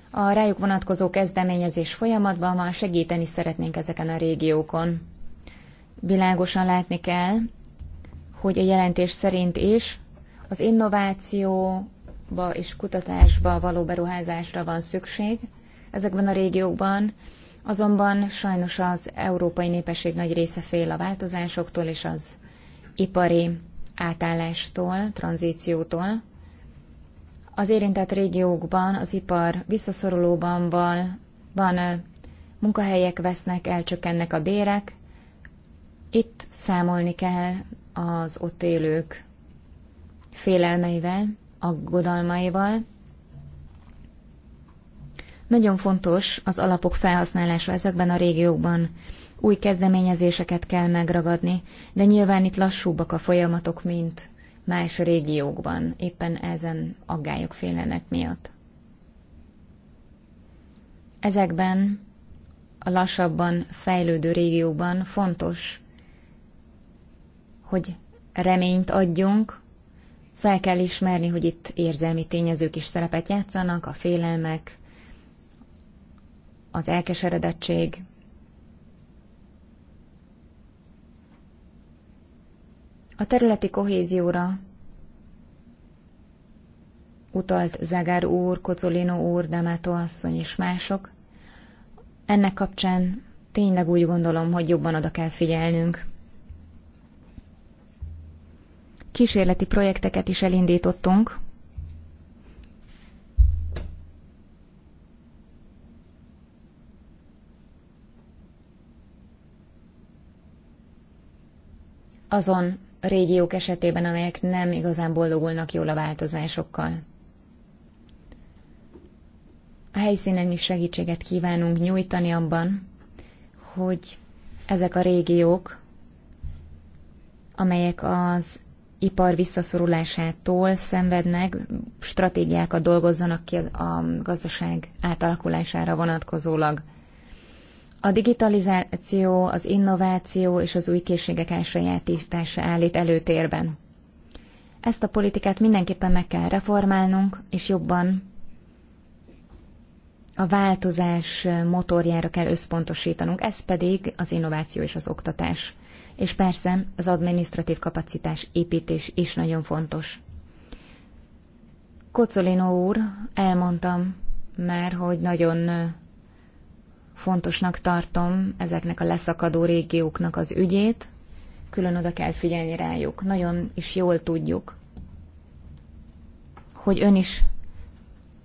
a rájuk vonatkozó kezdeményezés folyamatban ma segíteni szeretnénk ezeken a régiókon. Világosan látni kell, hogy a jelentés szerint is az innovációba és kutatásba való beruházásra van szükség ezekben a régiókban, Azonban sajnos az európai népesség nagy része fél a változásoktól és az ipari átállástól, tranzíciótól. Az érintett régiókban az ipar visszaszorulóban van, van munkahelyek vesznek, elcsökkennek a bérek. Itt számolni kell az ott élők félelmeivel, aggodalmaival, nagyon fontos az alapok felhasználása ezekben a régiókban. Új kezdeményezéseket kell megragadni, de nyilván itt lassúbbak a folyamatok, mint más régiókban, éppen ezen aggályok félelmek miatt. Ezekben a lassabban fejlődő régióban fontos, hogy reményt adjunk, fel kell ismerni, hogy itt érzelmi tényezők is szerepet játszanak, a félelmek, az elkeseredettség, a területi kohézióra utalt Zegár úr, Kocolino úr, Demeto asszony és mások. Ennek kapcsán tényleg úgy gondolom, hogy jobban oda kell figyelnünk. Kísérleti projekteket is elindítottunk, azon régiók esetében, amelyek nem igazán boldogulnak jól a változásokkal. A helyszínen is segítséget kívánunk nyújtani abban, hogy ezek a régiók, amelyek az ipar visszaszorulásától szenvednek, stratégiákat dolgozzanak ki a gazdaság átalakulására vonatkozólag. A digitalizáció, az innováció és az új készségek elsajátítása állít előtérben. Ezt a politikát mindenképpen meg kell reformálnunk, és jobban a változás motorjára kell összpontosítanunk, ez pedig az innováció és az oktatás. És persze az administratív kapacitás építés is nagyon fontos. Kocolino úr, elmondtam már, hogy nagyon Fontosnak tartom ezeknek a leszakadó régióknak az ügyét, külön oda kell figyelni rájuk. Nagyon is jól tudjuk, hogy ön is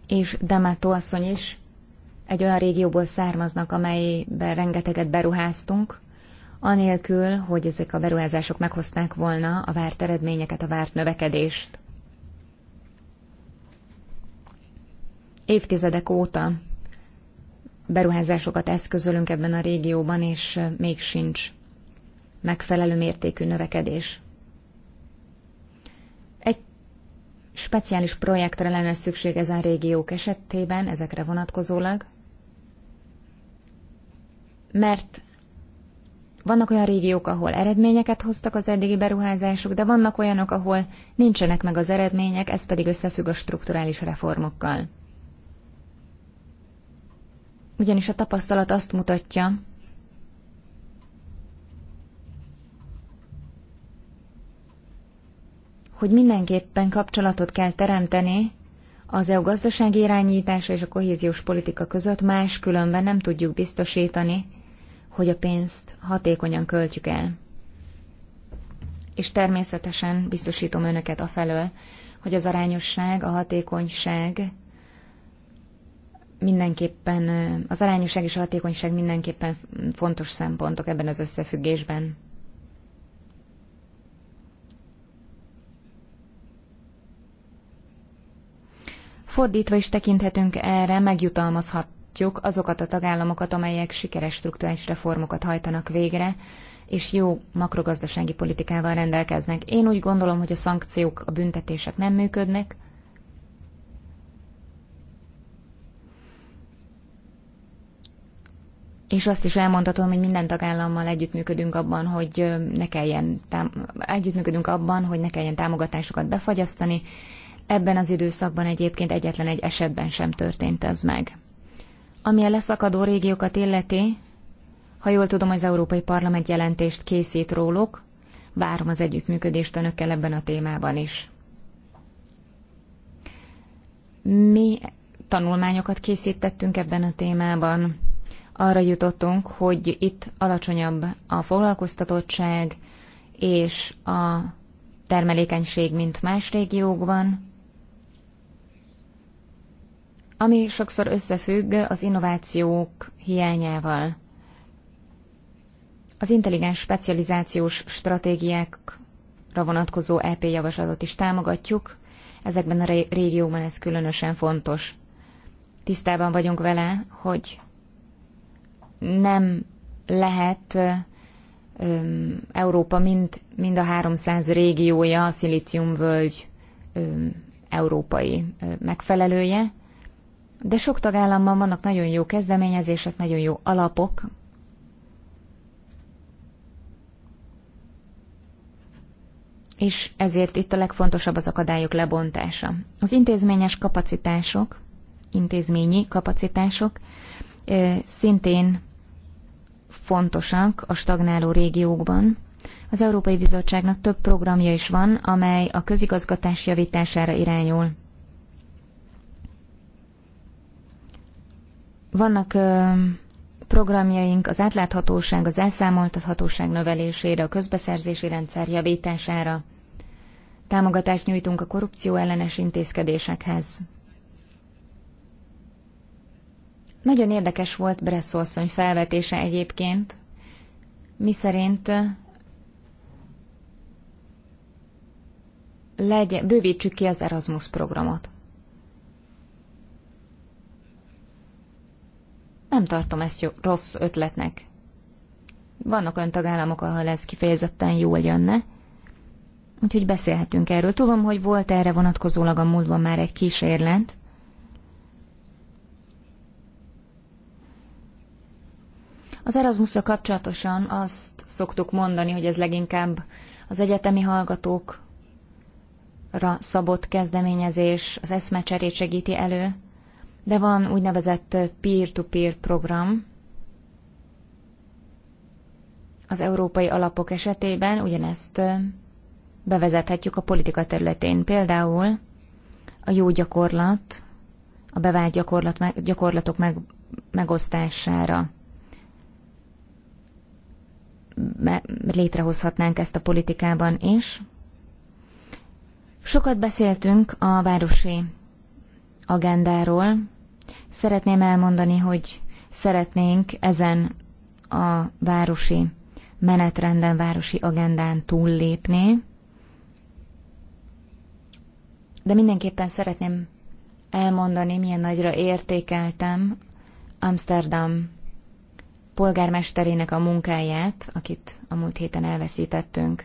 és Demátó asszony is egy olyan régióból származnak, amelyben rengeteget beruháztunk, anélkül, hogy ezek a beruházások meghozták volna a várt eredményeket, a várt növekedést. Évtizedek óta beruházásokat eszközölünk ebben a régióban, és még sincs megfelelő mértékű növekedés. Egy speciális projektre lenne szükség ezen régiók esetében, ezekre vonatkozólag, mert vannak olyan régiók, ahol eredményeket hoztak az eddigi beruházások, de vannak olyanok, ahol nincsenek meg az eredmények, ez pedig összefügg a strukturális reformokkal ugyanis a tapasztalat azt mutatja, hogy mindenképpen kapcsolatot kell teremteni az EU gazdasági irányítása és a kohéziós politika között, más különben nem tudjuk biztosítani, hogy a pénzt hatékonyan költjük el. És természetesen biztosítom önöket afelől, hogy az arányosság, a hatékonyság mindenképpen az arányosság és a hatékonyság mindenképpen fontos szempontok ebben az összefüggésben. Fordítva is tekinthetünk erre, megjutalmazhatjuk azokat a tagállamokat, amelyek sikeres struktúrális reformokat hajtanak végre, és jó makrogazdasági politikával rendelkeznek. Én úgy gondolom, hogy a szankciók, a büntetések nem működnek, és azt is elmondhatom, hogy minden tagállammal együttműködünk abban, hogy ne kelljen tám- együttműködünk abban, hogy ne kelljen támogatásokat befagyasztani. Ebben az időszakban egyébként egyetlen egy esetben sem történt ez meg. Ami a leszakadó régiókat illeti, ha jól tudom, az Európai Parlament jelentést készít róluk, várom az együttműködést önökkel ebben a témában is. Mi tanulmányokat készítettünk ebben a témában, arra jutottunk, hogy itt alacsonyabb a foglalkoztatottság és a termelékenység, mint más régiókban, ami sokszor összefügg az innovációk hiányával. Az intelligens specializációs stratégiákra vonatkozó EP javaslatot is támogatjuk, ezekben a régióban ez különösen fontos. Tisztában vagyunk vele, hogy nem lehet Európa mind, mind a 300 régiója a szilíciumvölgy európai megfelelője, de sok tagállamban vannak nagyon jó kezdeményezések, nagyon jó alapok. És ezért itt a legfontosabb az akadályok lebontása. Az intézményes kapacitások, intézményi kapacitások szintén fontosak a stagnáló régiókban. Az Európai Bizottságnak több programja is van, amely a közigazgatás javítására irányul. Vannak ö, programjaink az átláthatóság, az elszámoltathatóság növelésére, a közbeszerzési rendszer javítására. Támogatást nyújtunk a korrupció ellenes intézkedésekhez. Nagyon érdekes volt Bresszolszony felvetése egyébként, miszerint legyen, bővítsük ki az Erasmus programot. Nem tartom ezt jó, rossz ötletnek. Vannak olyan tagállamok, ahol ez kifejezetten jól jönne, úgyhogy beszélhetünk erről. Tudom, hogy volt erre vonatkozólag a múltban már egy kísérlet, Az erasmus kapcsolatosan azt szoktuk mondani, hogy ez leginkább az egyetemi hallgatókra szabott kezdeményezés, az eszmecserét segíti elő, de van úgynevezett peer-to-peer -peer program, az európai alapok esetében ugyanezt bevezethetjük a politika területén. Például a jó gyakorlat, a bevált gyakorlat, gyakorlatok meg, megosztására létrehozhatnánk ezt a politikában is. Sokat beszéltünk a városi agendáról. Szeretném elmondani, hogy szeretnénk ezen a városi menetrenden, városi agendán túllépni. De mindenképpen szeretném elmondani, milyen nagyra értékeltem Amsterdam polgármesterének a munkáját, akit a múlt héten elveszítettünk.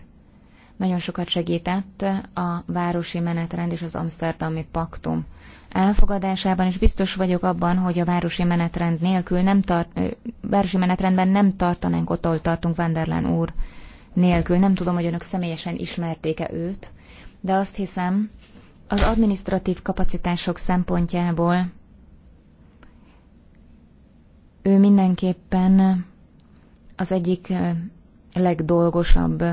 Nagyon sokat segített a városi menetrend és az Amsterdami Paktum elfogadásában, és biztos vagyok abban, hogy a városi menetrend nélkül nem tart, városi menetrendben nem tartanánk ott, ahol tartunk Vanderlen úr nélkül. Nem tudom, hogy önök személyesen ismerték-e őt, de azt hiszem, az administratív kapacitások szempontjából ő mindenképpen az egyik legdolgosabb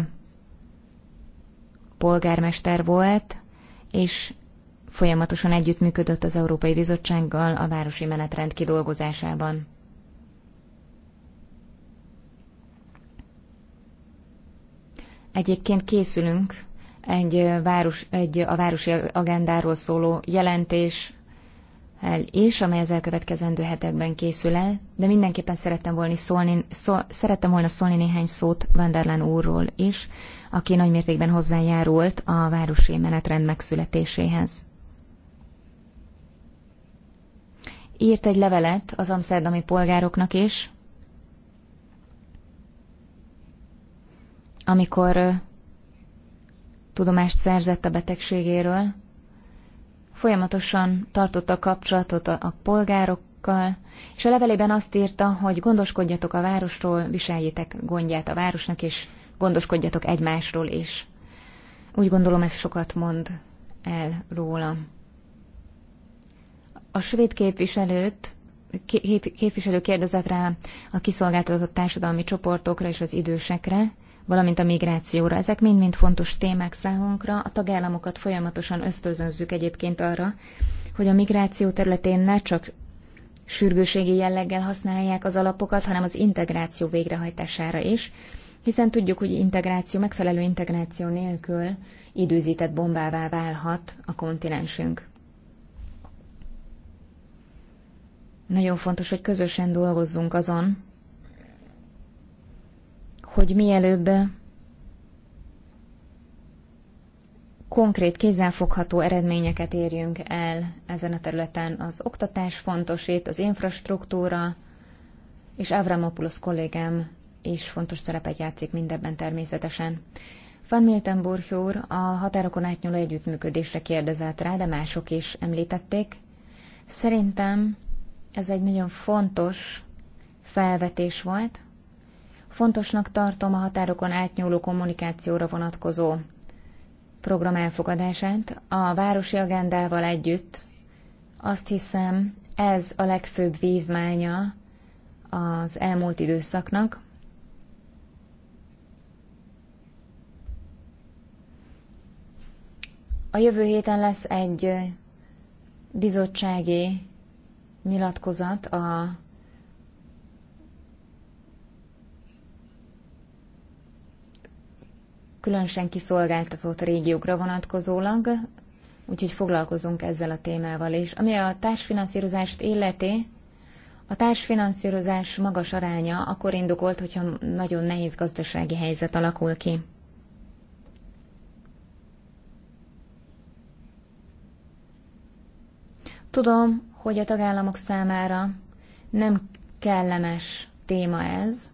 polgármester volt, és folyamatosan együttműködött az Európai Bizottsággal a városi menetrend kidolgozásában. Egyébként készülünk egy, város, egy a városi agendáról szóló jelentés el is, amely az elkövetkezendő hetekben készül el, de mindenképpen szerettem volna szólni, szó, szerettem volna szólni néhány szót Vanderlán úrról is, aki nagymértékben hozzájárult a városi menetrend megszületéséhez. Írt egy levelet az amszerdami polgároknak is, amikor tudomást szerzett a betegségéről, folyamatosan tartotta kapcsolatot a polgárokkal, és a levelében azt írta, hogy gondoskodjatok a városról, viseljétek gondját a városnak, és gondoskodjatok egymásról is. Úgy gondolom, ez sokat mond el róla. A svéd képviselőt, képviselő kérdezett rá a kiszolgáltatott társadalmi csoportokra és az idősekre, valamint a migrációra. Ezek mind-mind fontos témák számunkra. A tagállamokat folyamatosan ösztözönzzük egyébként arra, hogy a migráció területén ne csak sürgőségi jelleggel használják az alapokat, hanem az integráció végrehajtására is, hiszen tudjuk, hogy integráció, megfelelő integráció nélkül időzített bombává válhat a kontinensünk. Nagyon fontos, hogy közösen dolgozzunk azon, hogy mielőbb konkrét kézzelfogható eredményeket érjünk el ezen a területen. Az oktatás fontos itt, az infrastruktúra, és Avramopoulos kollégám is fontos szerepet játszik mindebben természetesen. Van Miltenburg úr a határokon átnyúló együttműködésre kérdezett rá, de mások is említették. Szerintem ez egy nagyon fontos felvetés volt, Fontosnak tartom a határokon átnyúló kommunikációra vonatkozó program elfogadását a városi agendával együtt. Azt hiszem, ez a legfőbb vívmánya az elmúlt időszaknak. A jövő héten lesz egy bizottsági nyilatkozat a különösen kiszolgáltatott régiókra vonatkozólag, úgyhogy foglalkozunk ezzel a témával is. Ami a társfinanszírozást illeti, a társfinanszírozás magas aránya akkor indokolt, hogyha nagyon nehéz gazdasági helyzet alakul ki. Tudom, hogy a tagállamok számára nem kellemes téma ez,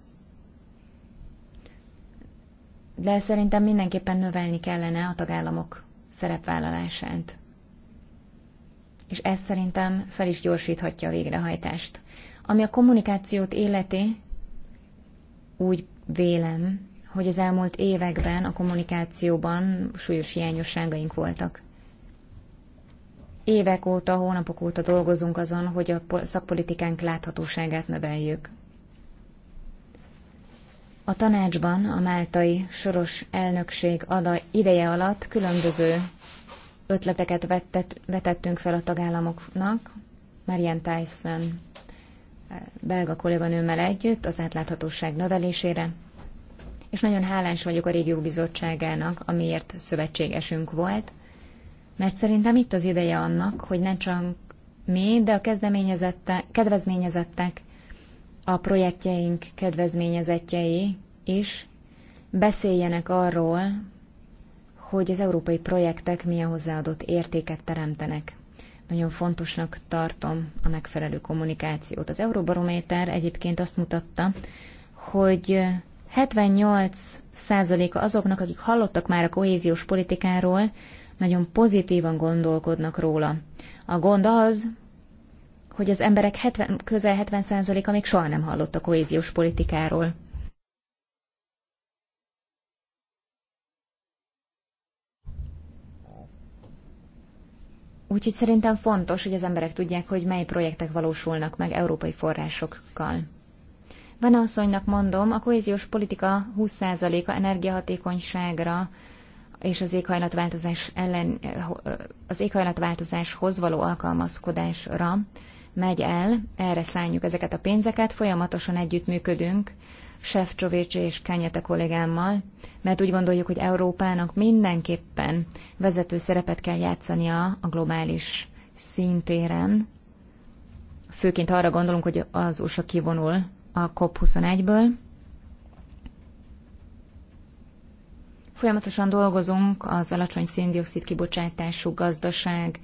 de szerintem mindenképpen növelni kellene a tagállamok szerepvállalását. És ez szerintem fel is gyorsíthatja a végrehajtást. Ami a kommunikációt életi, úgy vélem, hogy az elmúlt években a kommunikációban súlyos hiányosságaink voltak. Évek óta, hónapok óta dolgozunk azon, hogy a szakpolitikánk láthatóságát növeljük. A tanácsban a máltai soros elnökség ada ideje alatt különböző ötleteket vettet, vetettünk fel a tagállamoknak, Marian Tyson eh, belga kolléganőmmel együtt az átláthatóság növelésére, és nagyon hálás vagyok a régió bizottságának, amiért szövetségesünk volt, mert szerintem itt az ideje annak, hogy ne csak mi, de a kezdeményezettek, kedvezményezettek a projektjeink kedvezményezettjei is beszéljenek arról, hogy az európai projektek milyen hozzáadott értéket teremtenek. Nagyon fontosnak tartom a megfelelő kommunikációt. Az Euróbarométer egyébként azt mutatta, hogy 78%-a azoknak, akik hallottak már a kohéziós politikáról, nagyon pozitívan gondolkodnak róla. A gond az, hogy az emberek 70, közel 70%-a még soha nem hallott a kohéziós politikáról. Úgyhogy szerintem fontos, hogy az emberek tudják, hogy mely projektek valósulnak meg európai forrásokkal. Van asszonynak mondom, a kohéziós politika 20%-a energiahatékonyságra és az éghajlatváltozás ellen, eh, az éghajlatváltozáshoz való alkalmazkodásra megy el, erre szálljuk ezeket a pénzeket, folyamatosan együttműködünk Csovics és Kenyete kollégámmal, mert úgy gondoljuk, hogy Európának mindenképpen vezető szerepet kell játszania a globális szintéren. Főként arra gondolunk, hogy az USA kivonul a COP21-ből. Folyamatosan dolgozunk az alacsony széndiokszid kibocsátású gazdaság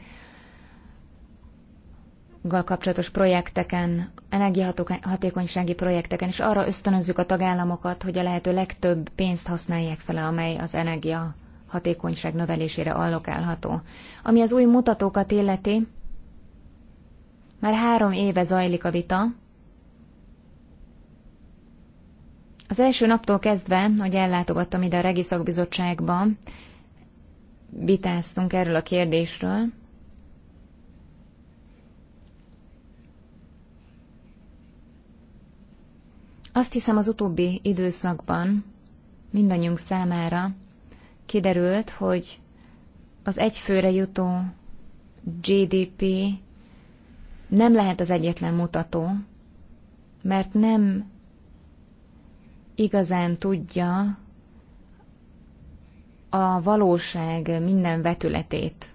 gal kapcsolatos projekteken, energiahatékonysági projekteken, és arra ösztönözzük a tagállamokat, hogy a lehető legtöbb pénzt használják fel, amely az energia hatékonyság növelésére allokálható. Ami az új mutatókat illeti, már három éve zajlik a vita. Az első naptól kezdve, hogy ellátogattam ide a Regiszakbizottságba, vitáztunk erről a kérdésről, Azt hiszem az utóbbi időszakban mindannyiunk számára kiderült, hogy az egyfőre jutó GDP nem lehet az egyetlen mutató, mert nem igazán tudja a valóság minden vetületét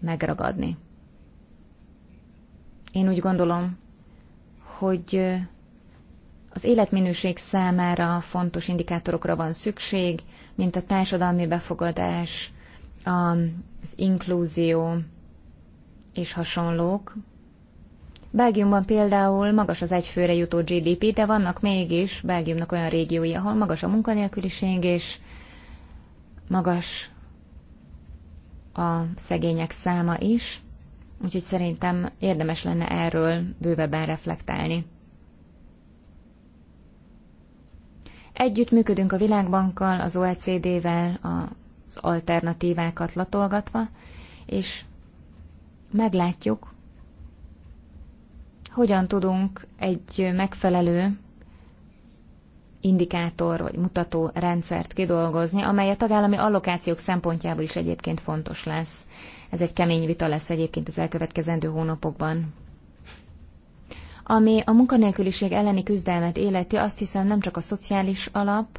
megragadni. Én úgy gondolom, hogy az életminőség számára fontos indikátorokra van szükség, mint a társadalmi befogadás, az inklúzió és hasonlók. Belgiumban például magas az egyfőre jutó GDP, de vannak mégis Belgiumnak olyan régiói, ahol magas a munkanélküliség, és magas a szegények száma is, úgyhogy szerintem érdemes lenne erről bővebben reflektálni. Együtt működünk a Világbankkal, az OECD-vel, az alternatívákat latolgatva, és meglátjuk, hogyan tudunk egy megfelelő indikátor vagy mutató rendszert kidolgozni, amely a tagállami allokációk szempontjából is egyébként fontos lesz. Ez egy kemény vita lesz egyébként az elkövetkezendő hónapokban. Ami a munkanélküliség elleni küzdelmet életi, azt hiszem nem csak a szociális alap,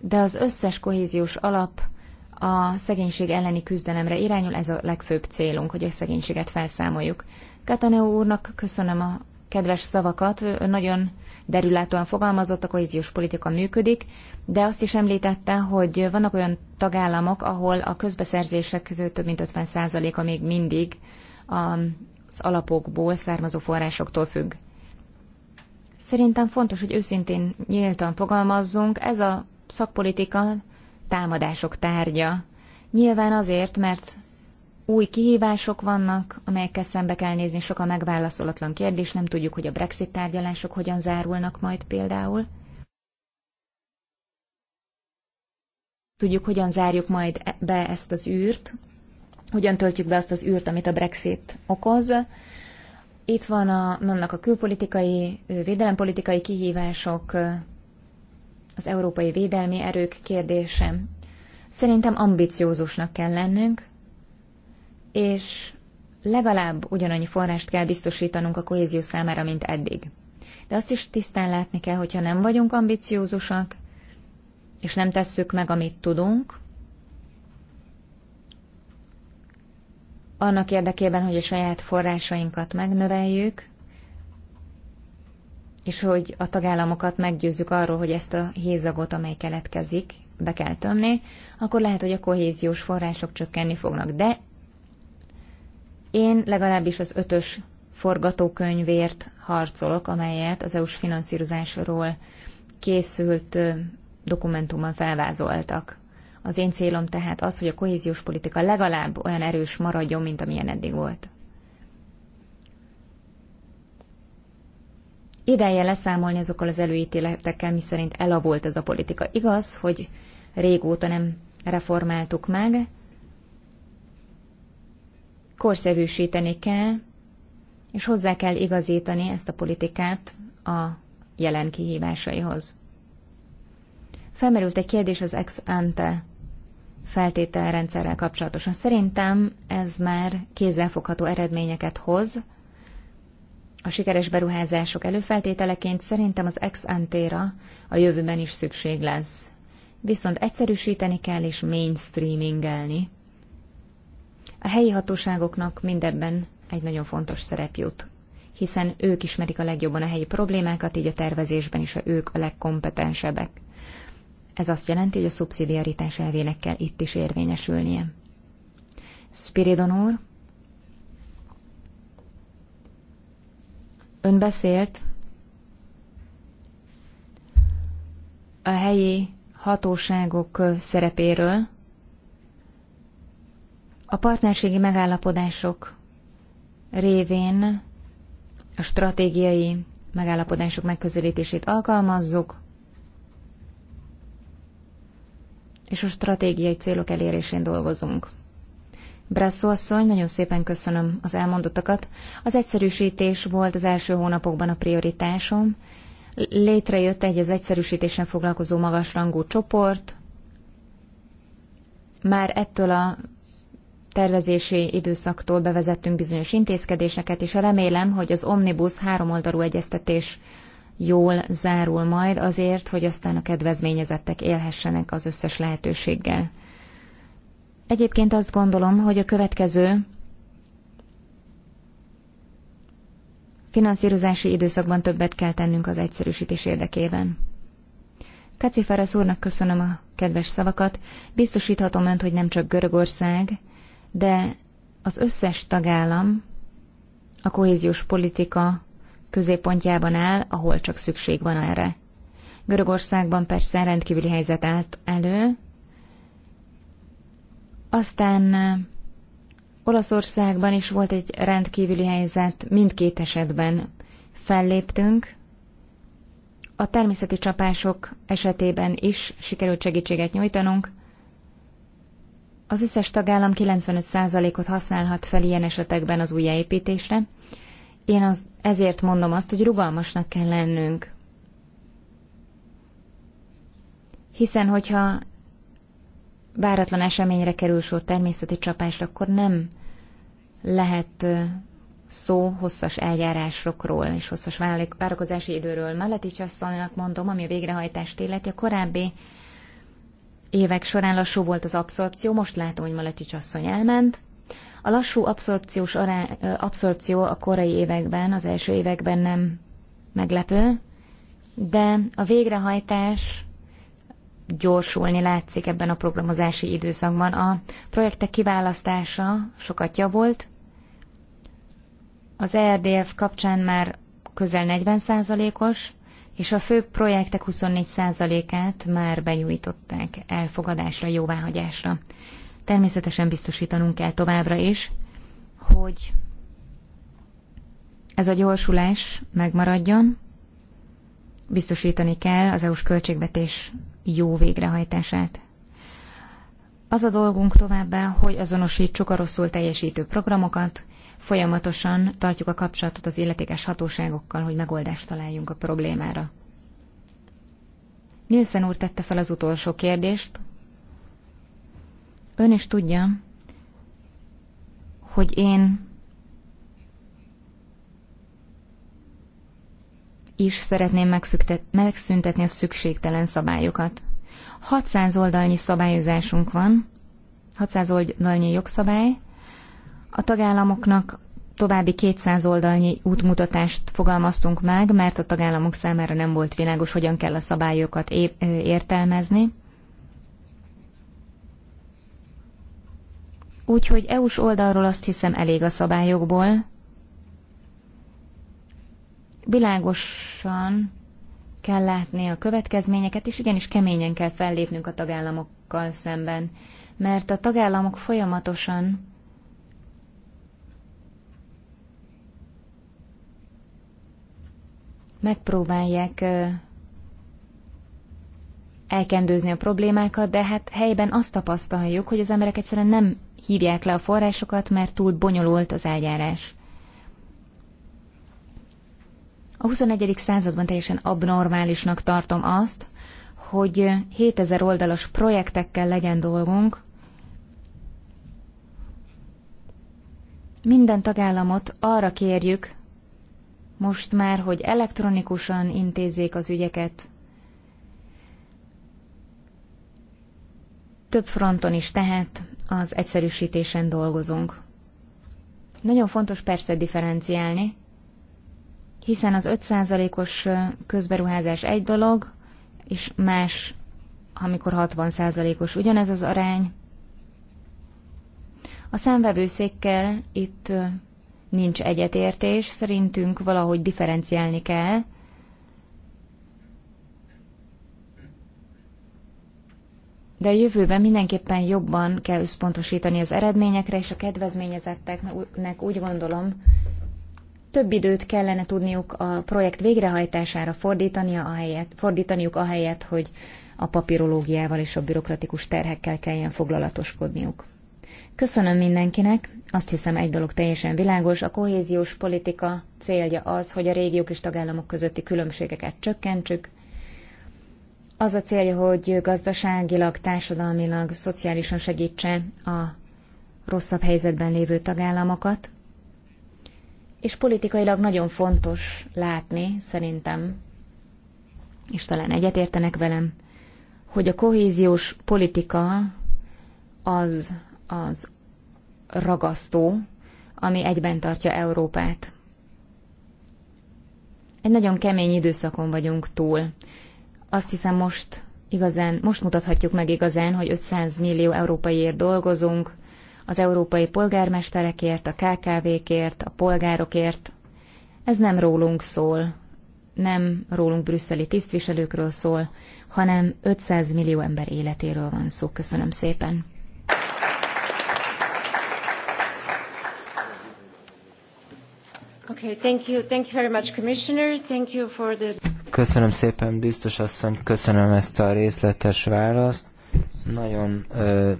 de az összes kohéziós alap a szegénység elleni küzdelemre irányul, ez a legfőbb célunk, hogy a szegénységet felszámoljuk. Kataneó úrnak köszönöm a kedves szavakat, Ön nagyon derülátóan fogalmazott, a kohéziós politika működik, de azt is említette, hogy vannak olyan tagállamok, ahol a közbeszerzések több mint 50%-a még mindig a az alapokból származó forrásoktól függ. Szerintem fontos, hogy őszintén nyíltan fogalmazzunk, ez a szakpolitika támadások tárgya. Nyilván azért, mert új kihívások vannak, amelyekkel szembe kell nézni, sok a megválaszolatlan kérdés, nem tudjuk, hogy a Brexit tárgyalások hogyan zárulnak majd például. Tudjuk, hogyan zárjuk majd be ezt az űrt, hogyan töltjük be azt az űrt, amit a Brexit okoz. Itt van a, vannak a külpolitikai, védelempolitikai kihívások, az európai védelmi erők kérdése. Szerintem ambiciózusnak kell lennünk, és legalább ugyanannyi forrást kell biztosítanunk a kohézió számára, mint eddig. De azt is tisztán látni kell, hogyha nem vagyunk ambiciózusak, és nem tesszük meg, amit tudunk, annak érdekében, hogy a saját forrásainkat megnöveljük, és hogy a tagállamokat meggyőzzük arról, hogy ezt a hézagot, amely keletkezik, be kell tömni, akkor lehet, hogy a kohéziós források csökkenni fognak. De én legalábbis az ötös forgatókönyvért harcolok, amelyet az EU-s finanszírozásról készült dokumentumban felvázoltak. Az én célom tehát az, hogy a kohéziós politika legalább olyan erős maradjon, mint amilyen eddig volt. Ideje leszámolni azokkal az előítéletekkel, miszerint elavult ez a politika. Igaz, hogy régóta nem reformáltuk meg, korszerűsíteni kell, és hozzá kell igazítani ezt a politikát a jelen kihívásaihoz. Felmerült egy kérdés az ex ante feltételrendszerrel kapcsolatosan. Szerintem ez már kézzelfogható eredményeket hoz. A sikeres beruházások előfeltételeként szerintem az ex antéra a jövőben is szükség lesz. Viszont egyszerűsíteni kell és mainstreamingelni. A helyi hatóságoknak mindebben egy nagyon fontos szerep jut, hiszen ők ismerik a legjobban a helyi problémákat, így a tervezésben is a ők a legkompetensebbek. Ez azt jelenti, hogy a szubszidiaritás elvének kell itt is érvényesülnie. Spiridon úr, ön beszélt a helyi hatóságok szerepéről, a partnerségi megállapodások révén a stratégiai megállapodások megközelítését alkalmazzuk, és a stratégiai célok elérésén dolgozunk. Brasso asszony, nagyon szépen köszönöm az elmondottakat. Az egyszerűsítés volt az első hónapokban a prioritásom. Létrejött egy az egyszerűsítésen foglalkozó magasrangú csoport. Már ettől a tervezési időszaktól bevezettünk bizonyos intézkedéseket, és remélem, hogy az Omnibus háromoldalú egyeztetés jól zárul majd azért, hogy aztán a kedvezményezettek élhessenek az összes lehetőséggel. Egyébként azt gondolom, hogy a következő finanszírozási időszakban többet kell tennünk az egyszerűsítés érdekében. Kaciferes úrnak köszönöm a kedves szavakat. Biztosíthatom önt, hogy nem csak Görögország, de az összes tagállam a kohéziós politika középpontjában áll, ahol csak szükség van erre. Görögországban persze rendkívüli helyzet állt elő, aztán Olaszországban is volt egy rendkívüli helyzet, mindkét esetben felléptünk. A természeti csapások esetében is sikerült segítséget nyújtanunk. Az összes tagállam 95%-ot használhat fel ilyen esetekben az újjáépítésre, én az, ezért mondom azt, hogy rugalmasnak kell lennünk. Hiszen, hogyha váratlan eseményre kerül sor természeti csapásra, akkor nem lehet szó hosszas eljárásokról és hosszas várakozási időről. Melletics asszonynak mondom, ami a végrehajtást illeti, a korábbi évek során lassú volt az abszorpció, most látom, hogy Maletics asszony elment, a lassú abszorpciós ará, abszorpció a korai években, az első években nem meglepő, de a végrehajtás gyorsulni látszik ebben a programozási időszakban. A projektek kiválasztása sokat javult. Az ERDF kapcsán már közel 40%-os, és a fő projektek 24%-át már benyújtották elfogadásra, jóváhagyásra. Természetesen biztosítanunk kell továbbra is, hogy ez a gyorsulás megmaradjon, biztosítani kell az EU-s költségvetés jó végrehajtását. Az a dolgunk továbbá, hogy azonosítsuk a rosszul teljesítő programokat, folyamatosan tartjuk a kapcsolatot az illetékes hatóságokkal, hogy megoldást találjunk a problémára. Nielsen úr tette fel az utolsó kérdést, Ön is tudja, hogy én is szeretném megszüntetni a szükségtelen szabályokat. 600 oldalnyi szabályozásunk van, 600 oldalnyi jogszabály, a tagállamoknak további 200 oldalnyi útmutatást fogalmaztunk meg, mert a tagállamok számára nem volt világos, hogyan kell a szabályokat értelmezni. Úgyhogy EU-s oldalról azt hiszem elég a szabályokból. Világosan kell látni a következményeket, és igenis keményen kell fellépnünk a tagállamokkal szemben, mert a tagállamok folyamatosan megpróbálják elkendőzni a problémákat, de hát helyben azt tapasztaljuk, hogy az emberek egyszerűen nem hívják le a forrásokat, mert túl bonyolult az eljárás. A 21. században teljesen abnormálisnak tartom azt, hogy 7000 oldalas projektekkel legyen dolgunk, Minden tagállamot arra kérjük, most már, hogy elektronikusan intézzék az ügyeket. Több fronton is tehát az egyszerűsítésen dolgozunk. Nagyon fontos persze differenciálni, hiszen az 5%-os közberuházás egy dolog, és más, amikor 60%-os ugyanez az arány. A számvevőszékkel itt nincs egyetértés, szerintünk valahogy differenciálni kell, de a jövőben mindenképpen jobban kell összpontosítani az eredményekre, és a kedvezményezetteknek úgy gondolom, több időt kellene tudniuk a projekt végrehajtására fordítania helyet fordítaniuk a helyet, hogy a papírológiával és a bürokratikus terhekkel kelljen foglalatoskodniuk. Köszönöm mindenkinek, azt hiszem egy dolog teljesen világos, a kohéziós politika célja az, hogy a régiók és tagállamok közötti különbségeket csökkentsük, az a célja, hogy gazdaságilag, társadalmilag, szociálisan segítse a rosszabb helyzetben lévő tagállamokat, és politikailag nagyon fontos látni, szerintem, és talán egyetértenek velem, hogy a kohéziós politika az az ragasztó, ami egyben tartja Európát. Egy nagyon kemény időszakon vagyunk túl. Azt hiszem most igazán, most mutathatjuk meg igazán, hogy 500 millió európaiért dolgozunk, az európai polgármesterekért, a KKV-kért, a polgárokért. Ez nem rólunk szól, nem rólunk brüsszeli tisztviselőkről szól, hanem 500 millió ember életéről van szó. Köszönöm szépen! Okay, thank you. Thank you very much, Commissioner. Thank you for the... Köszönöm szépen, biztos asszony, köszönöm ezt a részletes választ. Nagyon ö,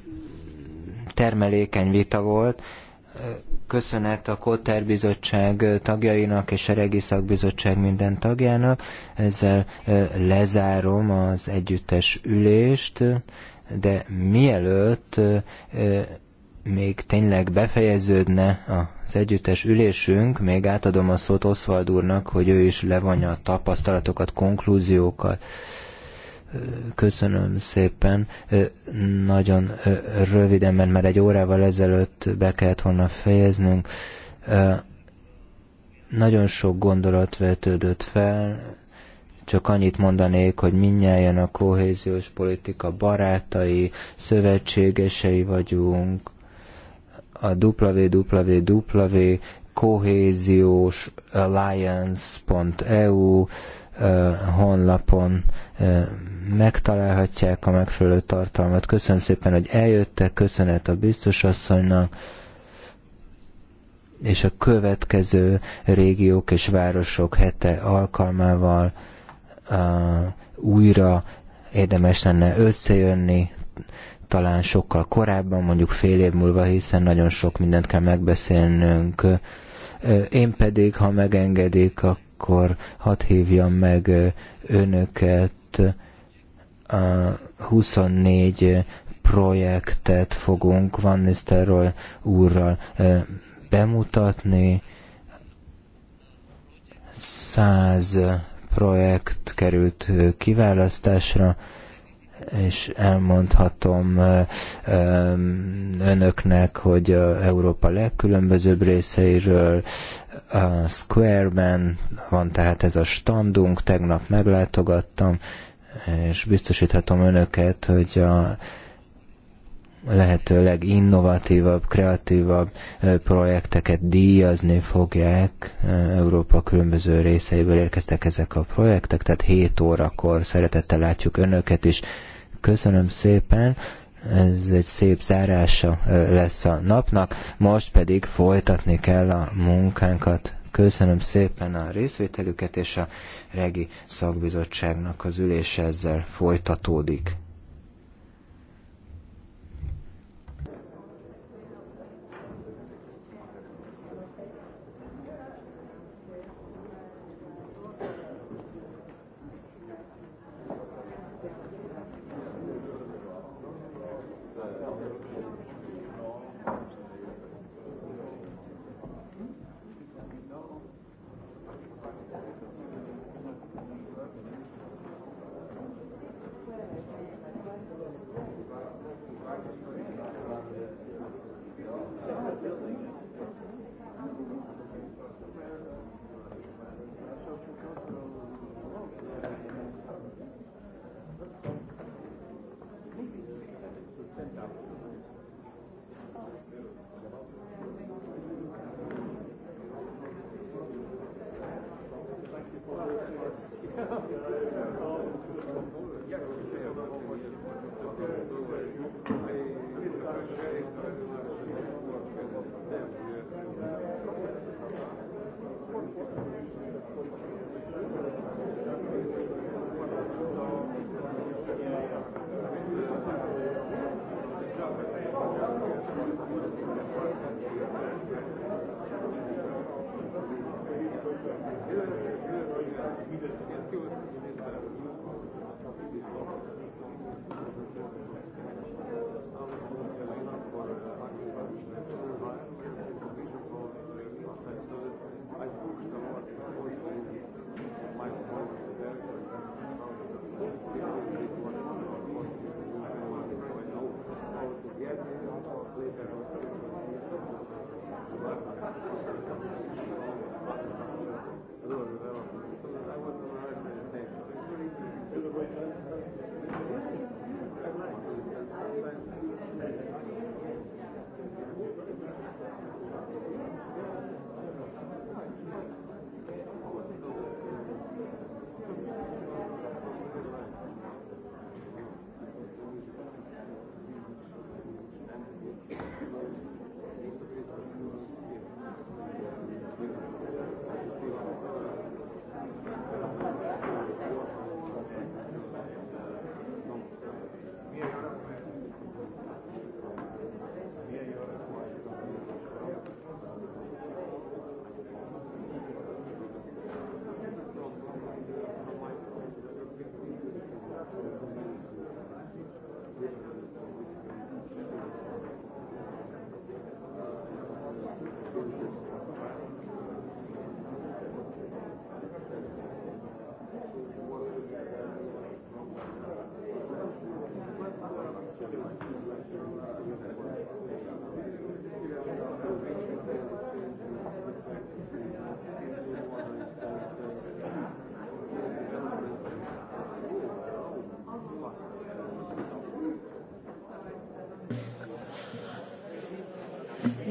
termelékeny vita volt. Köszönet a Kotter Bizottság tagjainak és a Regi Szakbizottság minden tagjának. Ezzel ö, lezárom az együttes ülést, de mielőtt ö, még tényleg befejeződne az együttes ülésünk, még átadom a szót Oszvald úrnak, hogy ő is levonja a tapasztalatokat, konklúziókat. Köszönöm szépen. Nagyon röviden, mert már egy órával ezelőtt be kellett volna fejeznünk. Nagyon sok gondolat vetődött fel, csak annyit mondanék, hogy minnyáján a kohéziós politika barátai, szövetségesei vagyunk, a www kohéziós honlapon megtalálhatják a megfelelő tartalmat. Köszönöm szépen, hogy eljöttek, köszönet a biztosasszonynak, és a következő régiók és városok hete alkalmával újra érdemes lenne összejönni, talán sokkal korábban, mondjuk fél év múlva, hiszen nagyon sok mindent kell megbeszélnünk. Én pedig, ha megengedik, akkor hadd hívjam meg önöket. A 24 projektet fogunk Van Nistelrooy úrral bemutatni. 100 projekt került kiválasztásra és elmondhatom önöknek, hogy Európa legkülönbözőbb részeiről a Square-ben van tehát ez a standunk, tegnap meglátogattam, és biztosíthatom önöket, hogy a lehető leginnovatívabb, kreatívabb projekteket díjazni fogják. Európa különböző részeiből érkeztek ezek a projektek, tehát 7 órakor szeretettel látjuk önöket is. Köszönöm szépen, ez egy szép zárása lesz a napnak, most pedig folytatni kell a munkánkat. Köszönöm szépen a részvételüket, és a Regi Szakbizottságnak az ülése ezzel folytatódik. Thank you. Köszönöm.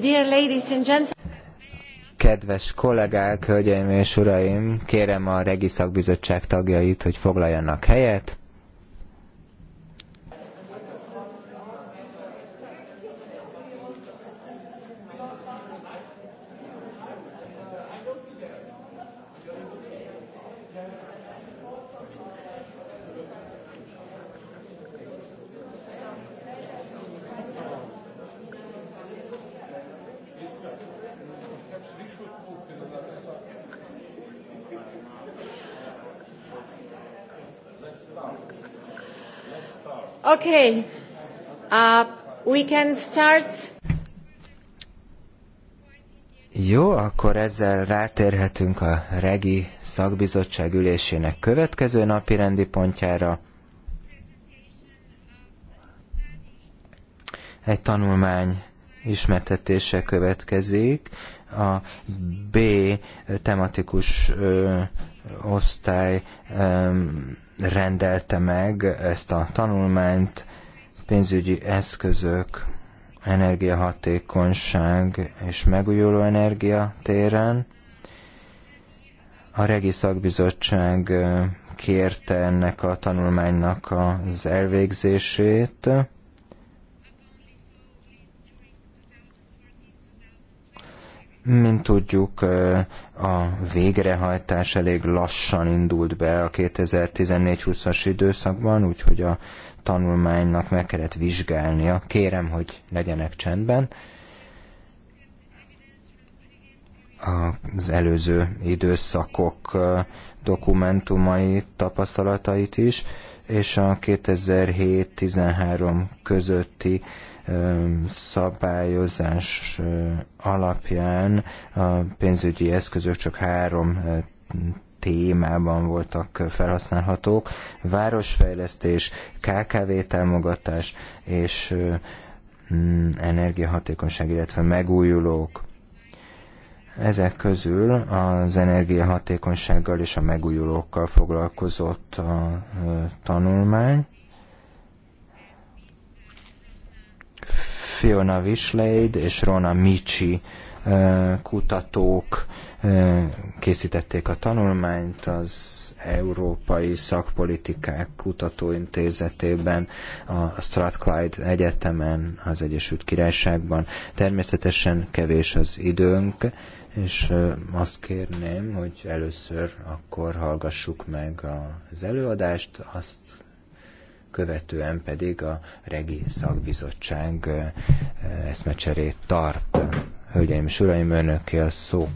Dear ladies and gentlemen, Kedves kollégák, hölgyeim és uraim, kérem a Regiszakbizottság tagjait, hogy foglaljanak helyet. we can start. Jó, akkor ezzel rátérhetünk a regi szakbizottság ülésének következő napi rendi pontjára. Egy tanulmány ismertetése következik. A B tematikus ö, osztály ö, rendelte meg ezt a tanulmányt, pénzügyi eszközök energiahatékonyság és megújuló energia téren. A Regi Szakbizottság kérte ennek a tanulmánynak az elvégzését. Mint tudjuk, a végrehajtás elég lassan indult be a 2014-20-as időszakban, úgyhogy a tanulmánynak meg kellett vizsgálnia. Kérem, hogy legyenek csendben. Az előző időszakok dokumentumai, tapasztalatait is, és a 2007-13 közötti szabályozás alapján a pénzügyi eszközök csak három témában voltak felhasználhatók. Városfejlesztés, KKV támogatás és mm, energiahatékonyság, illetve megújulók. Ezek közül az energiahatékonysággal és a megújulókkal foglalkozott a tanulmány. Fiona Wisleid és Rona Michi kutatók készítették a tanulmányt az Európai Szakpolitikák Kutatóintézetében, a Strathclyde Egyetemen, az Egyesült Királyságban. Természetesen kevés az időnk, és azt kérném, hogy először akkor hallgassuk meg az előadást, azt követően pedig a Regi Szakbizottság eszmecserét tart. Hölgyeim és Uraim, önöké a szó.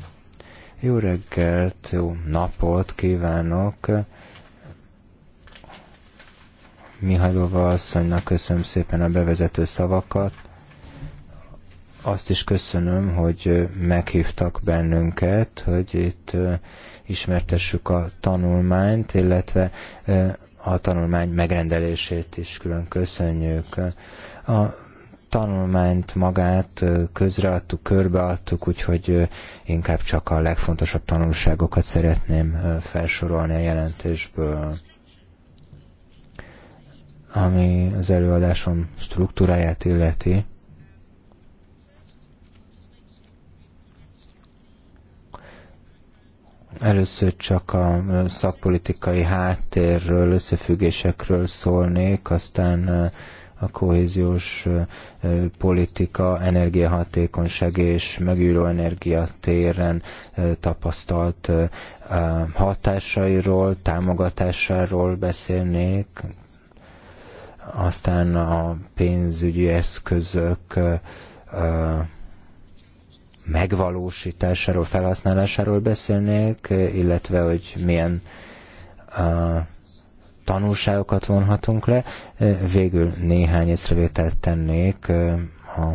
Jó reggelt, jó napot kívánok! Mihajlova asszonynak köszönöm szépen a bevezető szavakat. Azt is köszönöm, hogy meghívtak bennünket, hogy itt ismertessük a tanulmányt, illetve a tanulmány megrendelését is külön köszönjük. A tanulmányt magát közreadtuk, körbeadtuk, úgyhogy inkább csak a legfontosabb tanulságokat szeretném felsorolni a jelentésből. Ami az előadásom struktúráját illeti, Először csak a szakpolitikai háttérről, összefüggésekről szólnék, aztán a kohéziós politika, energiahatékonyság és megújuló energia téren tapasztalt hatásairól, támogatásáról beszélnék, aztán a pénzügyi eszközök megvalósításáról, felhasználásáról beszélnék, illetve hogy milyen tanulságokat vonhatunk le. Végül néhány észrevételt tennék a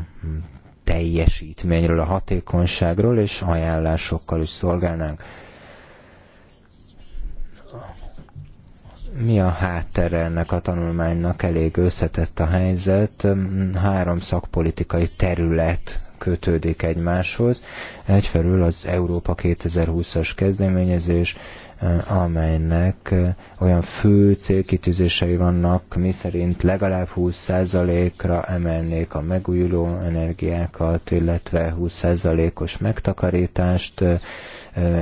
teljesítményről, a hatékonyságról, és ajánlásokkal is szolgálnánk. mi a háttere ennek a tanulmánynak? Elég összetett a helyzet. Három szakpolitikai terület kötődik egymáshoz. Egyfelől az Európa 2020-as kezdeményezés, Eh, amelynek eh, olyan fő célkitűzései vannak, miszerint legalább 20%-ra emelnék a megújuló energiákat, illetve 20%-os megtakarítást eh,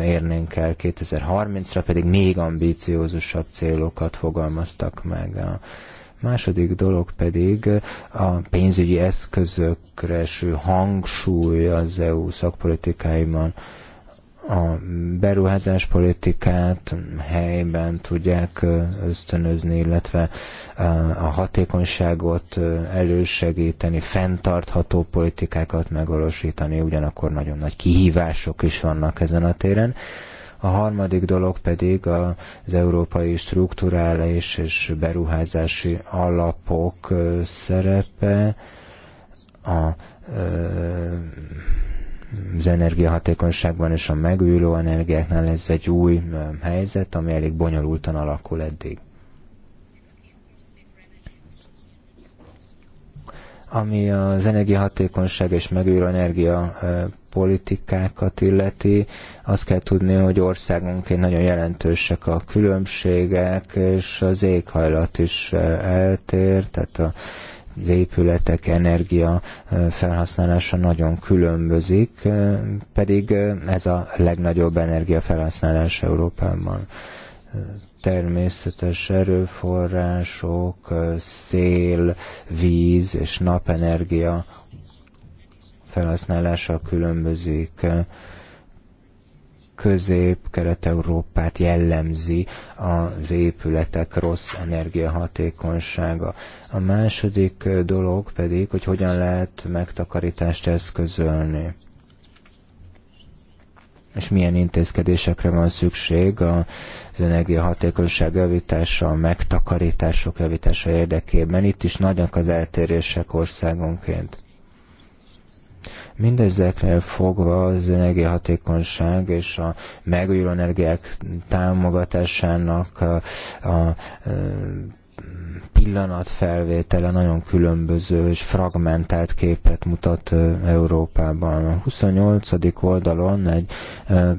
érnénk el 2030-ra, pedig még ambíciózusabb célokat fogalmaztak meg a Második dolog pedig a pénzügyi eszközökre eső hangsúly az EU szakpolitikáiban a beruházás politikát helyben tudják ösztönözni, illetve a hatékonyságot elősegíteni, fenntartható politikákat megvalósítani, ugyanakkor nagyon nagy kihívások is vannak ezen a téren. A harmadik dolog pedig az európai strukturális és beruházási alapok szerepe, a az energiahatékonyságban és a megújuló energiáknál ez egy új helyzet, ami elég bonyolultan alakul eddig. Ami az energiahatékonyság és megújuló energia politikákat illeti, azt kell tudni, hogy országunként nagyon jelentősek a különbségek, és az éghajlat is eltér, tehát a az épületek energia felhasználása nagyon különbözik, pedig ez a legnagyobb energiafelhasználás Európában természetes erőforrások, szél, víz és napenergia felhasználása különbözik közép-kelet-európát jellemzi az épületek rossz energiahatékonysága. A második dolog pedig, hogy hogyan lehet megtakarítást eszközölni és milyen intézkedésekre van szükség az energiahatékonyság javítása, a megtakarítások javítása érdekében. Itt is nagyok az eltérések országonként. Mindezekre fogva az energiahatékonyság és a megújuló energiák támogatásának a, a pillanatfelvétele nagyon különböző és fragmentált képet mutat Európában. A 28. oldalon egy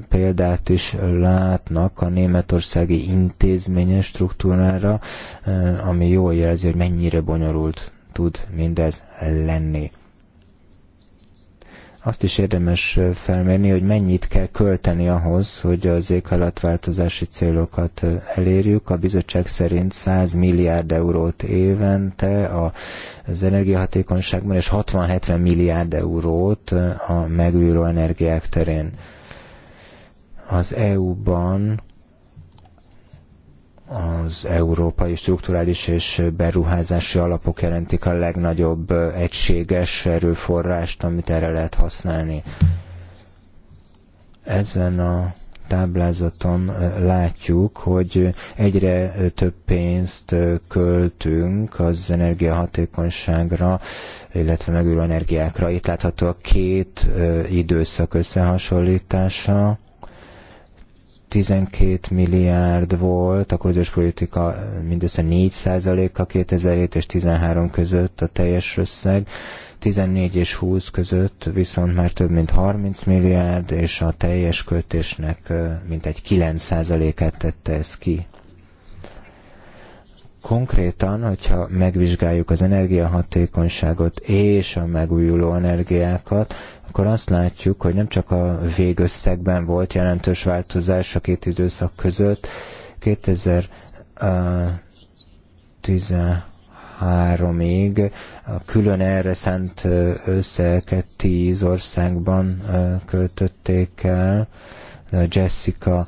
példát is látnak a németországi intézményes struktúrára, ami jól jelzi, hogy mennyire bonyolult tud mindez lenni azt is érdemes felmérni, hogy mennyit kell költeni ahhoz, hogy az éghajlatváltozási célokat elérjük. A bizottság szerint 100 milliárd eurót évente az energiahatékonyságban, és 60-70 milliárd eurót a megújuló energiák terén. Az EU-ban az európai strukturális és beruházási alapok jelentik a legnagyobb egységes erőforrást, amit erre lehet használni. Ezen a táblázaton látjuk, hogy egyre több pénzt költünk az energiahatékonyságra, illetve megülő energiákra. Itt látható a két időszak összehasonlítása, 12 milliárd volt, a közös politika mindössze 4 a 2007 és 13 között a teljes összeg, 14 és 20 között viszont már több mint 30 milliárd, és a teljes költésnek mintegy 9 át tette ez ki. Konkrétan, hogyha megvizsgáljuk az energiahatékonyságot és a megújuló energiákat, akkor azt látjuk, hogy nem csak a végösszegben volt jelentős változás a két időszak között, 2013-ig a külön erre szent összeeket tíz országban költötték el, a Jessica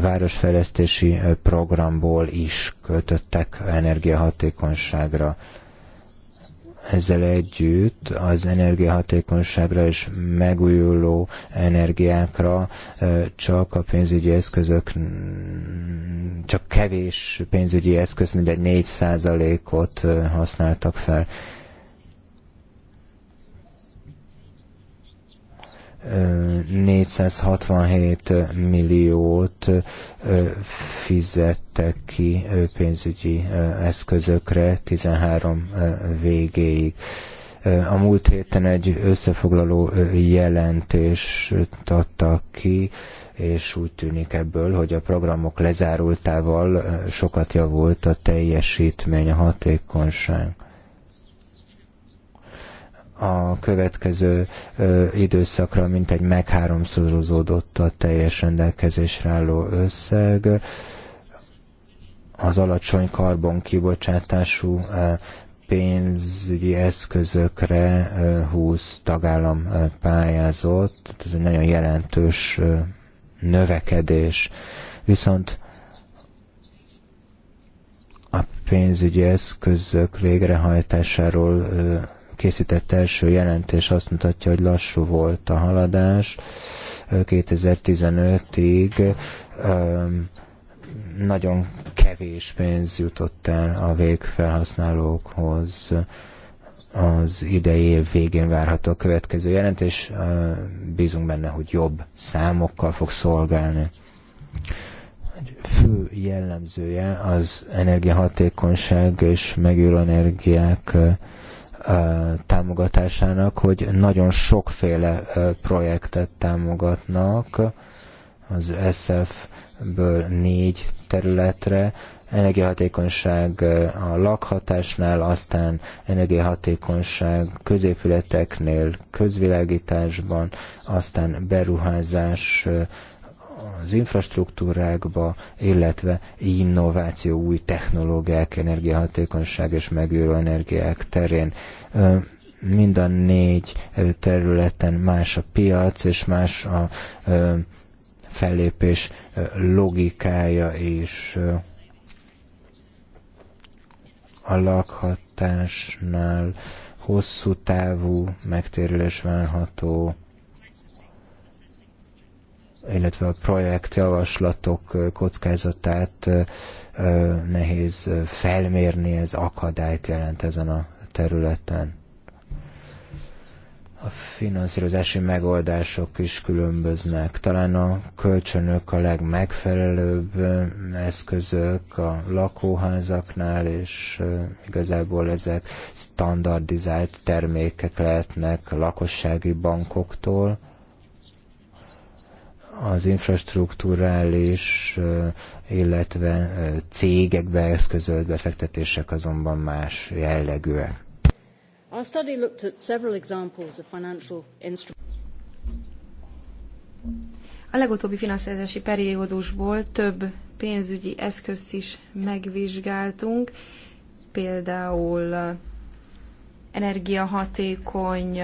városfejlesztési programból is költöttek energiahatékonyságra ezzel együtt az energiahatékonyságra és megújuló energiákra csak a pénzügyi eszközök, csak kevés pénzügyi eszköz, mindegy 4 ot használtak fel. 467 milliót fizettek ki pénzügyi eszközökre 13 végéig. A múlt héten egy összefoglaló jelentést adtak ki, és úgy tűnik ebből, hogy a programok lezárultával sokat javult a teljesítmény, a hatékonyság a következő ö, időszakra mintegy megháromszorozódott a teljes rendelkezésre álló összeg. Az alacsony karbonkibocsátású ö, pénzügyi eszközökre ö, 20 tagállam ö, pályázott, ez egy nagyon jelentős ö, növekedés. Viszont a pénzügyi eszközök végrehajtásáról készített első jelentés azt mutatja, hogy lassú volt a haladás 2015-ig nagyon kevés pénz jutott el a végfelhasználókhoz az idei év végén várható a következő jelentés. Bízunk benne, hogy jobb számokkal fog szolgálni. Egy fő jellemzője az energiahatékonyság és megülő energiák támogatásának, hogy nagyon sokféle projektet támogatnak az SF-ből négy területre, energiahatékonyság a lakhatásnál, aztán energiahatékonyság középületeknél, közvilágításban, aztán beruházás az infrastruktúrákba, illetve innováció, új technológiák, energiahatékonyság és megőrő energiák terén. Mind a négy területen más a piac, és más a fellépés logikája és a lakhatásnál hosszú távú megtérülés várható illetve a projektjavaslatok kockázatát nehéz felmérni, ez akadályt jelent ezen a területen. A finanszírozási megoldások is különböznek. Talán a kölcsönök a legmegfelelőbb eszközök a lakóházaknál, és igazából ezek standardizált termékek lehetnek a lakossági bankoktól az infrastruktúrális, illetve cégekbe eszközölt befektetések azonban más jellegűek. A legutóbbi finanszírozási periódusból több pénzügyi eszközt is megvizsgáltunk, például energiahatékony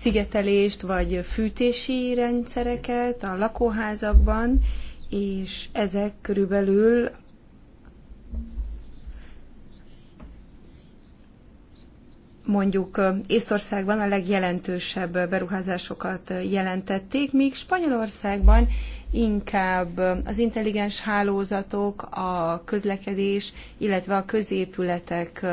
szigetelést vagy fűtési rendszereket a lakóházakban, és ezek körülbelül mondjuk Észtországban a legjelentősebb beruházásokat jelentették, míg Spanyolországban inkább az intelligens hálózatok, a közlekedés, illetve a középületek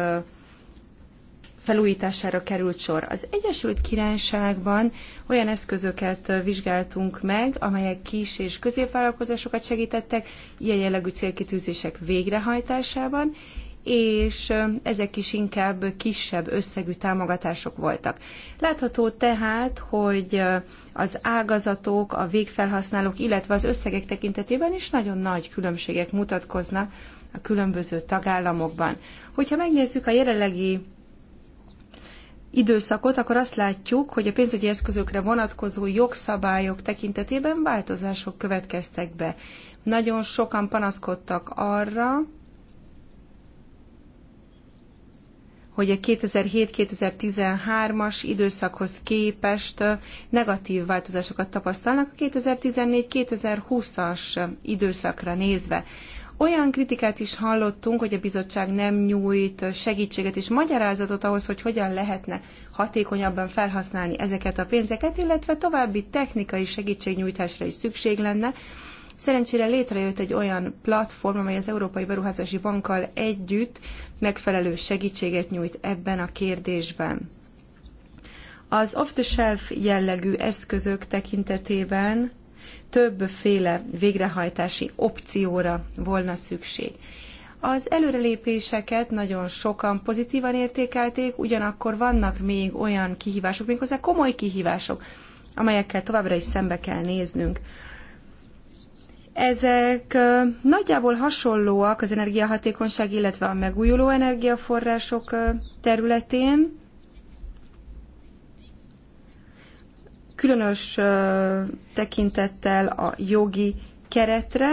felújítására került sor. Az Egyesült Királyságban olyan eszközöket vizsgáltunk meg, amelyek kis és középvállalkozásokat segítettek ilyen jellegű célkitűzések végrehajtásában, és ezek is inkább kisebb összegű támogatások voltak. Látható tehát, hogy az ágazatok, a végfelhasználók, illetve az összegek tekintetében is nagyon nagy különbségek mutatkoznak a különböző tagállamokban. Hogyha megnézzük a jelenlegi időszakot, akkor azt látjuk, hogy a pénzügyi eszközökre vonatkozó jogszabályok tekintetében változások következtek be. Nagyon sokan panaszkodtak arra, hogy a 2007-2013-as időszakhoz képest negatív változásokat tapasztalnak a 2014-2020-as időszakra nézve. Olyan kritikát is hallottunk, hogy a bizottság nem nyújt segítséget és magyarázatot ahhoz, hogy hogyan lehetne hatékonyabban felhasználni ezeket a pénzeket, illetve további technikai segítségnyújtásra is szükség lenne. Szerencsére létrejött egy olyan platform, amely az Európai Beruházási Bankkal együtt megfelelő segítséget nyújt ebben a kérdésben. Az off-the-shelf jellegű eszközök tekintetében többféle végrehajtási opcióra volna szükség. Az előrelépéseket nagyon sokan pozitívan értékelték, ugyanakkor vannak még olyan kihívások, méghozzá komoly kihívások, amelyekkel továbbra is szembe kell néznünk. Ezek nagyjából hasonlóak az energiahatékonyság, illetve a megújuló energiaforrások területén, különös tekintettel a jogi keretre,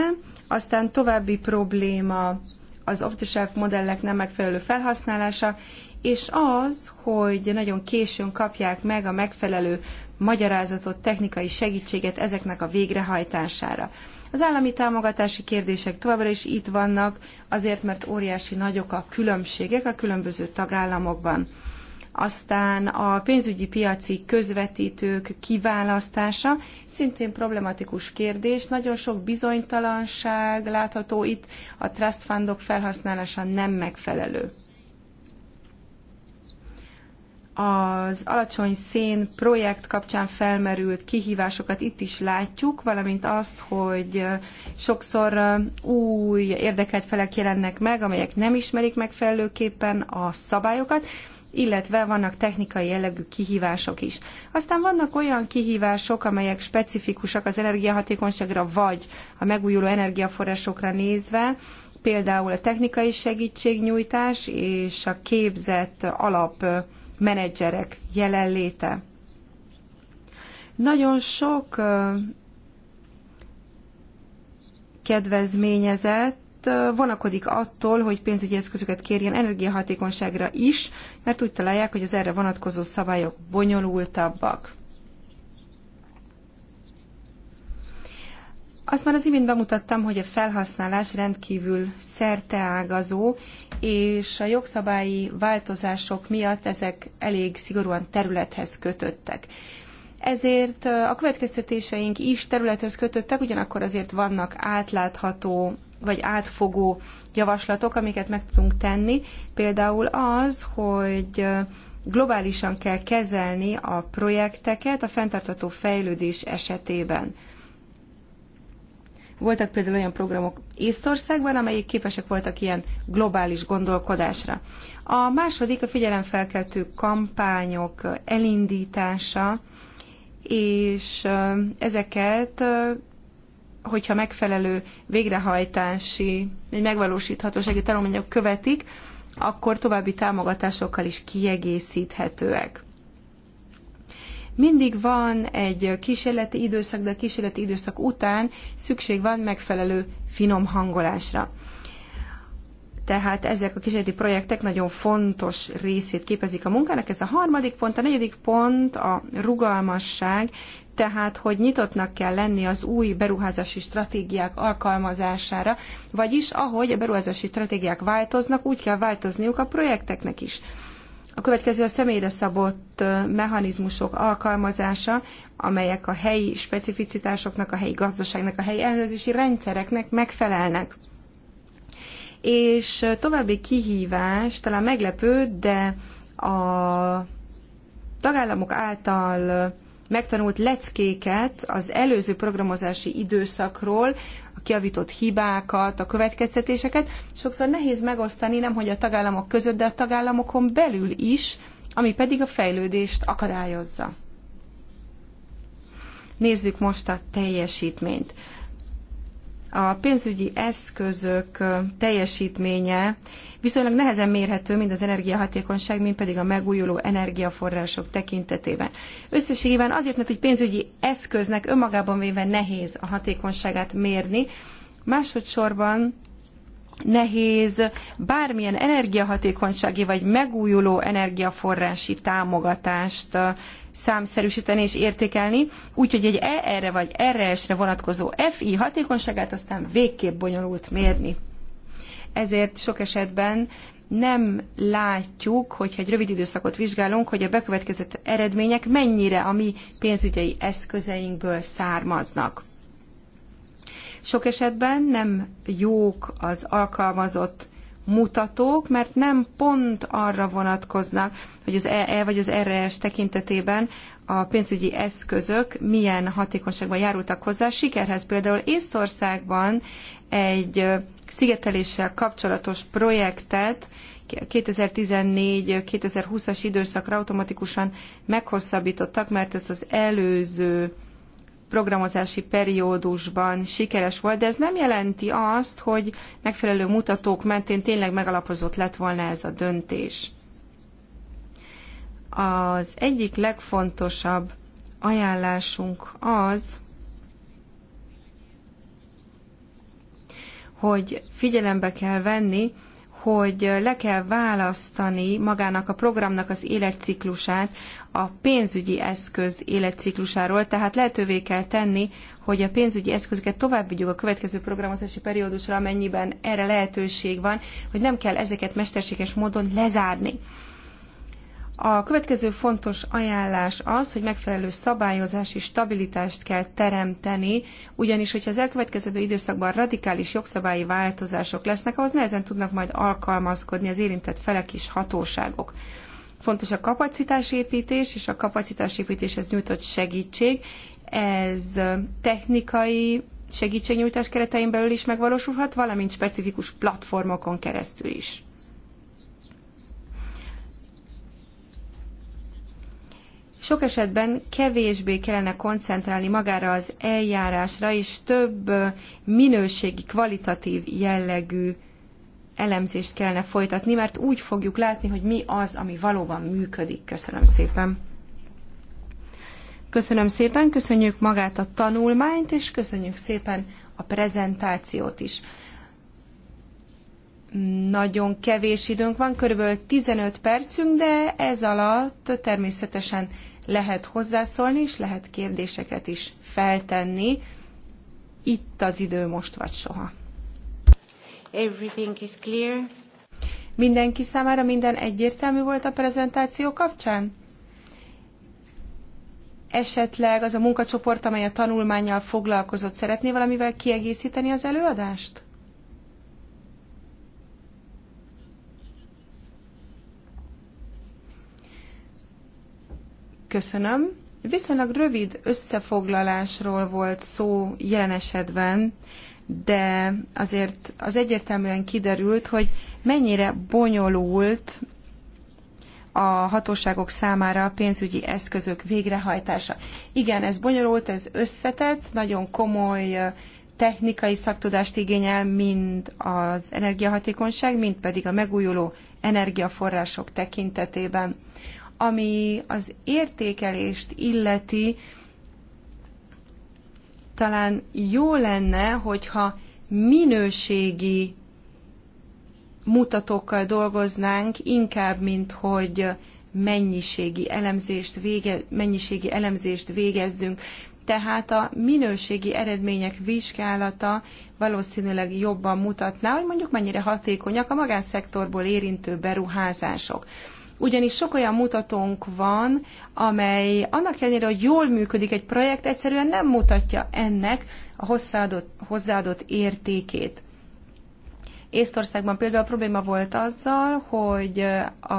aztán további probléma az off-the-shelf modellek nem megfelelő felhasználása, és az, hogy nagyon későn kapják meg a megfelelő magyarázatot, technikai segítséget ezeknek a végrehajtására. Az állami támogatási kérdések továbbra is itt vannak, azért mert óriási nagyok a különbségek a különböző tagállamokban. Aztán a pénzügyi piaci közvetítők kiválasztása szintén problematikus kérdés. Nagyon sok bizonytalanság látható itt, a trust fundok felhasználása nem megfelelő az alacsony szén projekt kapcsán felmerült kihívásokat itt is látjuk, valamint azt, hogy sokszor új érdekelt felek jelennek meg, amelyek nem ismerik megfelelőképpen a szabályokat, illetve vannak technikai jellegű kihívások is. Aztán vannak olyan kihívások, amelyek specifikusak az energiahatékonyságra, vagy a megújuló energiaforrásokra nézve, például a technikai segítségnyújtás és a képzett alapmenedzserek jelenléte. Nagyon sok kedvezményezett mert vonakodik attól, hogy pénzügyi eszközöket kérjen energiahatékonyságra is, mert úgy találják, hogy az erre vonatkozó szabályok bonyolultabbak. Azt már az imént bemutattam, hogy a felhasználás rendkívül szerteágazó, és a jogszabályi változások miatt ezek elég szigorúan területhez kötöttek. Ezért a következtetéseink is területhez kötöttek, ugyanakkor azért vannak átlátható vagy átfogó javaslatok, amiket meg tudunk tenni. Például az, hogy globálisan kell kezelni a projekteket a fenntartató fejlődés esetében. Voltak például olyan programok Észtországban, amelyek képesek voltak ilyen globális gondolkodásra. A második a figyelemfelkeltő kampányok elindítása, és ezeket hogyha megfelelő végrehajtási, egy megvalósíthatósági tanulmányok követik, akkor további támogatásokkal is kiegészíthetőek. Mindig van egy kísérleti időszak, de a kísérleti időszak után szükség van megfelelő finom hangolásra. Tehát ezek a kísérleti projektek nagyon fontos részét képezik a munkának. Ez a harmadik pont, a negyedik pont a rugalmasság tehát hogy nyitottnak kell lenni az új beruházási stratégiák alkalmazására, vagyis ahogy a beruházási stratégiák változnak, úgy kell változniuk a projekteknek is. A következő a személyre szabott mechanizmusok alkalmazása, amelyek a helyi specificitásoknak, a helyi gazdaságnak, a helyi ellenőrzési rendszereknek megfelelnek. És további kihívás, talán meglepő, de a tagállamok által megtanult leckéket az előző programozási időszakról, a kiavított hibákat, a következtetéseket. Sokszor nehéz megosztani nem, hogy a tagállamok között, de a tagállamokon belül is, ami pedig a fejlődést akadályozza. Nézzük most a teljesítményt a pénzügyi eszközök teljesítménye viszonylag nehezen mérhető, mind az energiahatékonyság, mind pedig a megújuló energiaforrások tekintetében. Összességében azért, mert egy pénzügyi eszköznek önmagában véve nehéz a hatékonyságát mérni, másodszorban nehéz bármilyen energiahatékonysági vagy megújuló energiaforrási támogatást számszerűsíteni és értékelni, úgyhogy egy ER-re vagy RS-re vonatkozó FI hatékonyságát aztán végképp bonyolult mérni. Ezért sok esetben nem látjuk, hogyha egy rövid időszakot vizsgálunk, hogy a bekövetkezett eredmények mennyire a mi pénzügyi eszközeinkből származnak. Sok esetben nem jók az alkalmazott mutatók, mert nem pont arra vonatkoznak, hogy az EE e vagy az RS e tekintetében a pénzügyi eszközök milyen hatékonyságban járultak hozzá sikerhez. Például Észtországban egy szigeteléssel kapcsolatos projektet 2014-2020-as időszakra automatikusan meghosszabbítottak, mert ez az előző programozási periódusban sikeres volt, de ez nem jelenti azt, hogy megfelelő mutatók mentén tényleg megalapozott lett volna ez a döntés. Az egyik legfontosabb ajánlásunk az, hogy figyelembe kell venni, hogy le kell választani magának a programnak az életciklusát a pénzügyi eszköz életciklusáról, tehát lehetővé kell tenni, hogy a pénzügyi eszközöket tovább vigyük a következő programozási periódusra, amennyiben erre lehetőség van, hogy nem kell ezeket mesterséges módon lezárni. A következő fontos ajánlás az, hogy megfelelő szabályozási stabilitást kell teremteni, ugyanis, hogyha az elkövetkező időszakban radikális jogszabályi változások lesznek, ahhoz nehezen tudnak majd alkalmazkodni az érintett felek és hatóságok. Fontos a kapacitásépítés és a kapacitásépítéshez nyújtott segítség. Ez technikai segítségnyújtás keretein belül is megvalósulhat, valamint specifikus platformokon keresztül is. Sok esetben kevésbé kellene koncentrálni magára az eljárásra, és több minőségi, kvalitatív jellegű elemzést kellene folytatni, mert úgy fogjuk látni, hogy mi az, ami valóban működik. Köszönöm szépen. Köszönöm szépen, köszönjük magát a tanulmányt, és köszönjük szépen a prezentációt is. Nagyon kevés időnk van, körülbelül 15 percünk, de ez alatt természetesen lehet hozzászólni, és lehet kérdéseket is feltenni. Itt az idő most vagy soha. Everything is clear. Mindenki számára minden egyértelmű volt a prezentáció kapcsán? Esetleg az a munkacsoport, amely a tanulmányjal foglalkozott, szeretné valamivel kiegészíteni az előadást? Köszönöm. Viszonylag rövid összefoglalásról volt szó jelen esetben, de azért az egyértelműen kiderült, hogy mennyire bonyolult a hatóságok számára a pénzügyi eszközök végrehajtása. Igen, ez bonyolult, ez összetett, nagyon komoly technikai szaktudást igényel mind az energiahatékonyság, mind pedig a megújuló energiaforrások tekintetében. Ami az értékelést illeti, talán jó lenne, hogyha minőségi mutatókkal dolgoznánk, inkább, mint hogy mennyiségi elemzést, vége, mennyiségi elemzést végezzünk. Tehát a minőségi eredmények vizsgálata valószínűleg jobban mutatná, hogy mondjuk mennyire hatékonyak a magánszektorból érintő beruházások ugyanis sok olyan mutatónk van, amely annak ellenére, hogy jól működik egy projekt, egyszerűen nem mutatja ennek a hozzáadott, hozzáadott értékét. Észtországban például a probléma volt azzal, hogy a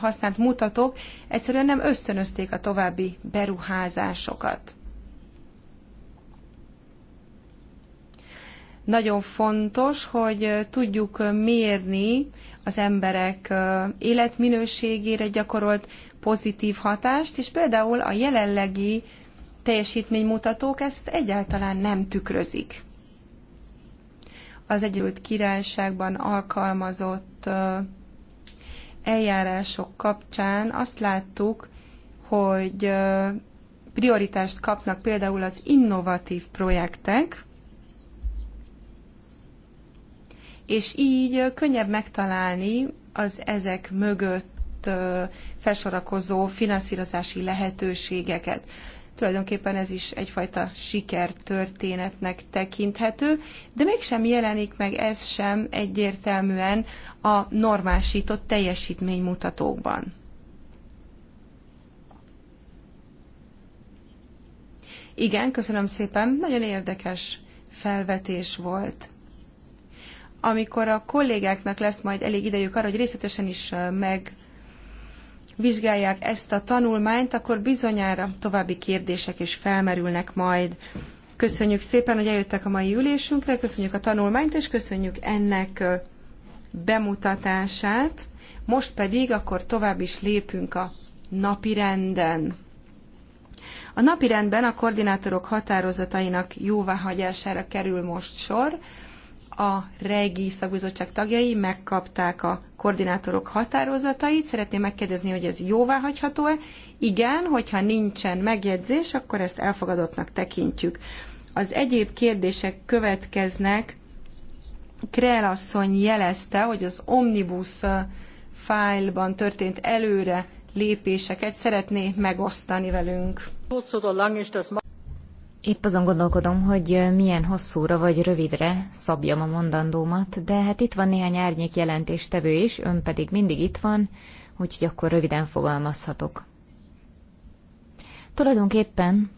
használt mutatók egyszerűen nem ösztönözték a további beruházásokat. Nagyon fontos, hogy tudjuk mérni az emberek életminőségére gyakorolt pozitív hatást, és például a jelenlegi teljesítménymutatók ezt egyáltalán nem tükrözik. Az Egyesült Királyságban alkalmazott eljárások kapcsán azt láttuk, hogy prioritást kapnak például az innovatív projektek, és így könnyebb megtalálni az ezek mögött felsorakozó finanszírozási lehetőségeket. Tulajdonképpen ez is egyfajta sikertörténetnek tekinthető, de mégsem jelenik meg ez sem egyértelműen a normásított teljesítménymutatókban. Igen, köszönöm szépen, nagyon érdekes felvetés volt amikor a kollégáknak lesz majd elég idejük arra, hogy részletesen is megvizsgálják ezt a tanulmányt, akkor bizonyára további kérdések is felmerülnek majd. Köszönjük szépen, hogy eljöttek a mai ülésünkre, köszönjük a tanulmányt, és köszönjük ennek bemutatását. Most pedig akkor tovább is lépünk a napirenden. A napirendben a koordinátorok határozatainak jóváhagyására kerül most sor a REGI szakbizottság tagjai megkapták a koordinátorok határozatait. Szeretném megkérdezni, hogy ez jóváhagyható-e? Igen, hogyha nincsen megjegyzés, akkor ezt elfogadottnak tekintjük. Az egyéb kérdések következnek. Krell asszony jelezte, hogy az Omnibus uh, fájlban történt előre lépéseket szeretné megosztani velünk. Szóval Épp azon gondolkodom, hogy milyen hosszúra vagy rövidre szabjam a mondandómat, de hát itt van néhány árnyék jelentéstevő is, ön pedig mindig itt van, úgyhogy akkor röviden fogalmazhatok. Tulajdonképpen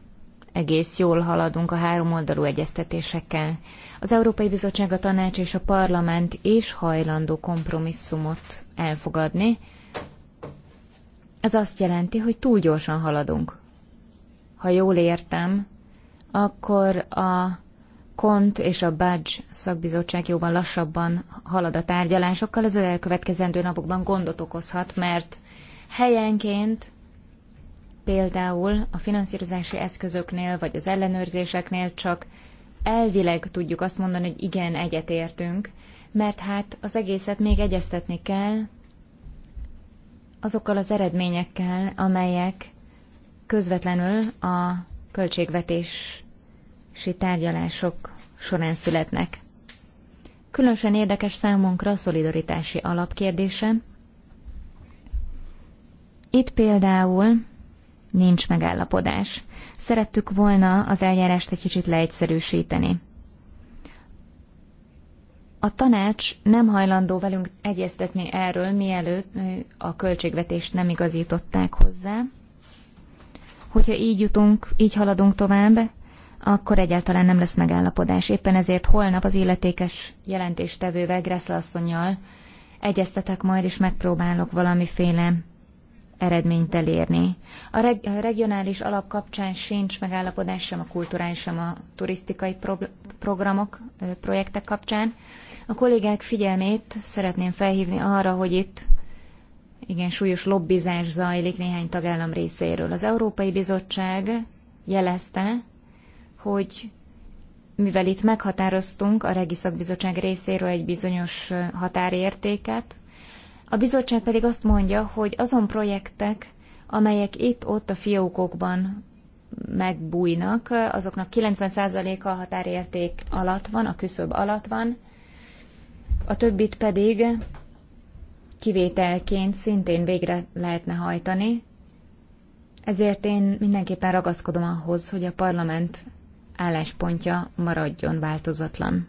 egész jól haladunk a három oldalú egyeztetésekkel. Az Európai Bizottság, a Tanács és a Parlament is hajlandó kompromisszumot elfogadni. Ez azt jelenti, hogy túl gyorsan haladunk. Ha jól értem, akkor a KONT és a BADGE szakbizottság jóban lassabban halad a tárgyalásokkal, ez az elkövetkezendő napokban gondot okozhat, mert helyenként például a finanszírozási eszközöknél vagy az ellenőrzéseknél csak elvileg tudjuk azt mondani, hogy igen, egyetértünk, mert hát az egészet még egyeztetni kell azokkal az eredményekkel, amelyek közvetlenül a költségvetési tárgyalások során születnek. Különösen érdekes számunkra a szolidaritási alapkérdése. Itt például nincs megállapodás. Szerettük volna az eljárást egy kicsit leegyszerűsíteni. A tanács nem hajlandó velünk egyeztetni erről, mielőtt a költségvetést nem igazították hozzá. Hogyha így jutunk, így haladunk tovább, akkor egyáltalán nem lesz megállapodás. Éppen ezért holnap az illetékes jelentéstevővel, Greszle asszonyjal egyeztetek majd, és megpróbálok valamiféle eredményt elérni. A, reg- a regionális alap kapcsán sincs megállapodás sem a kulturális, sem a turisztikai pro- programok, projektek kapcsán. A kollégák figyelmét szeretném felhívni arra, hogy itt igen súlyos lobbizás zajlik néhány tagállam részéről. Az Európai Bizottság jelezte, hogy mivel itt meghatároztunk a Szakbizottság részéről egy bizonyos határértéket, a bizottság pedig azt mondja, hogy azon projektek, amelyek itt-ott a fiókokban megbújnak, azoknak 90%-a a határérték alatt van, a küszöb alatt van, a többit pedig kivételként szintén végre lehetne hajtani. Ezért én mindenképpen ragaszkodom ahhoz, hogy a parlament álláspontja maradjon változatlan.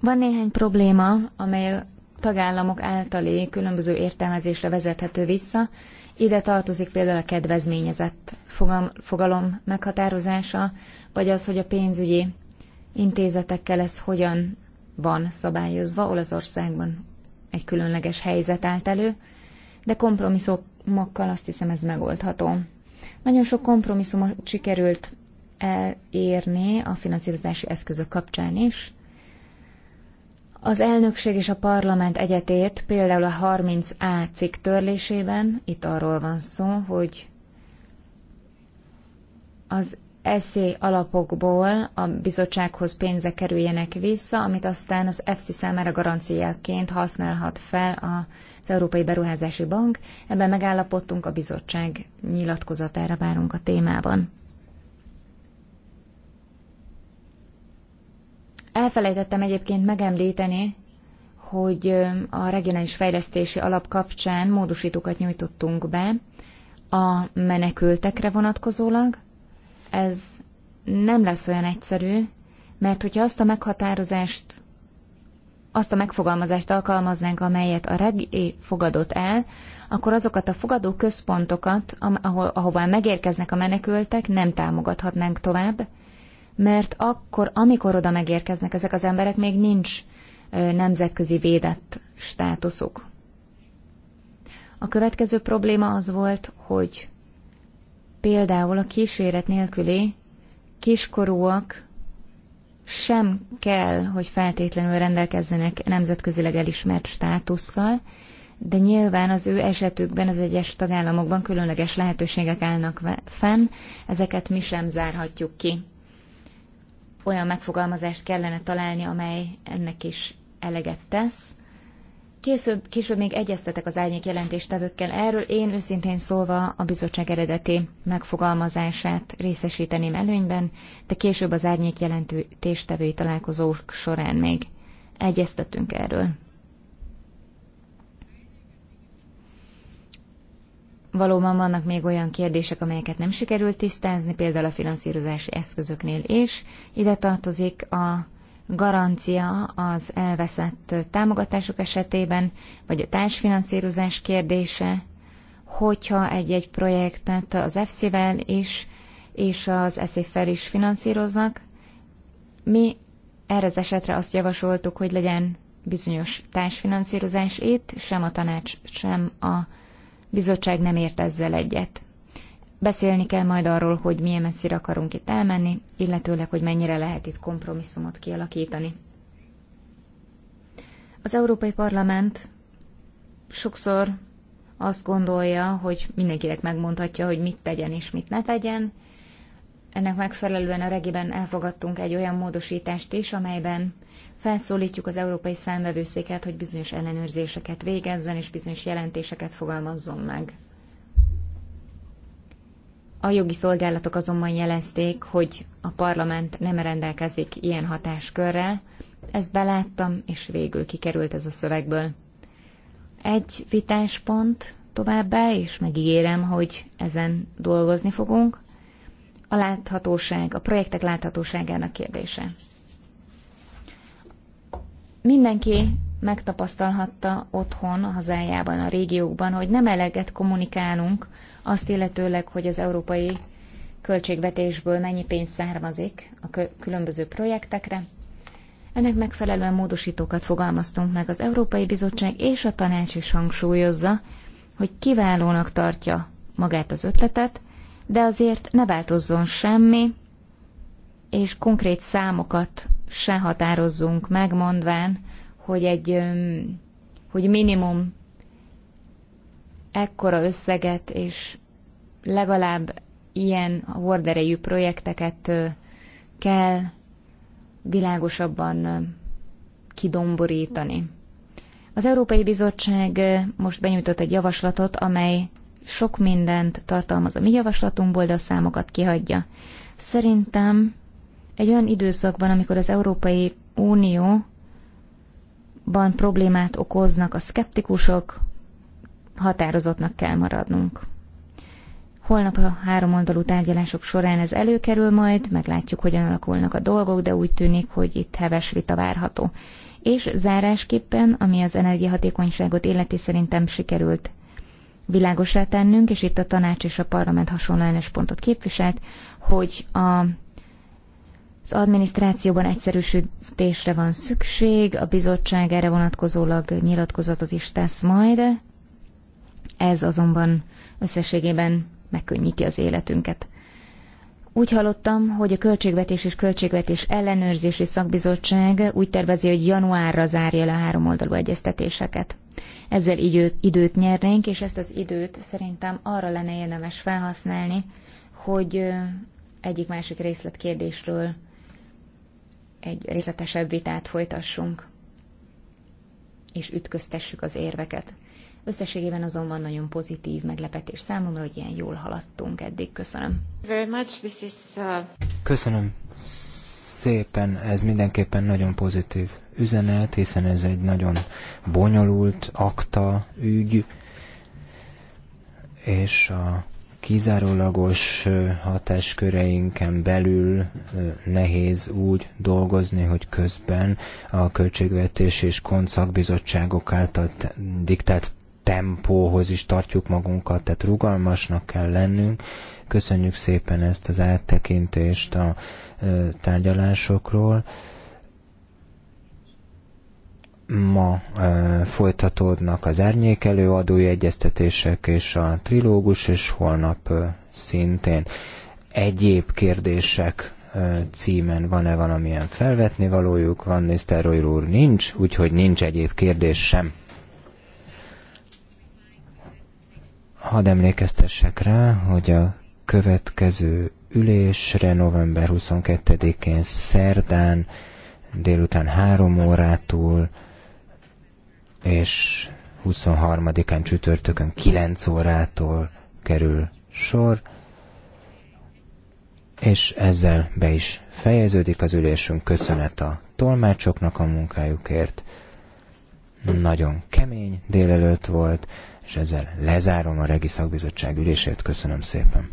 Van néhány probléma, amely a tagállamok általi különböző értelmezésre vezethető vissza. Ide tartozik például a kedvezményezett fogalom meghatározása, vagy az, hogy a pénzügyi intézetekkel ez hogyan van szabályozva, Olaszországban egy különleges helyzet állt elő, de kompromisszumokkal azt hiszem ez megoldható. Nagyon sok kompromisszumot sikerült elérni a finanszírozási eszközök kapcsán is. Az elnökség és a parlament egyetét például a 30A cikk törlésében, itt arról van szó, hogy az eszé alapokból a bizottsághoz pénze kerüljenek vissza, amit aztán az EFSI számára garanciáként használhat fel az Európai Beruházási Bank. Ebben megállapodtunk, a bizottság nyilatkozatára várunk a témában. Elfelejtettem egyébként megemlíteni, hogy a regionális fejlesztési alap kapcsán módosítókat nyújtottunk be a menekültekre vonatkozólag, ez nem lesz olyan egyszerű, mert hogyha azt a meghatározást, azt a megfogalmazást alkalmaznánk, amelyet a regé fogadott el, akkor azokat a fogadó központokat, ahol, ahová megérkeznek a menekültek, nem támogathatnánk tovább, mert akkor, amikor oda megérkeznek ezek az emberek, még nincs nemzetközi védett státuszuk. A következő probléma az volt, hogy például a kíséret nélküli kiskorúak sem kell, hogy feltétlenül rendelkezzenek nemzetközileg elismert státusszal, de nyilván az ő esetükben az egyes tagállamokban különleges lehetőségek állnak fenn, ezeket mi sem zárhatjuk ki. Olyan megfogalmazást kellene találni, amely ennek is eleget tesz, Később, később még egyeztetek az árnyék jelentéstevőkkel erről. Én őszintén szólva a bizottság eredeti megfogalmazását részesíteném előnyben, de később az árnyék jelentéstevői találkozók során még egyeztetünk erről. Valóban vannak még olyan kérdések, amelyeket nem sikerült tisztázni, például a finanszírozási eszközöknél is. Ide tartozik a garancia az elveszett támogatások esetében, vagy a társfinanszírozás kérdése, hogyha egy-egy projektet az EFSZ-vel is, és az ESZIF-fel is finanszíroznak. Mi erre az esetre azt javasoltuk, hogy legyen bizonyos társfinanszírozás itt, sem a tanács, sem a bizottság nem ért ezzel egyet. Beszélni kell majd arról, hogy milyen messzire akarunk itt elmenni, illetőleg, hogy mennyire lehet itt kompromisszumot kialakítani. Az Európai Parlament sokszor azt gondolja, hogy mindenkinek megmondhatja, hogy mit tegyen és mit ne tegyen. Ennek megfelelően a regiben elfogadtunk egy olyan módosítást is, amelyben felszólítjuk az Európai Számvevőszéket, hogy bizonyos ellenőrzéseket végezzen és bizonyos jelentéseket fogalmazzon meg a jogi szolgálatok azonban jelezték, hogy a parlament nem rendelkezik ilyen hatáskörrel. Ezt beláttam, és végül kikerült ez a szövegből. Egy vitáspont továbbá, és megígérem, hogy ezen dolgozni fogunk. A láthatóság, a projektek láthatóságának kérdése. Mindenki megtapasztalhatta otthon, a hazájában, a régiókban, hogy nem eleget kommunikálunk azt illetőleg, hogy az európai költségvetésből mennyi pénz származik a különböző projektekre. Ennek megfelelően módosítókat fogalmaztunk meg. Az Európai Bizottság és a tanács is hangsúlyozza, hogy kiválónak tartja magát az ötletet, de azért ne változzon semmi, és konkrét számokat se határozzunk megmondván, hogy egy hogy minimum ekkora összeget és legalább ilyen horderejű projekteket kell világosabban kidomborítani. Az Európai Bizottság most benyújtott egy javaslatot, amely sok mindent tartalmaz a mi javaslatunkból, de a számokat kihagyja. Szerintem egy olyan időszakban, amikor az Európai Unióban problémát okoznak a szkeptikusok, határozottnak kell maradnunk. Holnap a háromoldalú tárgyalások során ez előkerül majd, meglátjuk, hogyan alakulnak a dolgok, de úgy tűnik, hogy itt heves vita várható. És zárásképpen, ami az energiahatékonyságot illeti szerintem sikerült világosra tennünk, és itt a tanács és a parlament hasonló pontot képviselt, hogy a az adminisztrációban egyszerűsítésre van szükség, a bizottság erre vonatkozólag nyilatkozatot is tesz majd, ez azonban összességében megkönnyíti az életünket. Úgy hallottam, hogy a Költségvetés és Költségvetés Ellenőrzési Szakbizottság úgy tervezi, hogy januárra zárja le a oldalú egyeztetéseket. Ezzel időt, időt nyernénk, és ezt az időt szerintem arra lenne érdemes felhasználni, hogy egyik-másik részletkérdésről egy részletesebb vitát folytassunk, és ütköztessük az érveket. Összességében azonban nagyon pozitív meglepetés számomra, hogy ilyen jól haladtunk eddig. Köszönöm. Very much. This is, uh... Köszönöm szépen, ez mindenképpen nagyon pozitív üzenet, hiszen ez egy nagyon bonyolult akta ügy, és a kizárólagos hatásköreinken belül nehéz úgy dolgozni, hogy közben a költségvetés és konszakbizottságok által diktált tempóhoz is tartjuk magunkat, tehát rugalmasnak kell lennünk. Köszönjük szépen ezt az áttekintést a tárgyalásokról. Ma folytatódnak az árnyékelő adói egyeztetések és a trilógus, és holnap szintén egyéb kérdések címen van-e valamilyen felvetni valójuk, van Nisztelrooy úr nincs, úgyhogy nincs egyéb kérdés sem. Hadd emlékeztessek rá, hogy a következő ülésre november 22-én szerdán délután 3 órától és 23-án csütörtökön 9 órától kerül sor, és ezzel be is fejeződik az ülésünk. Köszönet a tolmácsoknak a munkájukért. Nagyon kemény délelőtt volt, és ezzel lezárom a Regi Szakbizottság ülését. Köszönöm szépen.